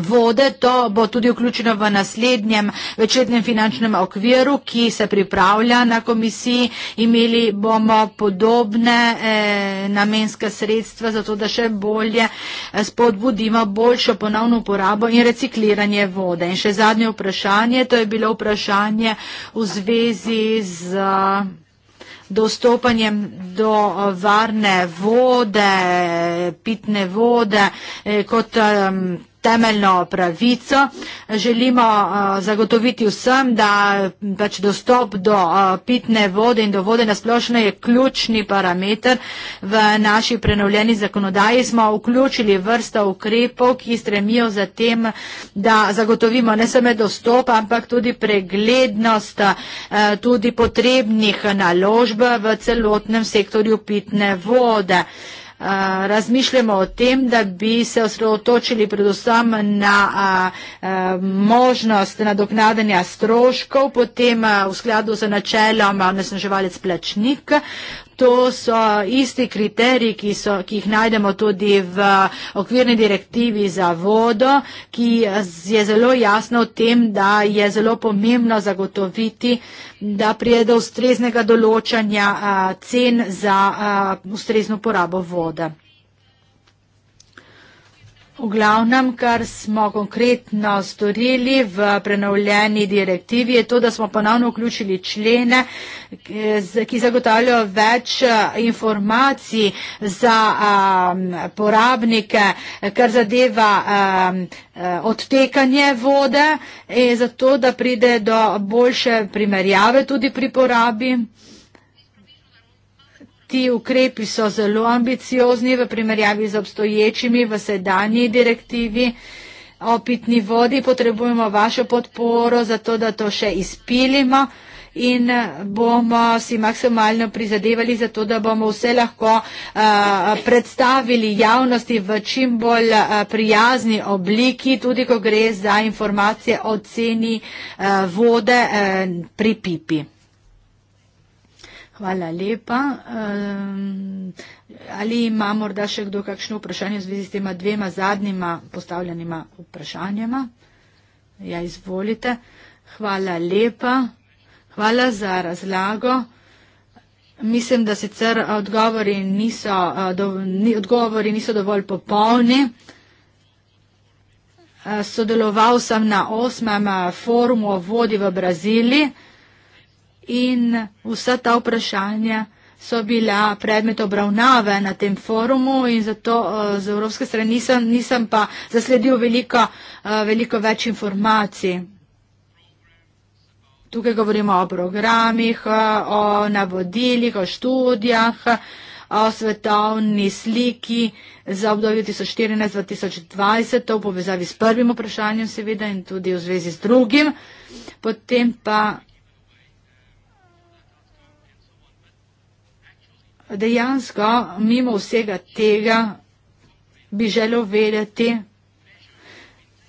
S3: vode, to bo tudi vključeno v naslednjem večletnem finančnem okviru, ki se pripravlja na komisiji. Imeli bomo podobne eh, namenske sredstva, zato da še bolje eh, spodbudimo boljšo ponovno uporabo in recikliranje vode. In še zadnje vprašanje, to je bilo vprašanje v zvezi z eh, dostopanjem do eh, varne vode, pitne vode, eh, kot. Eh, temeljno pravico. Želimo uh, zagotoviti vsem, da pač dostop do uh, pitne vode in do vode na splošno je ključni parameter. V naši prenovljeni zakonodaji smo vključili vrsto ukrepov, ki stremijo za tem, da zagotovimo ne samo dostop, ampak tudi preglednost uh, tudi potrebnih naložb v celotnem sektorju pitne vode razmišljamo o tem, da bi se osredotočili predvsem na a, a, možnost nadoknadanja stroškov, potem a, v skladu z načelom onesnaževalec plačnik, To so isti kriteriji, ki, so, ki jih najdemo tudi v okvirni direktivi za vodo, ki je zelo jasno v tem, da je zelo pomembno zagotoviti, da prije do ustreznega določanja cen za ustrezno porabo voda. V glavnem, kar smo konkretno storili v prenovljeni direktivi, je to, da smo ponovno vključili člene, ki zagotavljajo več eh, informacij za um, porabnike, kar zadeva um, odtekanje vode, zato da pride do boljše primerjave tudi pri porabi ti ukrepi so zelo ambiciozni v primerjavi z obstoječimi v sedanji direktivi. O pitni vodi potrebujemo vašo podporo, zato da to še izpilimo in eh, bomo si maksimalno prizadevali za to, da bomo vse lahko uh, predstavili javnosti v čim bolj uh, prijazni obliki, tudi ko gre za informacije o ceni uh, vode uh, pri pipi. Hvala lepa. Um, ali ima morda še kdo kakšno vprašanje v zvezi s tema dvema zadnjima postavljenima vprašanjama? Ja, izvolite. Hvala lepa. Hvala za razlago. Mislim, da sicer odgovori niso, do, ni, odgovori niso dovolj popolni. Sodeloval sem na osmem forumu o vodi v Braziliji in vsa ta vprašanja so bila predmet obravnave na tem forumu in zato uh, z evropske strani nisem, nisem pa zasledil veliko, uh, eh, veliko več informacij. Tukaj govorimo o programih, eh, o navodilih, o študijah, o svetovni sliki za obdobje 2014-2020, to v povezavi s prvim vprašanjem seveda in tudi v zvezi s drugim. Potem pa dejansko mimo vsega tega bi želel vedeti,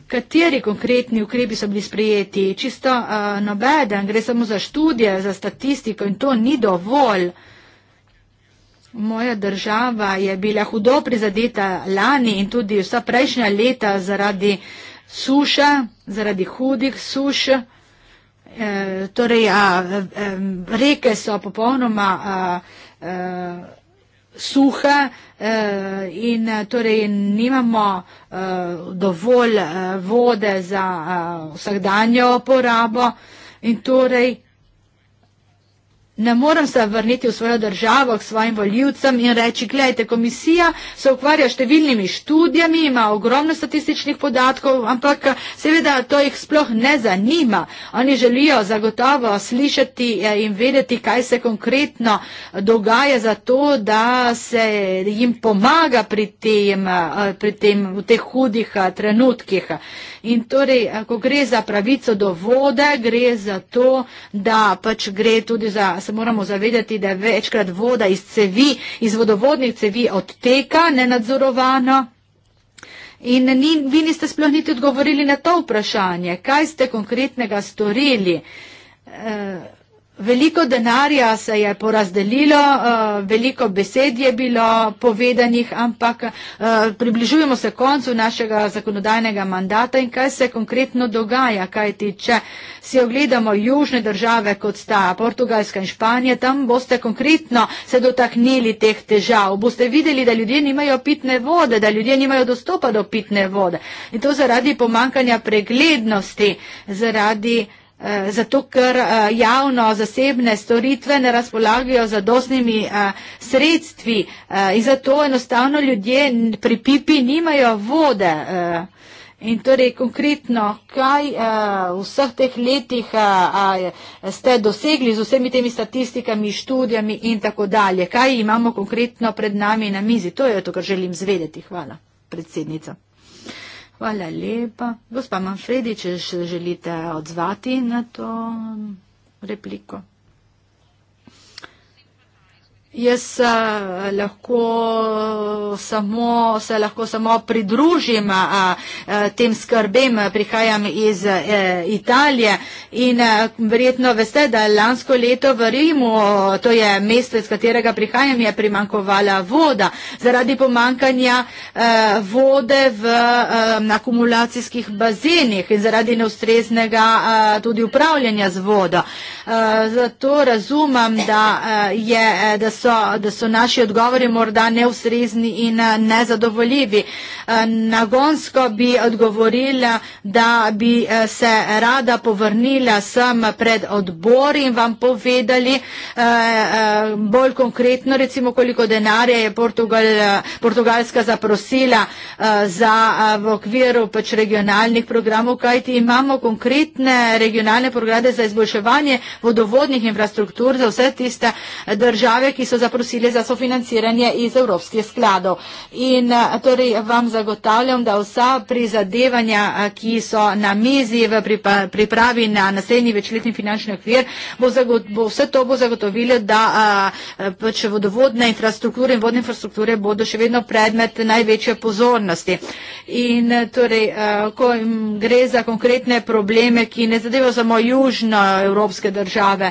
S3: kateri konkretni ukrepi so bili sprejeti. Čisto uh, nobeden, gre samo za študije, za statistiko in to ni dovolj. Moja država je bila hudo prizadeta lani in tudi vsa prejšnja leta zaradi suše, zaradi hudih suš. E, torej, a, a, e, reke so popolnoma a, uh, suha uh, in eh, torej nimamo uh, dovolj uh, vode za uh, vsakdanjo porabo in torej Ne morem se vrniti v svojo državo, k svojim voljivcem in reči, gledajte, komisija se ukvarja številnimi študijami, ima ogromno statističnih podatkov, ampak seveda to jih sploh ne zanima. Oni želijo zagotovo slišati eh, in vedeti, kaj se konkretno dogaja za to, da se jim pomaga pri tem, eh, pri tem v teh hudih eh, trenutkih. In torej, eh, ko gre za pravico do vode, gre za to, da pač gre tudi za, se moramo zavedati, da večkrat voda iz cevi, iz vodovodnih cevi odteka nenadzorovano. In ni, vi niste sploh niti odgovorili na to vprašanje, kaj ste konkretnega storili. E, Veliko denarja se je porazdelilo, eh, veliko besed je bilo povedanih, ampak eh, približujemo se koncu našega zakonodajnega mandata in kaj se konkretno dogaja, kaj ti, če si ogledamo južne države, kot sta Portugalska in Španija, tam boste konkretno se dotaknili teh težav. Boste videli, da ljudje nimajo pitne vode, da ljudje nimajo dostopa do pitne vode. In to zaradi pomankanja preglednosti, zaradi. Eh, zato ker eh, javno-zasebne storitve ne razpolagajo za dosnimi eh, sredstvi in zato enostavno ljudje pri pipi nimajo vode. In torej konkretno, kaj v vseh teh letih ste dosegli z vsemi temi statistikami, študijami in tako dalje? Kaj imamo konkretno pred nami na mizi? To je to, kar želim zvedeti. Hvala, predsednica. Hvala lepa. Gospa Manfredi, če želite odzvati na to um, repliko. Jaz uh, lahko samo, se lahko samo pridružim uh, uh, tem skrbem, prihajam iz uh, Italije in uh, verjetno veste, da lansko leto v Rimu, to je mesto, iz katerega prihajam, je primankovala voda. Zaradi pomankanja uh, vode v uh, akumulacijskih bazenih in zaradi neustreznega uh, tudi upravljanja z vodo. Uh, zato razumem, da, uh, je, da so so, da so naši odgovori morda neustrezni in eh, nezadovoljivi. Eh, Nagonsko bi odgovorila, da bi eh, se rada povrnila sem pred odbor in vam povedali bolj konkretno, recimo koliko denarja je Portugal, Portugalska zaprosila za v okviru pač regionalnih programov, kajti imamo konkretne regionalne programe za izboljševanje vodovodnih infrastruktur za vse tiste države, ki so so zaprosili za sofinanciranje iz evropskih skladov. In eh, torej vam zagotavljam, da vsa prizadevanja, eh, ki so na mizi v pripravi na naslednji večletni finančni okvir, bo bo vse to bo zagotovilo, da eh, pač vodovodne infrastrukture in vodne infrastrukture bodo še vedno predmet največje pozornosti. In torej, ko gre za konkretne probleme, ki ne zadevajo samo južno evropske države,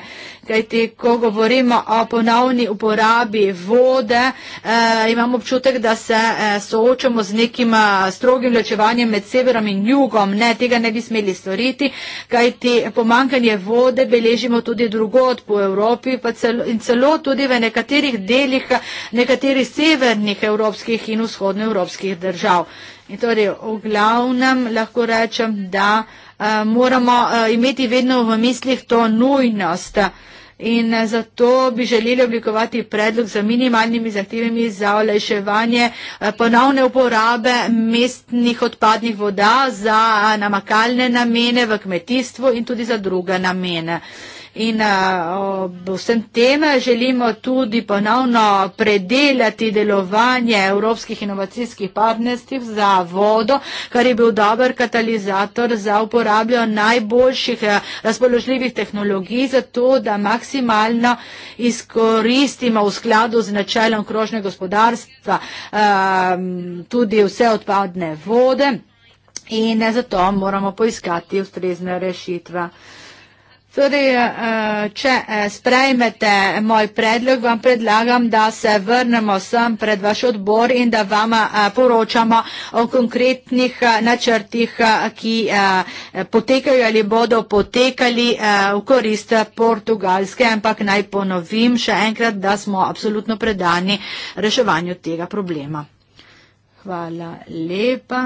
S3: kajti ko govorimo o ponovni uporabi vode, eh, imamo občutek, da se eh, soočamo z nekim eh, strogim ločevanjem med severom in jugom. Ne, tega ne bi smeli storiti, kajti pomankanje vode beležimo tudi drugod po Evropi celo, in celo tudi v nekaterih delih nekaterih severnih evropskih in vzhodnoevropskih držav. In torej, v glavnem lahko rečem, da. Eh, moramo eh, imeti vedno v mislih to nujnost. In eh, zato bi želeli oblikovati predlog za minimalnimi zahtevami za olajševanje ponovne uporabe mestnih odpadnih voda za namakalne namene v kmetijstvu in tudi za druge namene. In eh, ob vsem tem želimo tudi ponovno predelati delovanje evropskih inovacijskih partnerstv za vodo, kar je bil dober katalizator za uporabljo najboljših eh, razpoložljivih tehnologij, zato da maksimalno izkoristimo v skladu z načelom krožnega gospodarstva ehm, tudi vse odpadne vode in eh, zato moramo poiskati ustrezne rešitve. Torej, če eh, sprejmete moj predlog, vam predlagam, da se vrnemo sem pred vaš odbor in da vam eh, poročamo o konkretnih načrtih, ki potekajo ali bodo potekali v korist portugalske, ampak naj ponovim še enkrat, da smo absolutno predani reševanju tega problema. Hvala lepa.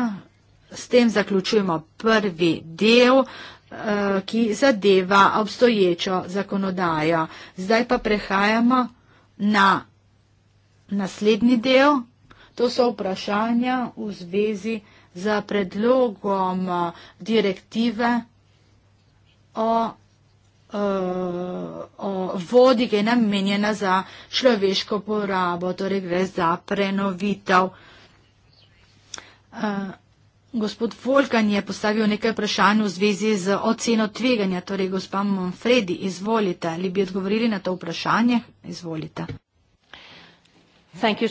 S3: S tem zaključujemo prvi del. Eh, ki zadeva obstoječo zakonodajo. Zdaj pa prehajamo na naslednji del. To so vprašanja v zvezi z predlogom eh, direktive o, eh, o vodi, ki je namenjena za človeško porabo, torej gre za prenovitev. Gospod Volkan je postavil nekaj vprašanj v zvezi z oceno tveganja. Torej, gospa Monfredi, izvolite, ali bi odgovorili na to vprašanje? Izvolite. You,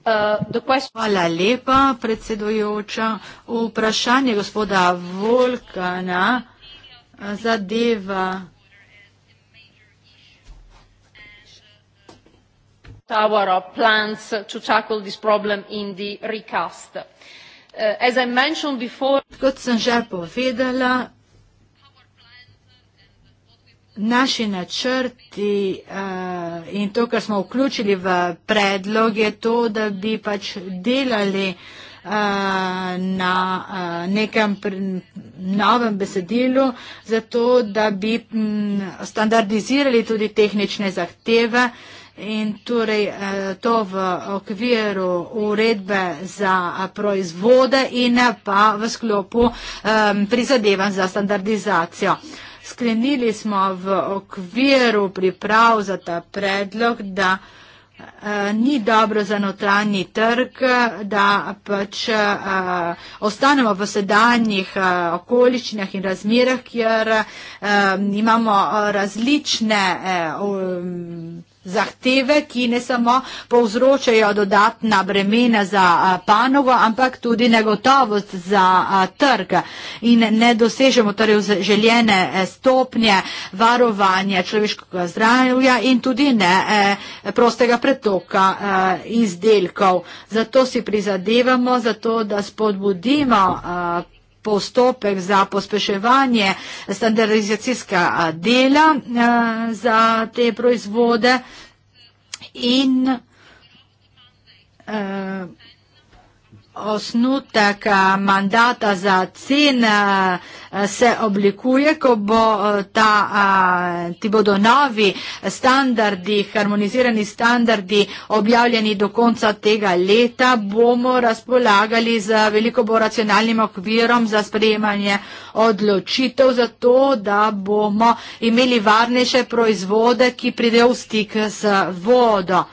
S3: uh, question... Hvala lepa, predsedujoča. Vprašanje gospoda Volkana zadeva. Tower of plans to tackle this problem in the recast. Uh, Uh, Kot sem že povedala, naši načrti uh, in to, kar smo vključili v predlog, je to, da bi pač delali uh, na nekem novem besedilu, zato da bi mm, standardizirali tudi tehnične zahteve, in torej eh, to v okviru uredbe za eh, proizvode in eh, pa v sklopu ehm, prizadevanj za standardizacijo. Sklenili smo v okviru priprav za ta predlog, da ni dobro za notranji trg, da pač uh, ostanemo v sedanjih uh, okoličnjah in razmerah, kjer uh, imamo različne uh, um, zahteve, ki ne samo povzročajo dodatna bremena za panogo, ampak tudi negotovost za trg in ne dosežemo torej željene e, stopnje varovanja človeškega zdravja in tudi ne e, prostega pretoka e, izdelkov. Zato si prizadevamo, zato da spodbudimo postopek za pospeševanje standardizacijska dela za te proizvode in osnutek eh, mandata za cen eh, se oblikuje, ko bo eh, ta, ti bodo novi standardi, harmonizirani standardi objavljeni do konca tega leta, bomo razpolagali z veliko bolj racionalnim okvirom za sprejemanje odločitev, zato da bomo imeli varnejše proizvode, ki pridejo v stik z vodo.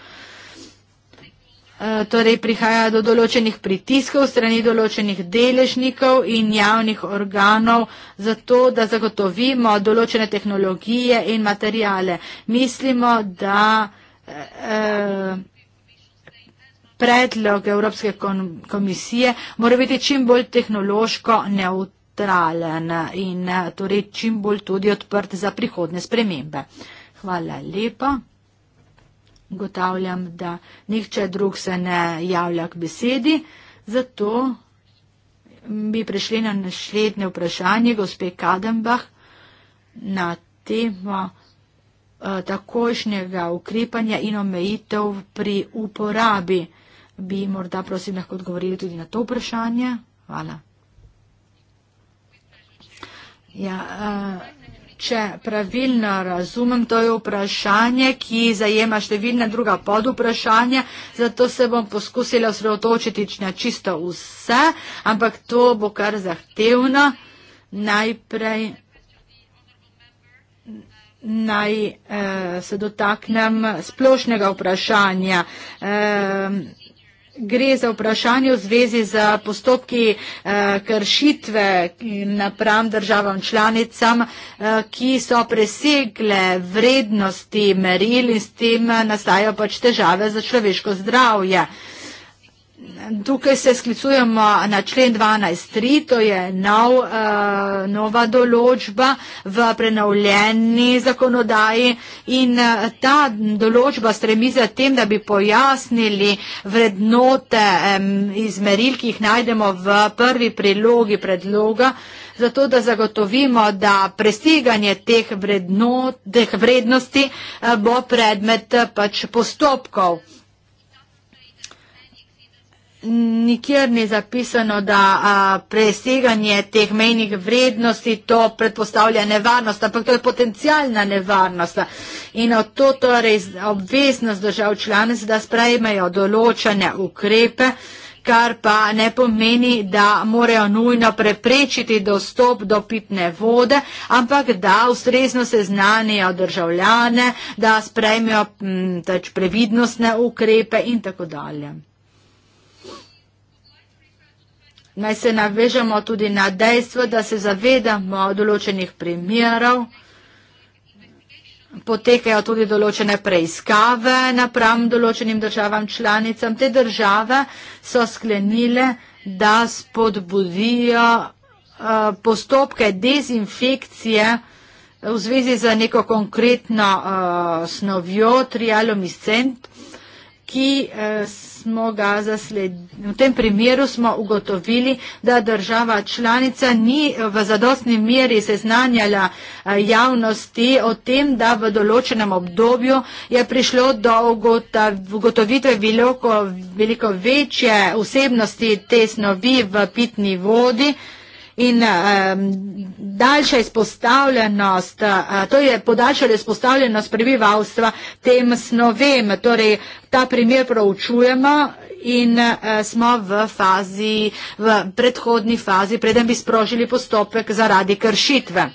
S3: Eh, torej prihaja do določenih pritiskov strani določenih deležnikov in javnih organov za to, da zagotovimo določene tehnologije in materijale. Mislimo, da eh, predlog Evropske komisije mora biti čim bolj tehnološko neutralen in eh, torej čim bolj tudi odprt za prihodne spremembe. Hvala lepa gotavljam, da nihče drug se ne javlja k besedi, zato bi prišli na naslednje vprašanje gospe Kadenbach na temo eh, takošnjega ukrepanja in omejitev pri uporabi. Bi morda, prosim, lahko odgovorili tudi na to vprašanje. Hvala. Ja, uh, Če pravilno razumem, to je vprašanje, ki zajema številne druga podvprašanja, zato se bom poskusila osredotočiti na čisto vse, ampak to bo kar zahtevno. Najprej naj eh, se dotaknem splošnega vprašanja. Eh, gre za vprašanje v zvezi z postopki eh, kršitve napram državam članicam, eh, ki so presegle vrednosti meril in s tem eh, nastajajo pač težave za človeško zdravje. Tukaj se sklicujemo na člen 12.3, to je nov, eh, nova določba v prenovljeni zakonodaji in eh, ta določba stremi za tem, da bi pojasnili vrednote izmeril, ki jih najdemo v prvi prilogi predloga, zato da zagotovimo, da preseganje teh, vredno, teh vrednosti eh, bo predmet pač postopkov nikjer ni zapisano, da a, preseganje teh mejnih vrednosti to predpostavlja nevarnost, ampak to je potencijalna nevarnost. In od to torej obveznost držav članic, da sprejmejo določene ukrepe, kar pa ne pomeni, da morajo nujno preprečiti dostop do pitne vode, ampak da ustrezno se znanijo državljane, da sprejmejo pač previdnostne ukrepe in tako dalje. Naj se navežemo tudi na dejstvo, da se zavedamo določenih primerov, potekajo tudi določene preiskave napram določenim državam članicam. Te države so sklenile, da spodbudijo eh, postopke dezinfekcije eh, v zvezi za neko konkretno eh, snovjo trialomiscent, ki eh, smo ga zasledili. V tem primeru smo ugotovili, da država članica ni eh, v zadostni meri seznanjala eh, javnosti o tem, da v določenem obdobju je prišlo do ugotovitve veliko, veliko večje vsebnosti te snovi v pitni vodi in um, daljša izpostavljenost, uh, to je podaljšala izpostavljenost prebivalstva tem snovem. Torej, ta primer proučujemo in uh, smo v fazi, v predhodni fazi, preden bi sprožili postopek zaradi kršitve.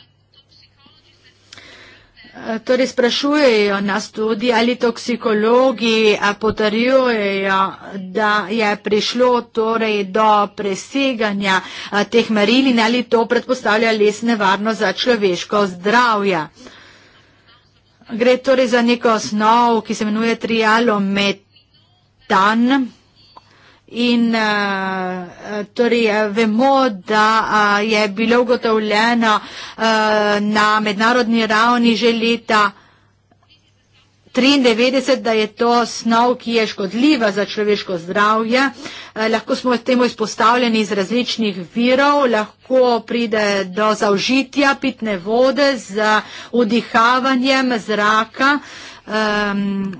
S3: Torej sprašujejo nas tudi, ali toksikologi potrjujejo, da je prišlo torej do preseganja teh meril in ali to predpostavlja les nevarno za človeško zdravje. Gre torej za neko osnov, ki se imenuje trialometan. In uh, torej eh, vemo, da uh, je bilo ugotovljeno uh, na mednarodni ravni že leta 1993, da je to snov, ki je škodljiva za človeško zdravje. Uh, lahko smo temu izpostavljeni iz različnih virov, lahko pride do zaužitja pitne vode z vdihavanjem zraka. Um,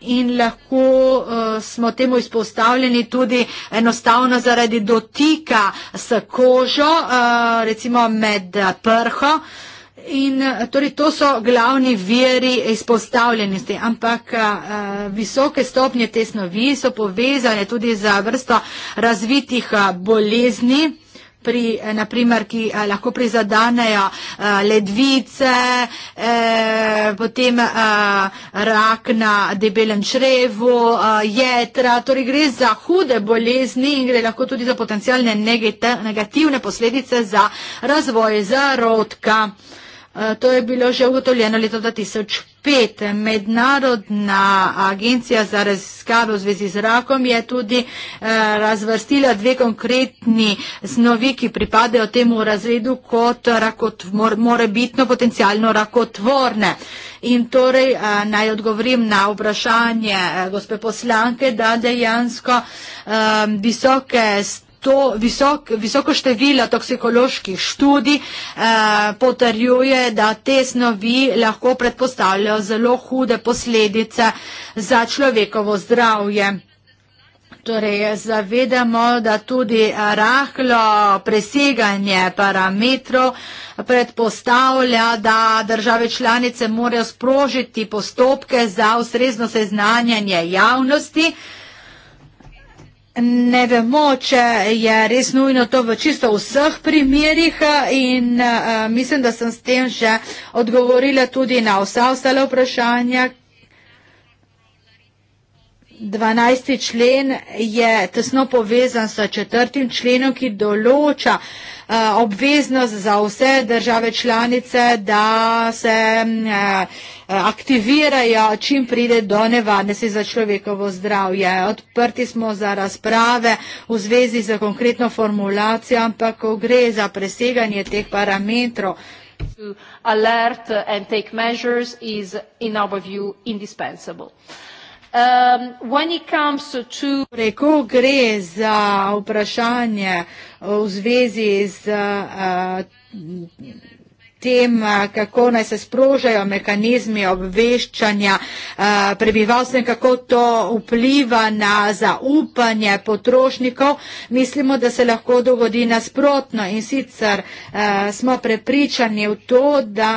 S3: in lahko uh, smo temu izpostavljeni tudi enostavno zaradi dotika s kožo, uh, recimo med eh, prho. In torej to so glavni veri izpostavljenosti, ampak a, visoke stopnje te snovi so povezane tudi za vrsto razvitih a, bolezni pri, eh, naprimer, ki eh, lahko prizadanejo eh, ledvice, potem rak na debelem črevu, jetra, torej gre za hude bolezni in gre lahko tudi za potencijalne negativne posledice za razvoj zarodka. Eh, to je bilo že ugotovljeno leta 2005. Mednarodna agencija za raziskave v zvezi z rakom je tudi eh, razvrstila dve konkretni snovi, ki pripadajo temu razredu kot rakotvor, morebitno potencijalno rakotvorne. In torej eh, naj odgovorim na vprašanje gospe poslanke, da dejansko visoke stvari to visok, visoko število toksikoloških študij eh, potrjuje, da te snovi lahko predpostavljajo zelo hude posledice za človekovo zdravje. Torej, zavedamo, da tudi rahlo preseganje parametrov predpostavlja, da države članice morajo sprožiti postopke za ustrezno seznanjanje javnosti. Eh, Ne vemo, če je res nujno to v čisto vseh primerjih eh, in uh, mislim, da sem s tem že odgovorila tudi na vsa ostale vprašanja. 12. člen je tesno povezan s 4. členom, ki določa uh, obveznost za vse države članice, da se. Uh, Eh, aktivirajo, čim pride do nevarnosti za človekovo zdravje. Odprti smo za razprave v zvezi z konkretno formulacijo, ampak ko gre za preseganje teh parametrov, Um, to... Torej, ko gre za vprašanje v zvezi z uh, tem, kako naj se sprožajo mehanizmi obveščanja prebivalstva in kako to vpliva na zaupanje potrošnikov, mislimo, da se lahko dogodi nasprotno in sicer smo prepričani v to, da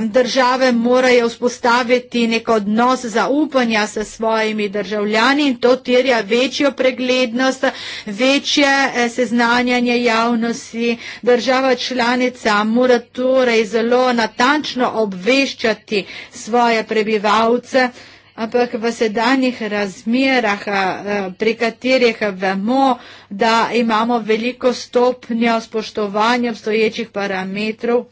S3: države morajo vzpostaviti nek odnos zaupanja s svojimi državljani in to terja večjo preglednost, večje eh, seznanjanje javnosti. Država članica mora torej zelo natančno obveščati svoje prebivalce. Ampak v sedanjih razmerah, eh, pri katerih vemo, da imamo veliko stopnjo spoštovanja obstoječih parametrov,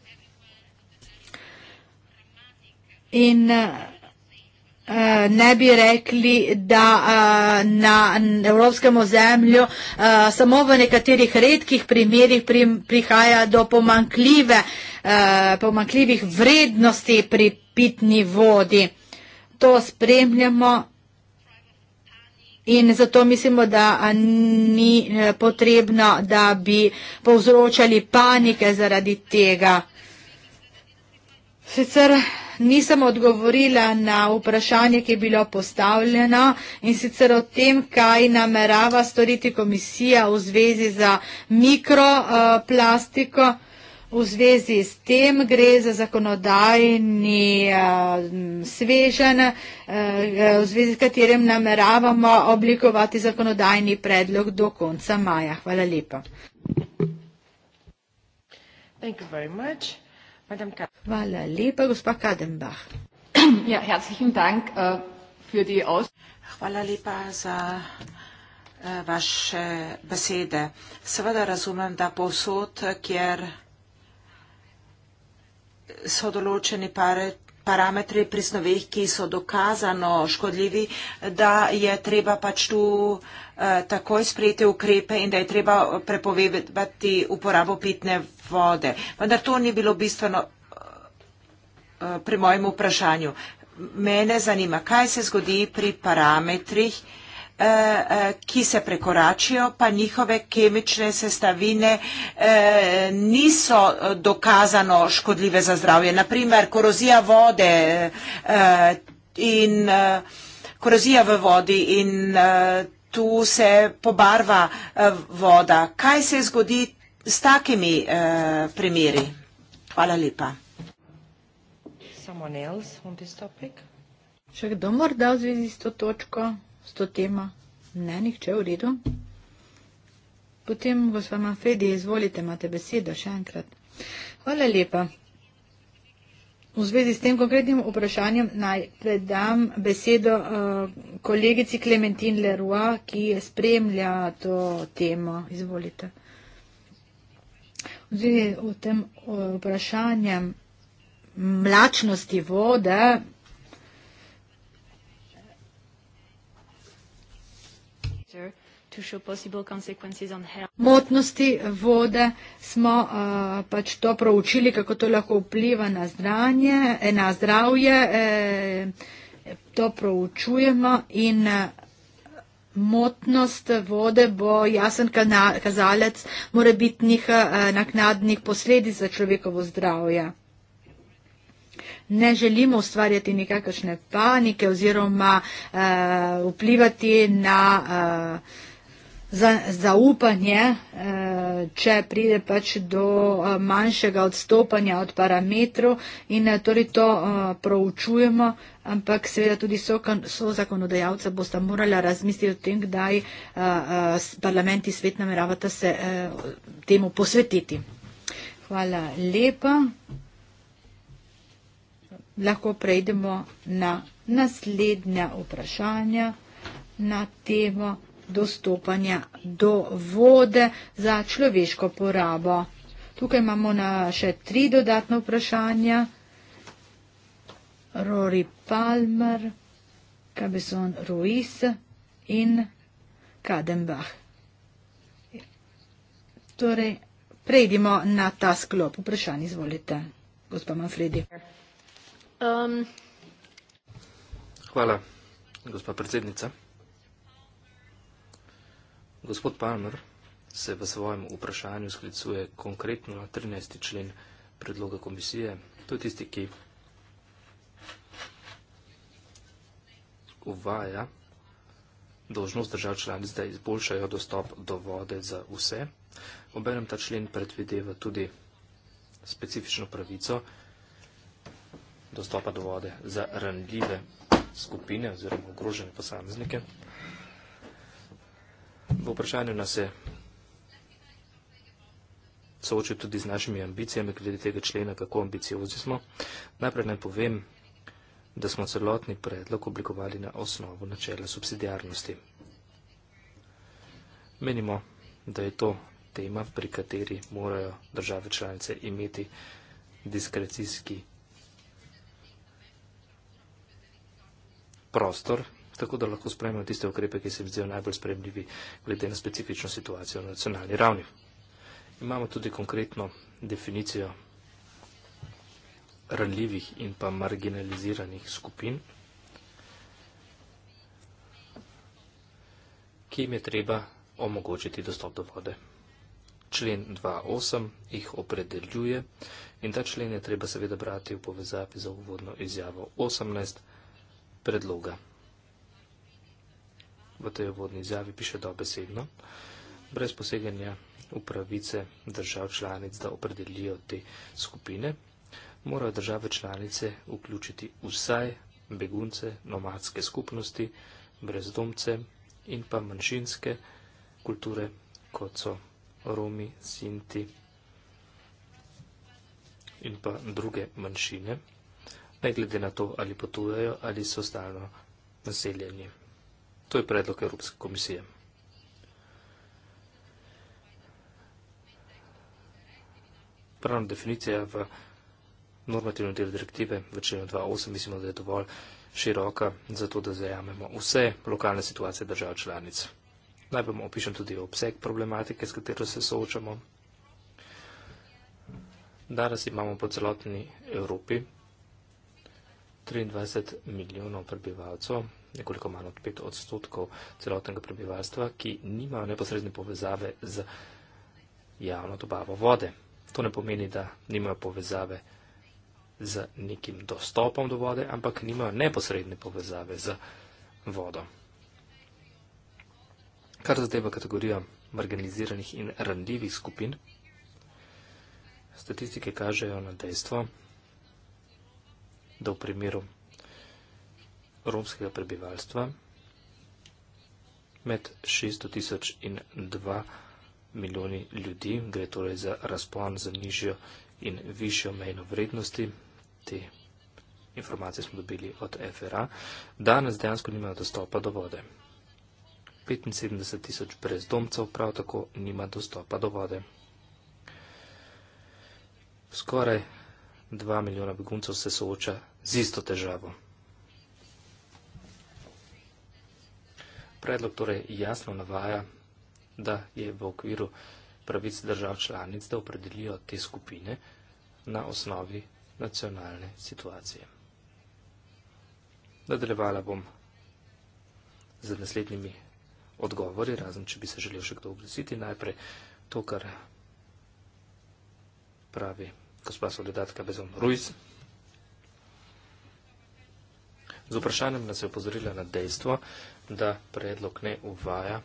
S3: in uh, ne bi rekli, da uh, na evropskem ozemlju uh, samo v nekaterih redkih primerjih pri, prihaja do pomankljive, uh, pomankljivih vrednosti pri pitni vodi. To spremljamo. In zato mislimo, da ni potrebno, da bi povzročali panike zaradi tega. Sicer nisem odgovorila na vprašanje, ki je bilo postavljeno in sicer o tem, kaj namerava storiti komisija v zvezi za mikroplastiko. V zvezi s tem gre za zakonodajni eh, svežen, eh, eh, v zvezi s katerim nameravamo oblikovati zakonodajni predlog do konca maja. Hvala lepa. Thank you very much. Hvala lepa, gospa Kadenbach.
S1: [clears throat] Ja, herzlichen Dank äh, für die Aus. Hvala lepa za äh, vaše besede. Seveda razumem, da povsod, kjer so določeni pare, parametri pri snoveh, ki so dokazano škodljivi, da je treba pač tu. Eh, takoj sprejete ukrepe in da je treba prepovedati uporabo pitne vode. Vendar to ni bilo bistveno eh, pri mojem vprašanju. Mene zanima, kaj se zgodi pri parametrih, eh, ki se prekoračijo, pa njihove kemične sestavine niso dokazano škodljive za zdravje. Naprimer, korozija vode in korozija v vodi in tu se pobarva eh, voda. Kaj se zgodi s takimi eh, primeri? Hvala lepa. Še kdo morda v
S3: zvezi s to točko, s to tema? Ne, nihče v redu. Potem, gospod Manfredi, izvolite, imate besedo še enkrat. Hvala lepa. V zvezi s tem konkretnim vprašanjem naj predam besedo uh, kolegici Clementine Leroy, ki je spremlja to temo. Izvolite. V zvezi s tem eh, vprašanjem mlačnosti vode Motnosti vode smo uh, pač to proučili, kako to lahko vpliva na, zdranje, eh, na zdravje. Eh, to proučujemo in uh, motnost vode bo jasen kazalec morebitnih uh, naknadnih posledic za človekovo zdravje. Ne želimo ustvarjati nikakršne panike oziroma uh, vplivati na. Uh, za, zaupanje, eh, če pride pač do eh, manjšega odstopanja od parametrov in eh, torej to proučujemo, ampak seveda tudi so, so zakonodajalca bosta morala razmisliti o tem, kdaj parlament in svet nameravata se temu posvetiti. Hvala lepa. Lahko prejdemo na naslednja vprašanja na temo dostopanja do vode za človeško porabo. Tukaj imamo na še tri dodatne vprašanja. Rory Palmer, Cabezon Ruiz in Kadenbach. Torej, predimo na ta sklop. Vprašanje izvolite, gospod Manfredi. Um.
S2: Hvala, gospod predsednica. Gospod Palmer se v svojem vprašanju sklicuje konkretno na 13. člen predloga komisije. To je tisti, ki uvaja dožnost držav članic, da izboljšajo dostop do vode za vse. Obenem ta člen predvideva tudi specifično pravico dostopa do vode za ranljive skupine oziroma ogrožene posameznike v vprašanju nas je soočil tudi z našimi ambicijami glede tega člena, kako ambiciozni smo. Najprej naj povem, da smo celotni predlog oblikovali na osnovo načela subsidijarnosti. Menimo, da je to tema, pri kateri morajo države članice imeti diskrecijski prostor tako da lahko sprejmemo tiste ukrepe, ki se mi zdijo najbolj sprejemljivi glede na specifično situacijo na nacionalni ravni. Imamo tudi konkretno definicijo ranljivih in pa marginaliziranih skupin, ki jim je treba omogočiti dostop do vode. Člen 2.8 jih opredeljuje in ta člen je treba seveda brati v povezavi za uvodno izjavo 18 predloga v tej vodni izjavi piše dobesedno, brez poseganja v pravice držav članic, da opredelijo te skupine, morajo države članice vključiti vsaj begunce, nomadske skupnosti, brezdomce in pa manjšinske kulture, kot so Romi, Sinti in pa druge manjšine, ne glede na to, ali potujejo ali so stalno naseljeni. To je predlog Evropske komisije. Pravna definicija v normativnem delu direktive v členu 2.8 mislimo, da je dovolj široka za to, da zajamemo vse lokalne situacije držav članic. Najprej opišem tudi obseg problematike, s katero se soočamo. Danes imamo po celotni Evropi 23 milijonov prebivalcev, nekoliko manj od 5 odstotkov celotnega prebivalstva, ki nimajo neposredne povezave z javno dobavo vode. To ne pomeni, da nimajo povezave z nekim dostopom do vode, ampak nimajo neposredne povezave z vodo. Kar zadeva kategorijo marginaliziranih in randljivih skupin, statistike kažejo na dejstvo, da v primeru romskega prebivalstva med 600 tisoč in 2 milijoni ljudi, gre torej za razpon za nižjo in višjo mejno vrednosti, te informacije smo dobili od FRA, danes dejansko nimajo dostopa do vode. 75 tisoč brezdomcev prav tako nima dostopa do vode. Skoraj 2 milijona beguncev se sooča z isto težavo. Predlog torej jasno navaja, da je v okviru pravic držav članic, da opredelijo te skupine na osnovi nacionalne situacije. Nadaljevala bom z naslednjimi odgovori, razen če bi se želel še kdo oglasiti. Najprej to, kar pravi gospod soledatka Bezom Rujz. Z vprašanjem nas je opozorila na dejstvo, da predlog ne uvaja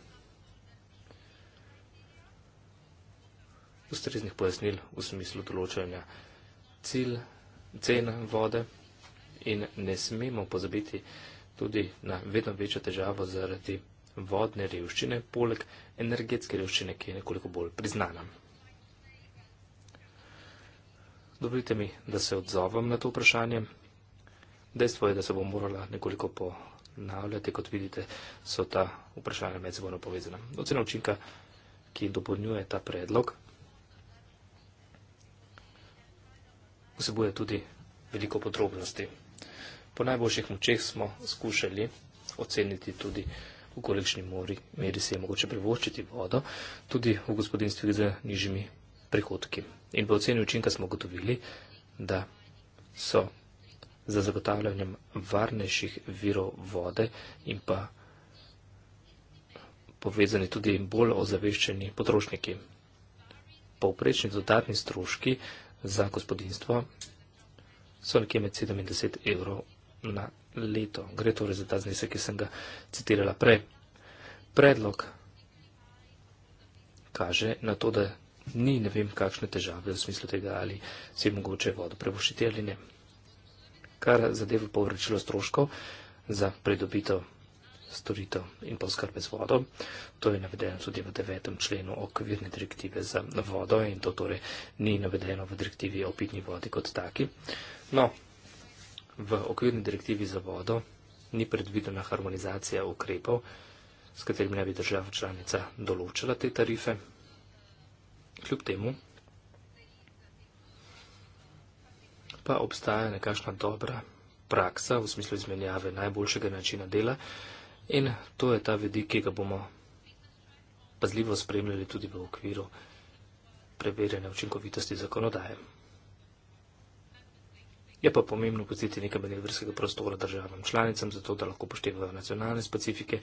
S2: ustreznih pojasnil v smislu določanja cilj, cen vode in ne smemo pozabiti tudi na vedno večjo težavo zaradi vodne revščine, poleg energetske revščine, ki je nekoliko bolj priznana. Dobrite mi, da se odzovem na to vprašanje. Dejstvo je, da se bo morala nekoliko ponavljati, kot vidite, so ta vprašanja med seboj povezana. Ocena učinka, ki dopolnjuje ta predlog, vsebuje tudi veliko podrobnosti. Po najboljših močeh smo skušali oceniti tudi, v kolikšni meri se je mogoče privoščiti vodo, tudi v gospodinstvih z nižjimi prihodki. In po oceni učinka smo gotovili, da so za zagotavljanjem varnejših virov vode in pa povezani tudi bolj ozaveščeni potrošniki. Povprečni dodatni stroški za gospodinstvo so nekje med 70 evrov na leto. Gre torej za ta znesek, ki sem ga citirala prej. Predlog kaže na to, da ni ne vem kakšne težave v smislu tega, ali si mogoče vodo prevošiti ali ne kar zadeva povračilo stroškov za pridobito storitev in poskrbe z vodo. To je navedeno tudi v devetem členu okvirne direktive za vodo in to torej ni navedeno v direktivi o pitni vodi kot taki. No, v okvirni direktivi za vodo ni predvidena harmonizacija ukrepov, s katerim ne bi država članica določila te tarife. Kljub temu, pa obstaja nekakšna dobra praksa v smislu izmenjave najboljšega načina dela in to je ta vidik, ki ga bomo pazljivo spremljali tudi v okviru preverjanja učinkovitosti zakonodaje. Je pa pomembno pustiti nekaj manevrskega prostora državam članicam, zato da lahko poštevajo nacionalne specifike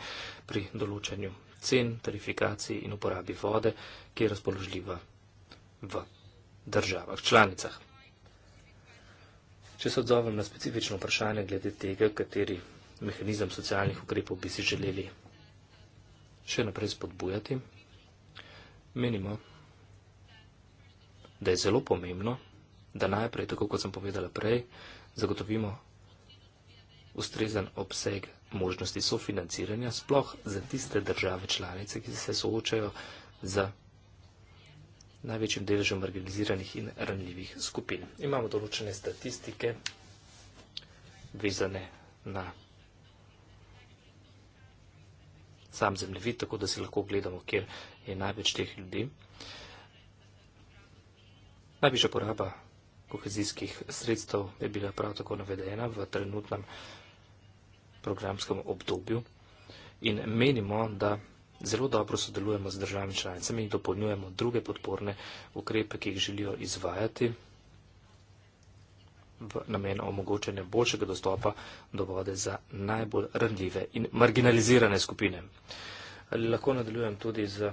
S2: pri določanju cen, tarifikaciji in uporabi vode, ki je razpoložljiva v državah članicah. Če se odzovem na specifično vprašanje glede tega, kateri mehanizem socialnih ukrepov bi si želeli še naprej spodbujati, menimo, da je zelo pomembno, da najprej, tako kot sem povedala prej, zagotovimo ustrezen obseg možnosti sofinanciranja, sploh za tiste države članice, ki se soočajo z največjim deležem marginaliziranih in ranljivih skupin. Imamo določene statistike vezane na sam zemljevid, tako da si lahko gledamo, kjer je največ teh ljudi. Najvišja poraba kohezijskih sredstev je bila prav tako navedena v trenutnem programskem obdobju in menimo, da Zelo dobro sodelujemo z državami članicami in dopolnjujemo druge podporne ukrepe, ki jih želijo izvajati v namen omogočanja boljšega dostopa do vode za najbolj randljive in marginalizirane skupine. Ali lahko nadaljujem tudi z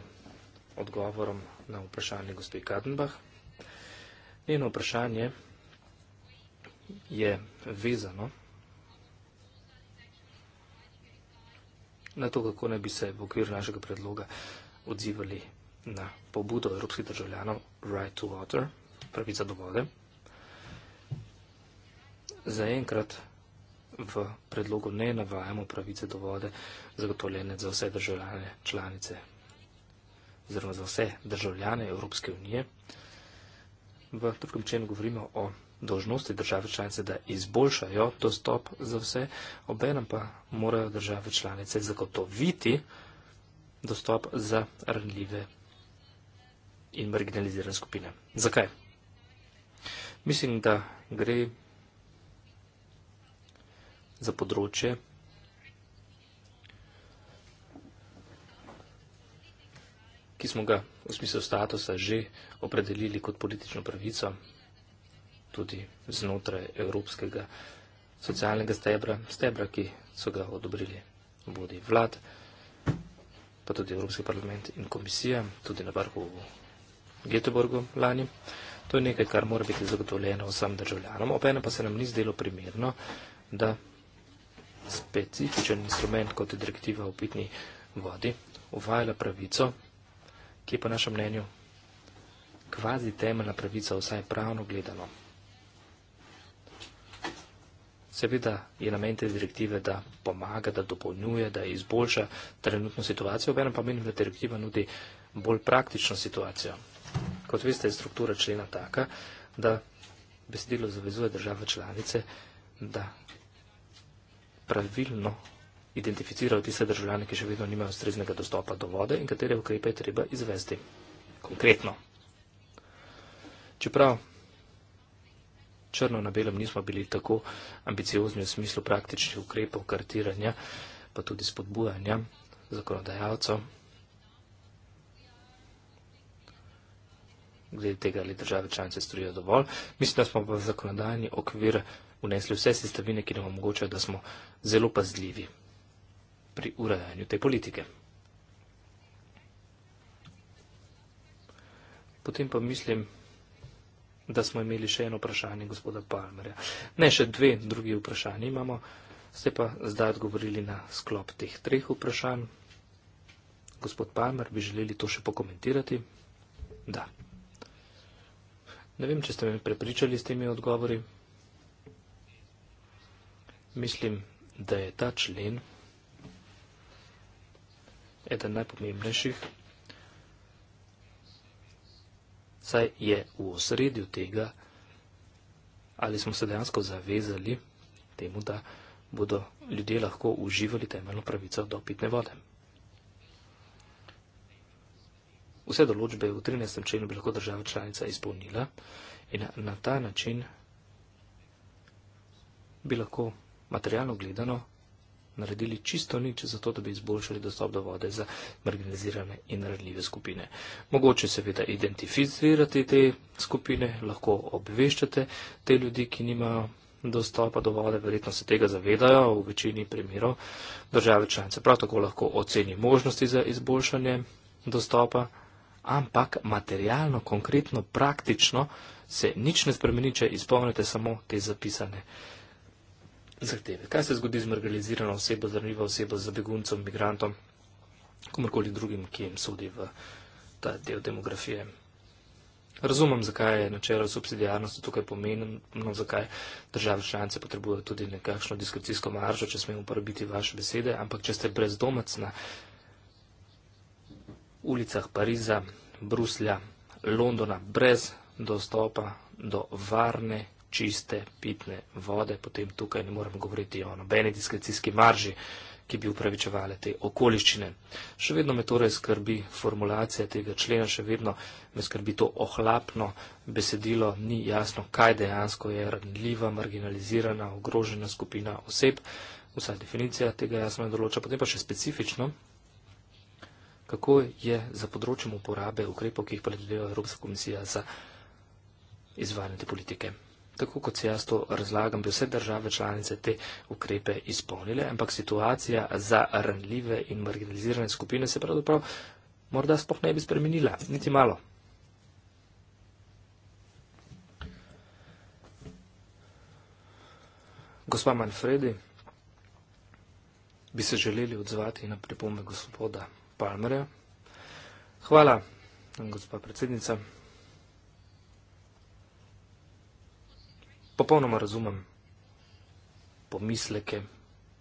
S2: odgovorom na vprašanje gospe Kadenbach? Njeno vprašanje je vezano. na to, kako naj bi se v okviru našega predloga odzivali na pobudo evropskih državljanov Right to Water, pravica do vode. Zaenkrat v predlogu ne navajamo pravice do vode zagotovljene za vse državljane članice oziroma za vse državljane Evropske unije. V drugem členu govorimo o dožnosti države članice, da izboljšajo dostop za vse, obenem pa morajo države članice zagotoviti dostop za ranljive in marginalizirane skupine. Zakaj? Mislim, da gre za področje, ki smo ga v smislu statusa že opredelili kot politično pravico, tudi znotraj evropskega socialnega stebra, stebra, ki so ga odobrili vodi vlad, pa tudi Evropski parlament in komisija, tudi na vrhu v Göteborgu lani. To je nekaj, kar mora biti zagotovljeno vsem državljanom. Opene pa se nam ni zdelo primerno, da specifičen instrument, kot je direktiva o pitni vodi, uvajala pravico, ki je po našem mnenju kvazi temeljna pravica, vsaj pravno gledano. Seveda je namen te direktive, da pomaga, da dopolnjuje, da izboljša trenutno situacijo, v enem pa menim, da direktiva nudi bolj praktično situacijo. Kot veste, je struktura člena taka, da besedilo zavezuje države članice, da pravilno identificirajo tiste državljane, ki še vedno nimajo ustreznega dostopa do vode in katere ukrepe je treba izvesti konkretno. Čeprav črno na belem nismo bili tako ambiciozni v smislu praktičnih ukrepov kartiranja, pa tudi spodbujanja zakonodajalcev. Glede tega, ali države članice storijo dovolj. Mislim, da smo v zakonodajni okvir unesli vse sestavine, ki nam omogočajo, da smo zelo pazljivi pri urejanju te politike. Potem pa mislim, da smo imeli še eno vprašanje gospoda Palmerja. Ne, še dve drugi vprašanje imamo, ste pa zdaj odgovorili na sklop teh treh vprašanj. Gospod Palmer, bi želeli to še pokomentirati? Da. Ne vem, če ste me prepričali s temi odgovori. Mislim, da je ta člen eden najpomembnejših saj je v osredju tega, ali smo se dejansko zavezali temu, da bodo ljudje lahko uživali temeljno pravico do pitne vode. Vse določbe v 13. členu bi lahko država članica izpolnila in na ta način bi lahko materialno gledano naredili čisto nič za to, da bi izboljšali dostop do vode za marginalizirane in ranljive skupine. Mogoče seveda identificirati te skupine, lahko obveščate te ljudi, ki nimajo dostopa do vode, verjetno se tega zavedajo v večini primerov države članice. Prav tako lahko oceni možnosti za izboljšanje dostopa, ampak materialno, konkretno, praktično se nič ne spremeni, če izpolnite samo te zapisane zahteve. Kaj se zgodi z marginalizirano osebo, z ranljivo osebo, z beguncem, migrantom, komorkoli drugim, ki jim sodi v ta del demografije? Razumem, zakaj je načelo subsidijarnosti tukaj pomenjeno, zakaj države članice potrebujejo tudi nekakšno diskrecijsko maržo, če smemo uporabiti vaše besede, ampak če ste brezdomec na ulicah Pariza, Bruslja, Londona, brez dostopa do varne čiste pitne vode, potem tukaj ne moremo govoriti o nobeni diskrecijski marži, ki bi upravičevale te okoliščine. Še vedno me torej skrbi formulacija tega člena, še vedno me skrbi to ohlapno besedilo, ni jasno, kaj dejansko je ranljiva, marginalizirana, ogrožena skupina oseb, vsaj definicija tega jasno ne določa, potem pa še specifično. Kako je za področjem uporabe ukrepov, ki jih predvideva Evropska komisija za izvajanje te politike? tako kot se jaz to razlagam, bi vse države članice te ukrepe izpolnile, ampak situacija za ranljive in marginalizirane skupine se pravzaprav morda sploh ne bi spremenila, niti malo. Gospa Manfredi, bi se želeli odzvati na pripombe gospoda Palmerja. Hvala, gospa predsednica. popolnoma razumem pomisleke,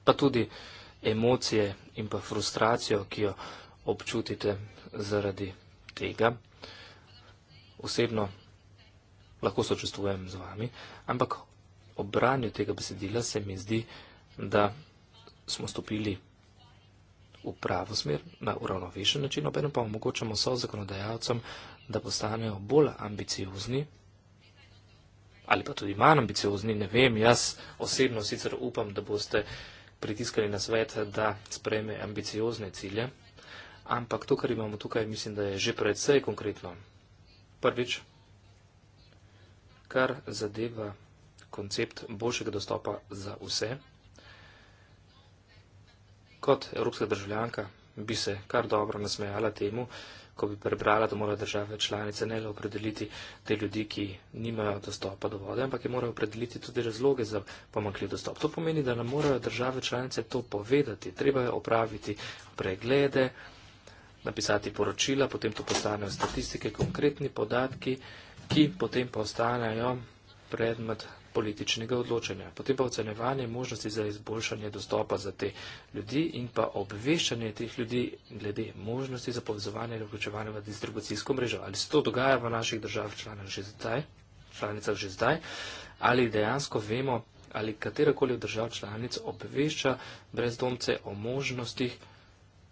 S2: pa tudi emocije in pa frustracijo, ki jo občutite zaradi tega. Osebno lahko sočustvujem z vami, ampak ob branju tega besedila se mi zdi, da smo stopili v pravo smer, na uravnovešen način, opet pa omogočamo so zakonodajalcem, da postanejo bolj ambiciozni ali pa tudi manj ambiciozni, ne vem. Jaz osebno sicer upam, da boste pritiskali na svet, da spreme ambiciozne cilje, ampak to, kar imamo tukaj, mislim, da je že predvsej konkretno. Prvič, kar zadeva koncept boljšega dostopa za vse. Kot evropska državljanka bi se kar dobro nasmejala temu, ko bi prebrala, da morajo države članice ne le opredeliti te ljudi, ki nimajo dostopa do vode, ampak je morajo opredeliti tudi razloge za pomankljiv dostop. To pomeni, da nam morajo države članice to povedati, treba je opraviti preglede, napisati poročila, potem to postanejo statistike, konkretni podatki, ki potem postanejo predmet političnega odločanja. Potem pa ocenevanje možnosti za izboljšanje dostopa za te ljudi in pa obveščanje teh ljudi glede možnosti za povezovanje in vključevanje v distribucijsko mrežo. Ali se to dogaja v naših državah članicah že zdaj, ali dejansko vemo, ali katerakoli od držav članic obvešča brezdomce o možnostih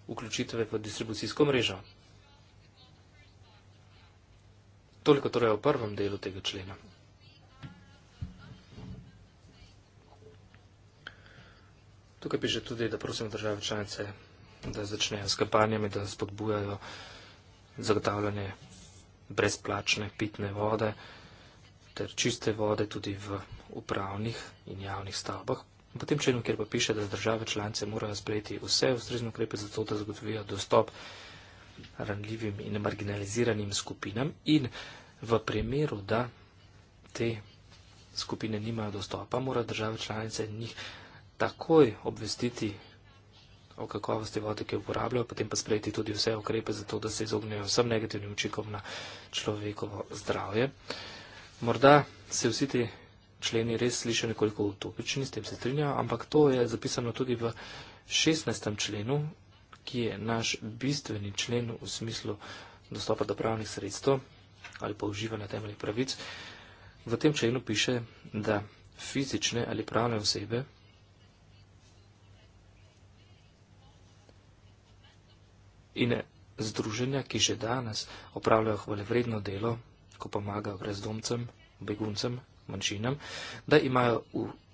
S2: vključitve v distribucijsko mrežo. Toliko torej o prvem delu tega člena. Tukaj piše tudi, da prosim države članice, da začnejo s kampanjami, da spodbujajo zagotavljanje brezplačne pitne vode ter čiste vode tudi v upravnih in javnih stavbah. V tem členu, kjer pa piše, da države članice morajo sprejeti vse ustrezne ukrepe za to, da zagotovijo dostop ranljivim in marginaliziranim skupinam in v primeru, da te skupine nimajo dostopa, morajo države članice njih takoj obvestiti o kakovosti vode, ki jo uporabljajo, potem pa sprejeti tudi vse ukrepe za to, da se izognejo vsem negativnim učinkom na človekovo zdravje. Morda se vsi ti členi res slišijo nekoliko utopični, s tem se strinjajo, ampak to je zapisano tudi v 16. členu, ki je naš bistveni člen v smislu dostopa do pravnih sredstev ali pa uživanja temeljnih pravic. V tem členu piše, da fizične ali pravne osebe in združenja, ki že danes opravljajo hvalevredno delo, ko pomagajo brezdomcem, beguncem, manjšinam, da imajo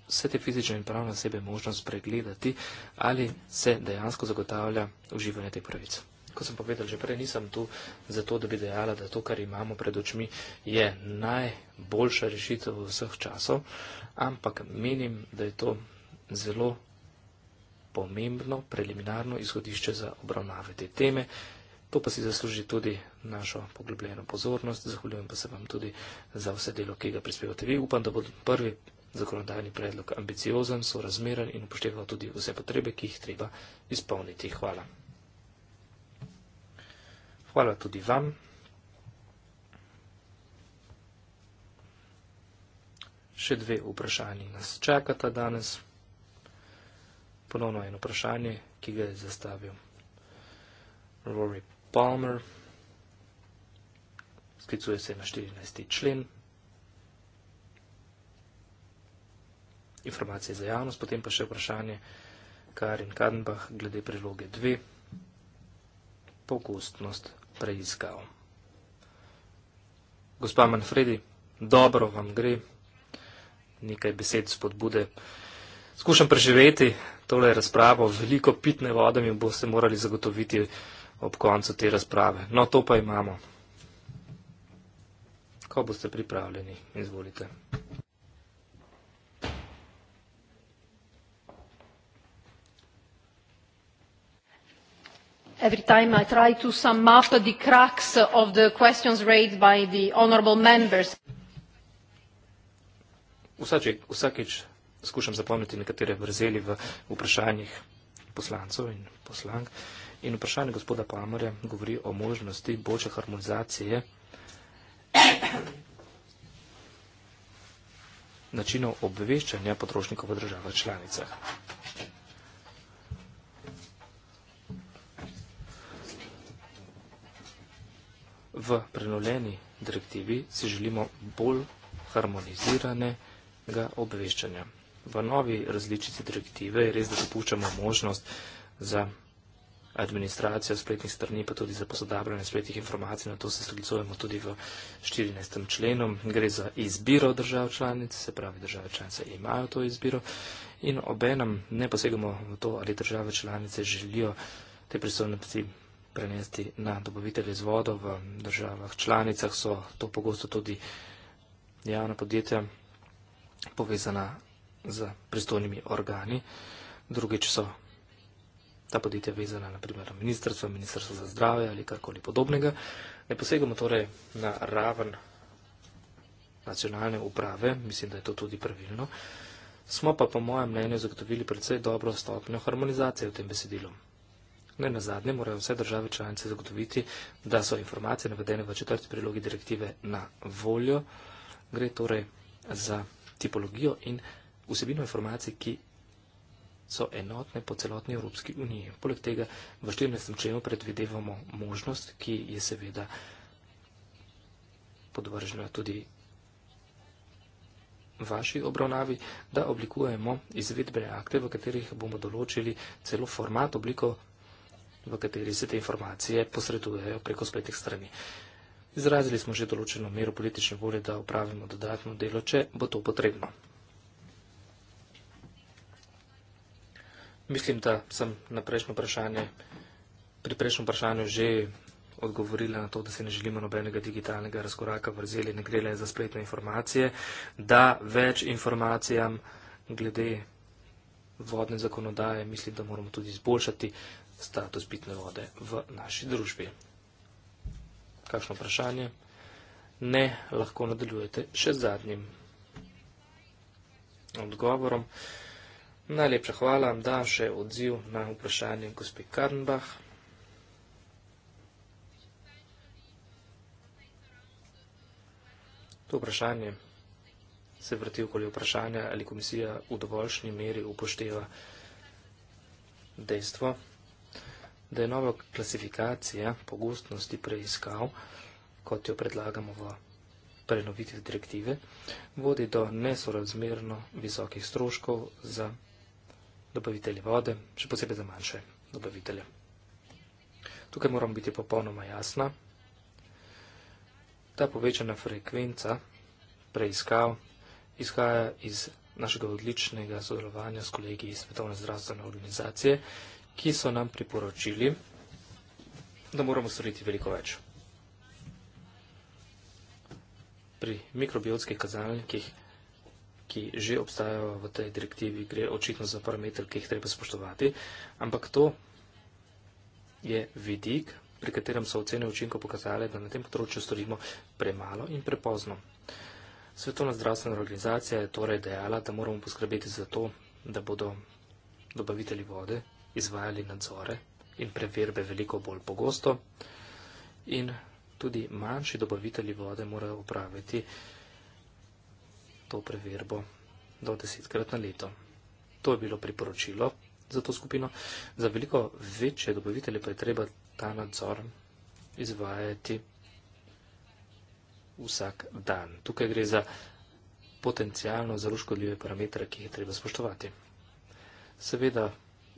S2: vse te fizične in pravne osebe možnost pregledati, ali se dejansko zagotavlja uživanje te pravice. Ko sem povedal že prej, nisem tu zato, da bi dejala, da to, kar imamo pred očmi, je najboljša rešitev vseh časov, ampak menim, da je to zelo pomembno preliminarno izhodišče za obravnave te teme. To pa si zasluži tudi našo poglobljeno pozornost. Zahvaljujem pa se vam tudi za vse delo, ki ga prispevate vi. Upam, da bo prvi zakonodajni predlog ambiciozen, sorazmeren in upošteval tudi vse potrebe, ki jih treba izpolniti. Hvala. Hvala tudi vam. Še dve vprašanji nas čakata danes ponovno eno vprašanje, ki ga je zastavil Rory Palmer. Sklicuje se na 14. člen. Informacije za javnost, potem pa še vprašanje Karin Kadenbach glede priloge 2. Pogostnost preiskav. Gospa Manfredi, dobro vam gre. Nekaj besed spodbude skušam preživeti tole razpravo, veliko pitne vode mi bo se morali zagotoviti ob koncu te razprave. No, to pa imamo. Ko boste pripravljeni, izvolite.
S3: Every time I try to sum up the cracks of the questions
S1: raised by the honourable members.
S2: Vsakeč, vsakeč skušam zapomniti nekatere vrzeli v vprašanjih poslancov in poslank. In vprašanje gospoda Pamorja govori o možnosti boljše harmonizacije načinov obveščanja potrošnikov v državah članicah. V prenoljeni direktivi si želimo bolj harmoniziranega obveščanja v novi različici direktive je res, da dopuščamo možnost za administracijo spletnih strani, pa tudi za posodabljanje spletnih informacij. Na to se sklicujemo tudi v 14. členu. Gre za izbiro držav članic, se pravi, države članice imajo to izbiro in obenem ne posegamo v to, ali države članice želijo te pristojnosti prenesti na dobavitelje z vodo v državah članicah, so to pogosto tudi javna podjetja povezana z pristojnimi organi, drugič so ta podjetja vezana na primer na ministrstvo, ministrstvo za zdrave ali karkoli podobnega. Ne posegamo torej na raven nacionalne uprave, mislim, da je to tudi pravilno. Smo pa po mojem mnenju zagotovili predvsej dobro stopnjo harmonizacije v tem besedilu. Ne na zadnje morajo vse države članice zagotoviti, da so informacije navedene v četrti prilogi direktive na voljo. Gre torej za tipologijo in vsebino informacij, ki so enotne po celotni Evropski uniji. Poleg tega v 14. členu predvidevamo možnost, ki je seveda podvržena tudi vaši obravnavi, da oblikujemo izvedbene akte, v katerih bomo določili celo format obliko, v kateri se te informacije posredujejo preko spletnih strani. Izrazili smo že določeno mero politične volje, da upravimo dodatno delo, če bo to potrebno. Mislim, da sem na prejšnjem vprašanju, pri prejšnjem vprašanju že odgovorila na to, da se ne želimo nobenega digitalnega razkoraka vrzeli, ne gre le za spletne informacije, da več informacijam glede vodne zakonodaje mislim, da moramo tudi izboljšati status pitne vode v naši družbi. Kakšno vprašanje? Ne, lahko nadaljujete še z zadnjim odgovorom. Najlepša hvala, da še odziv na vprašanje gospe Karnbach. To vprašanje se vrti okoli vprašanja, ali komisija v dovoljšnji meri upošteva dejstvo, da je nova klasifikacija pogostnosti preiskav, kot jo predlagamo v prenovitev direktive, vodi do nesorazmerno visokih stroškov za preiskav dobavitelje vode, še posebej za manjše dobavitelje. Tukaj moramo biti popolnoma jasna. Ta povečana frekvenca preiskav izhaja iz našega odličnega sodelovanja s kolegi iz Svetovne zdravstvene organizacije, ki so nam priporočili, da moramo storiti veliko več. Pri mikrobiotskih kazalnikih ki že obstajajo v tej direktivi, gre očitno za parametr, ki jih treba spoštovati, ampak to je vidik, pri katerem so ocene učinkov pokazale, da na tem področju storimo premalo in prepozno. Svetovna zdravstvena organizacija je torej dejala, da moramo poskrbeti za to, da bodo dobavitelji vode izvajali nadzore in preverbe veliko bolj pogosto in tudi manjši dobavitelji vode morajo upraviti to preverbo do desetkrat na leto. To je bilo priporočilo za to skupino. Za veliko večje dobavitelje pa je treba ta nadzor izvajati vsak dan. Tukaj gre za potencijalno zelo škodljive parametre, ki jih je treba spoštovati. Seveda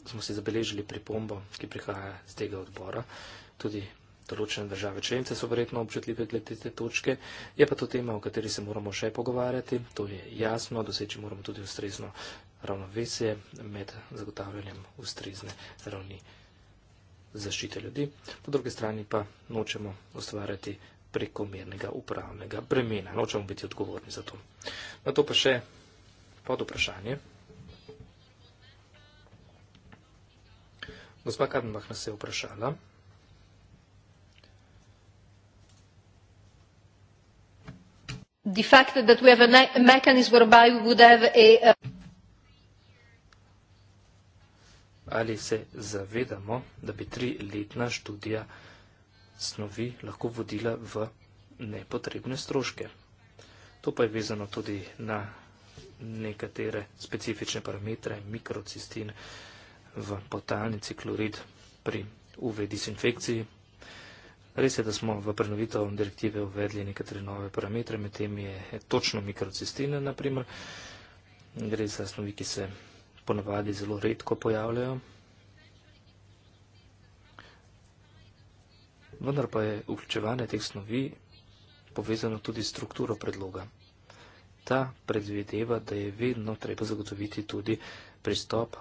S2: smo si zabeležili pripombo, ki prihaja z tega odbora. Tudi določene države članice so verjetno občutljive glede te točke, je pa to tema, o kateri se moramo še pogovarjati, to je jasno, doseči moramo tudi ustrezno ravnovesje med zagotavljanjem ustrezne ravni zaščite ljudi, po druge strani pa nočemo ustvarjati prekomernega upravnega bremena, nočemo biti odgovorni za to. Na to pa še pod vprašanje. Gospa Kadenbach nas je vprašala,
S3: the fact that we have a, a mechanism whereby we would have a... a
S2: Ali se zavedamo, da bi tri letna študija snovi lahko vodila v nepotrebne stroške? To pa je vezano tudi na nekatere specifične parametre, mikrocistin v potalnici klorid pri UV disinfekciji, Res je, da smo v prenovitev direktive uvedli nekatere nove parametre, med tem je točno mikrocistine, naprimer. Gre za snovi, ki se ponavadi zelo redko pojavljajo. Vendar pa je vključevanje teh snovi povezano tudi s strukturo predloga. Ta predvideva, da je vedno treba zagotoviti tudi pristop,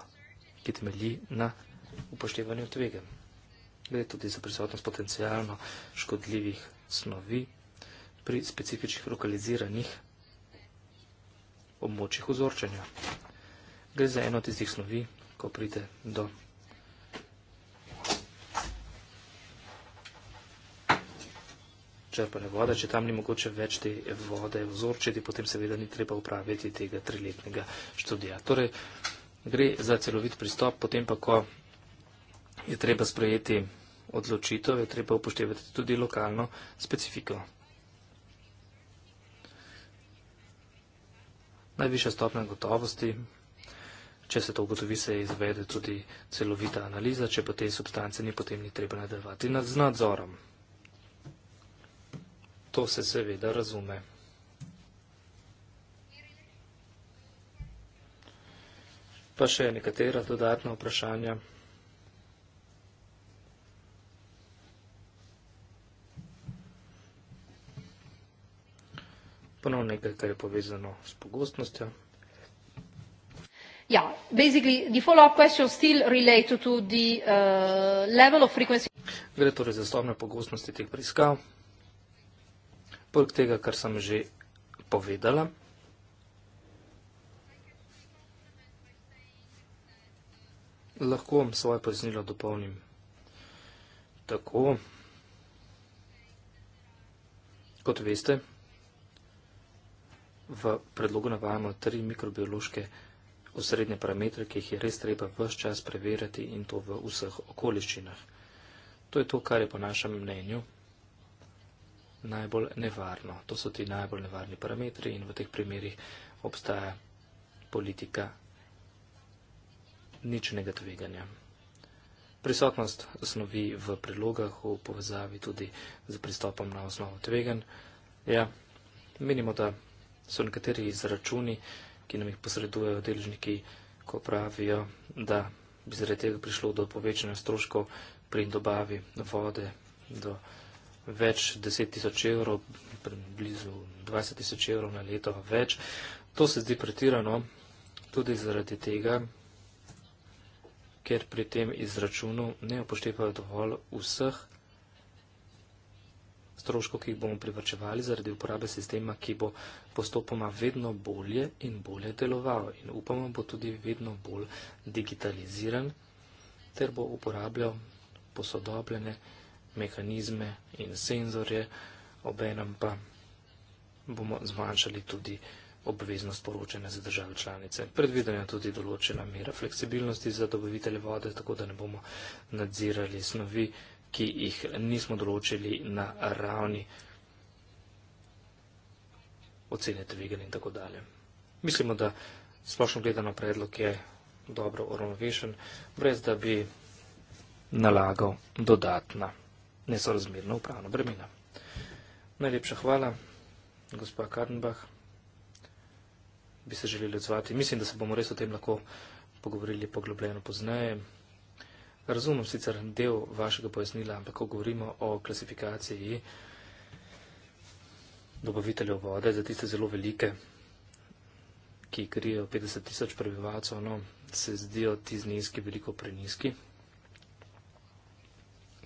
S2: ki temelji na upoštevanju tvegem gre tudi za prisotnost potencijalno škodljivih snovi pri specifičnih lokaliziranih območjih ozorčanja. Gre za eno tistih snovi, ko pride do črpane vode, če tam ni mogoče več te vode ozorčiti, potem seveda ni treba upraviti tega triletnega študija. Torej, gre za celovit pristop, potem pa, ko je treba sprejeti odločitev, je treba upoštevati tudi lokalno specifiko. Najvišja stopnja gotovosti, če se to ugotovi, se izvede tudi celovita analiza, če pa te substance ni potem ni treba nadaljevati nad z nadzorom. To se seveda razume. Pa še nekatera dodatna vprašanja. ponovno nekaj, kar je povezano s pogostnostjo.
S3: Yeah, ja, basically the follow-up question still relates to the uh, level of frequency.
S2: Gre torej za stopnjo pogostnosti teh preiskav. Poleg tega, kar sem že povedala, lahko vam svoje pojasnilo dopolnim tako, kot veste v predlogu navajamo tri mikrobiološke osrednje parametre, ki jih je res treba vse čas preverjati in to v vseh okoliščinah. To je to, kar je po našem mnenju najbolj nevarno. To so ti najbolj nevarni parametri in v teh primerjih obstaja politika ničnega tveganja. Prisotnost snovi v prilogah v povezavi tudi z pristopom na osnovo tvegan. Ja, menimo, da so nekateri izračuni, ki nam jih posredujejo deležniki, ko pravijo, da bi zaradi tega prišlo do povečanja stroškov pri dobavi vode do več deset tisoč evrov, blizu 20 tisoč evrov na leto več. To se zdi pretirano tudi zaradi tega, ker pri tem izračunu ne upoštevajo dovolj vseh stroškov, ki jih bomo privrčevali zaradi uporabe sistema, ki bo postopoma vedno bolje in bolje deloval in upamo bo tudi vedno bolj digitaliziran, ter bo uporabljal posodobljene mehanizme in senzorje, obenem pa bomo zmanjšali tudi obveznost poročanja za države članice. Predvidena je tudi določena mera fleksibilnosti za dobavitele vode, tako da ne bomo nadzirali snovi, ki jih nismo določili na ravni ocene tveganja in tako dalje. Mislimo, da splošno gledano predlog je dobro uravnovešen, brez da bi nalagal dodatna nesorazmerna upravna bremena. Najlepša hvala, gospa Karnbach. Bi se želeli odzvati. Mislim, da se bomo res o tem lahko pogovorili poglobljeno pozneje. Razumem sicer del vašega pojasnila, ampak ko govorimo o klasifikaciji dobaviteljev vode za tiste zelo velike, ki krijejo 50 tisoč prebivalcev, no, se zdijo ti zneski veliko preniski.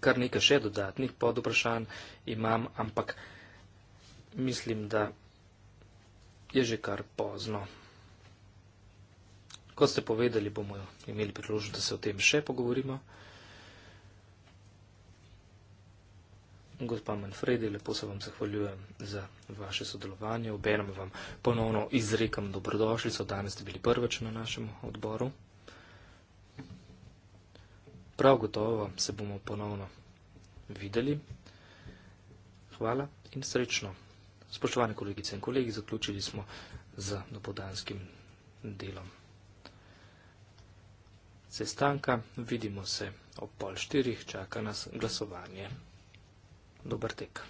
S2: Kar nekaj še dodatnih podoprašanj imam, ampak mislim, da je že kar pozno. Kot ste povedali, bomo imeli priložnost, da se o tem še pogovorimo. Gospa Manfredi, lepo se vam zahvaljujem za vaše sodelovanje. Obenem vam ponovno izrekam dobrodošljico. Danes ste bili prvič na našem odboru. Prav gotovo se bomo ponovno videli. Hvala in srečno. Spoštovane kolegice in kolegi, zaključili smo z dopodanskim delom sestanka. Vidimo se ob pol štirih, čaka nas glasovanje. Dober tek.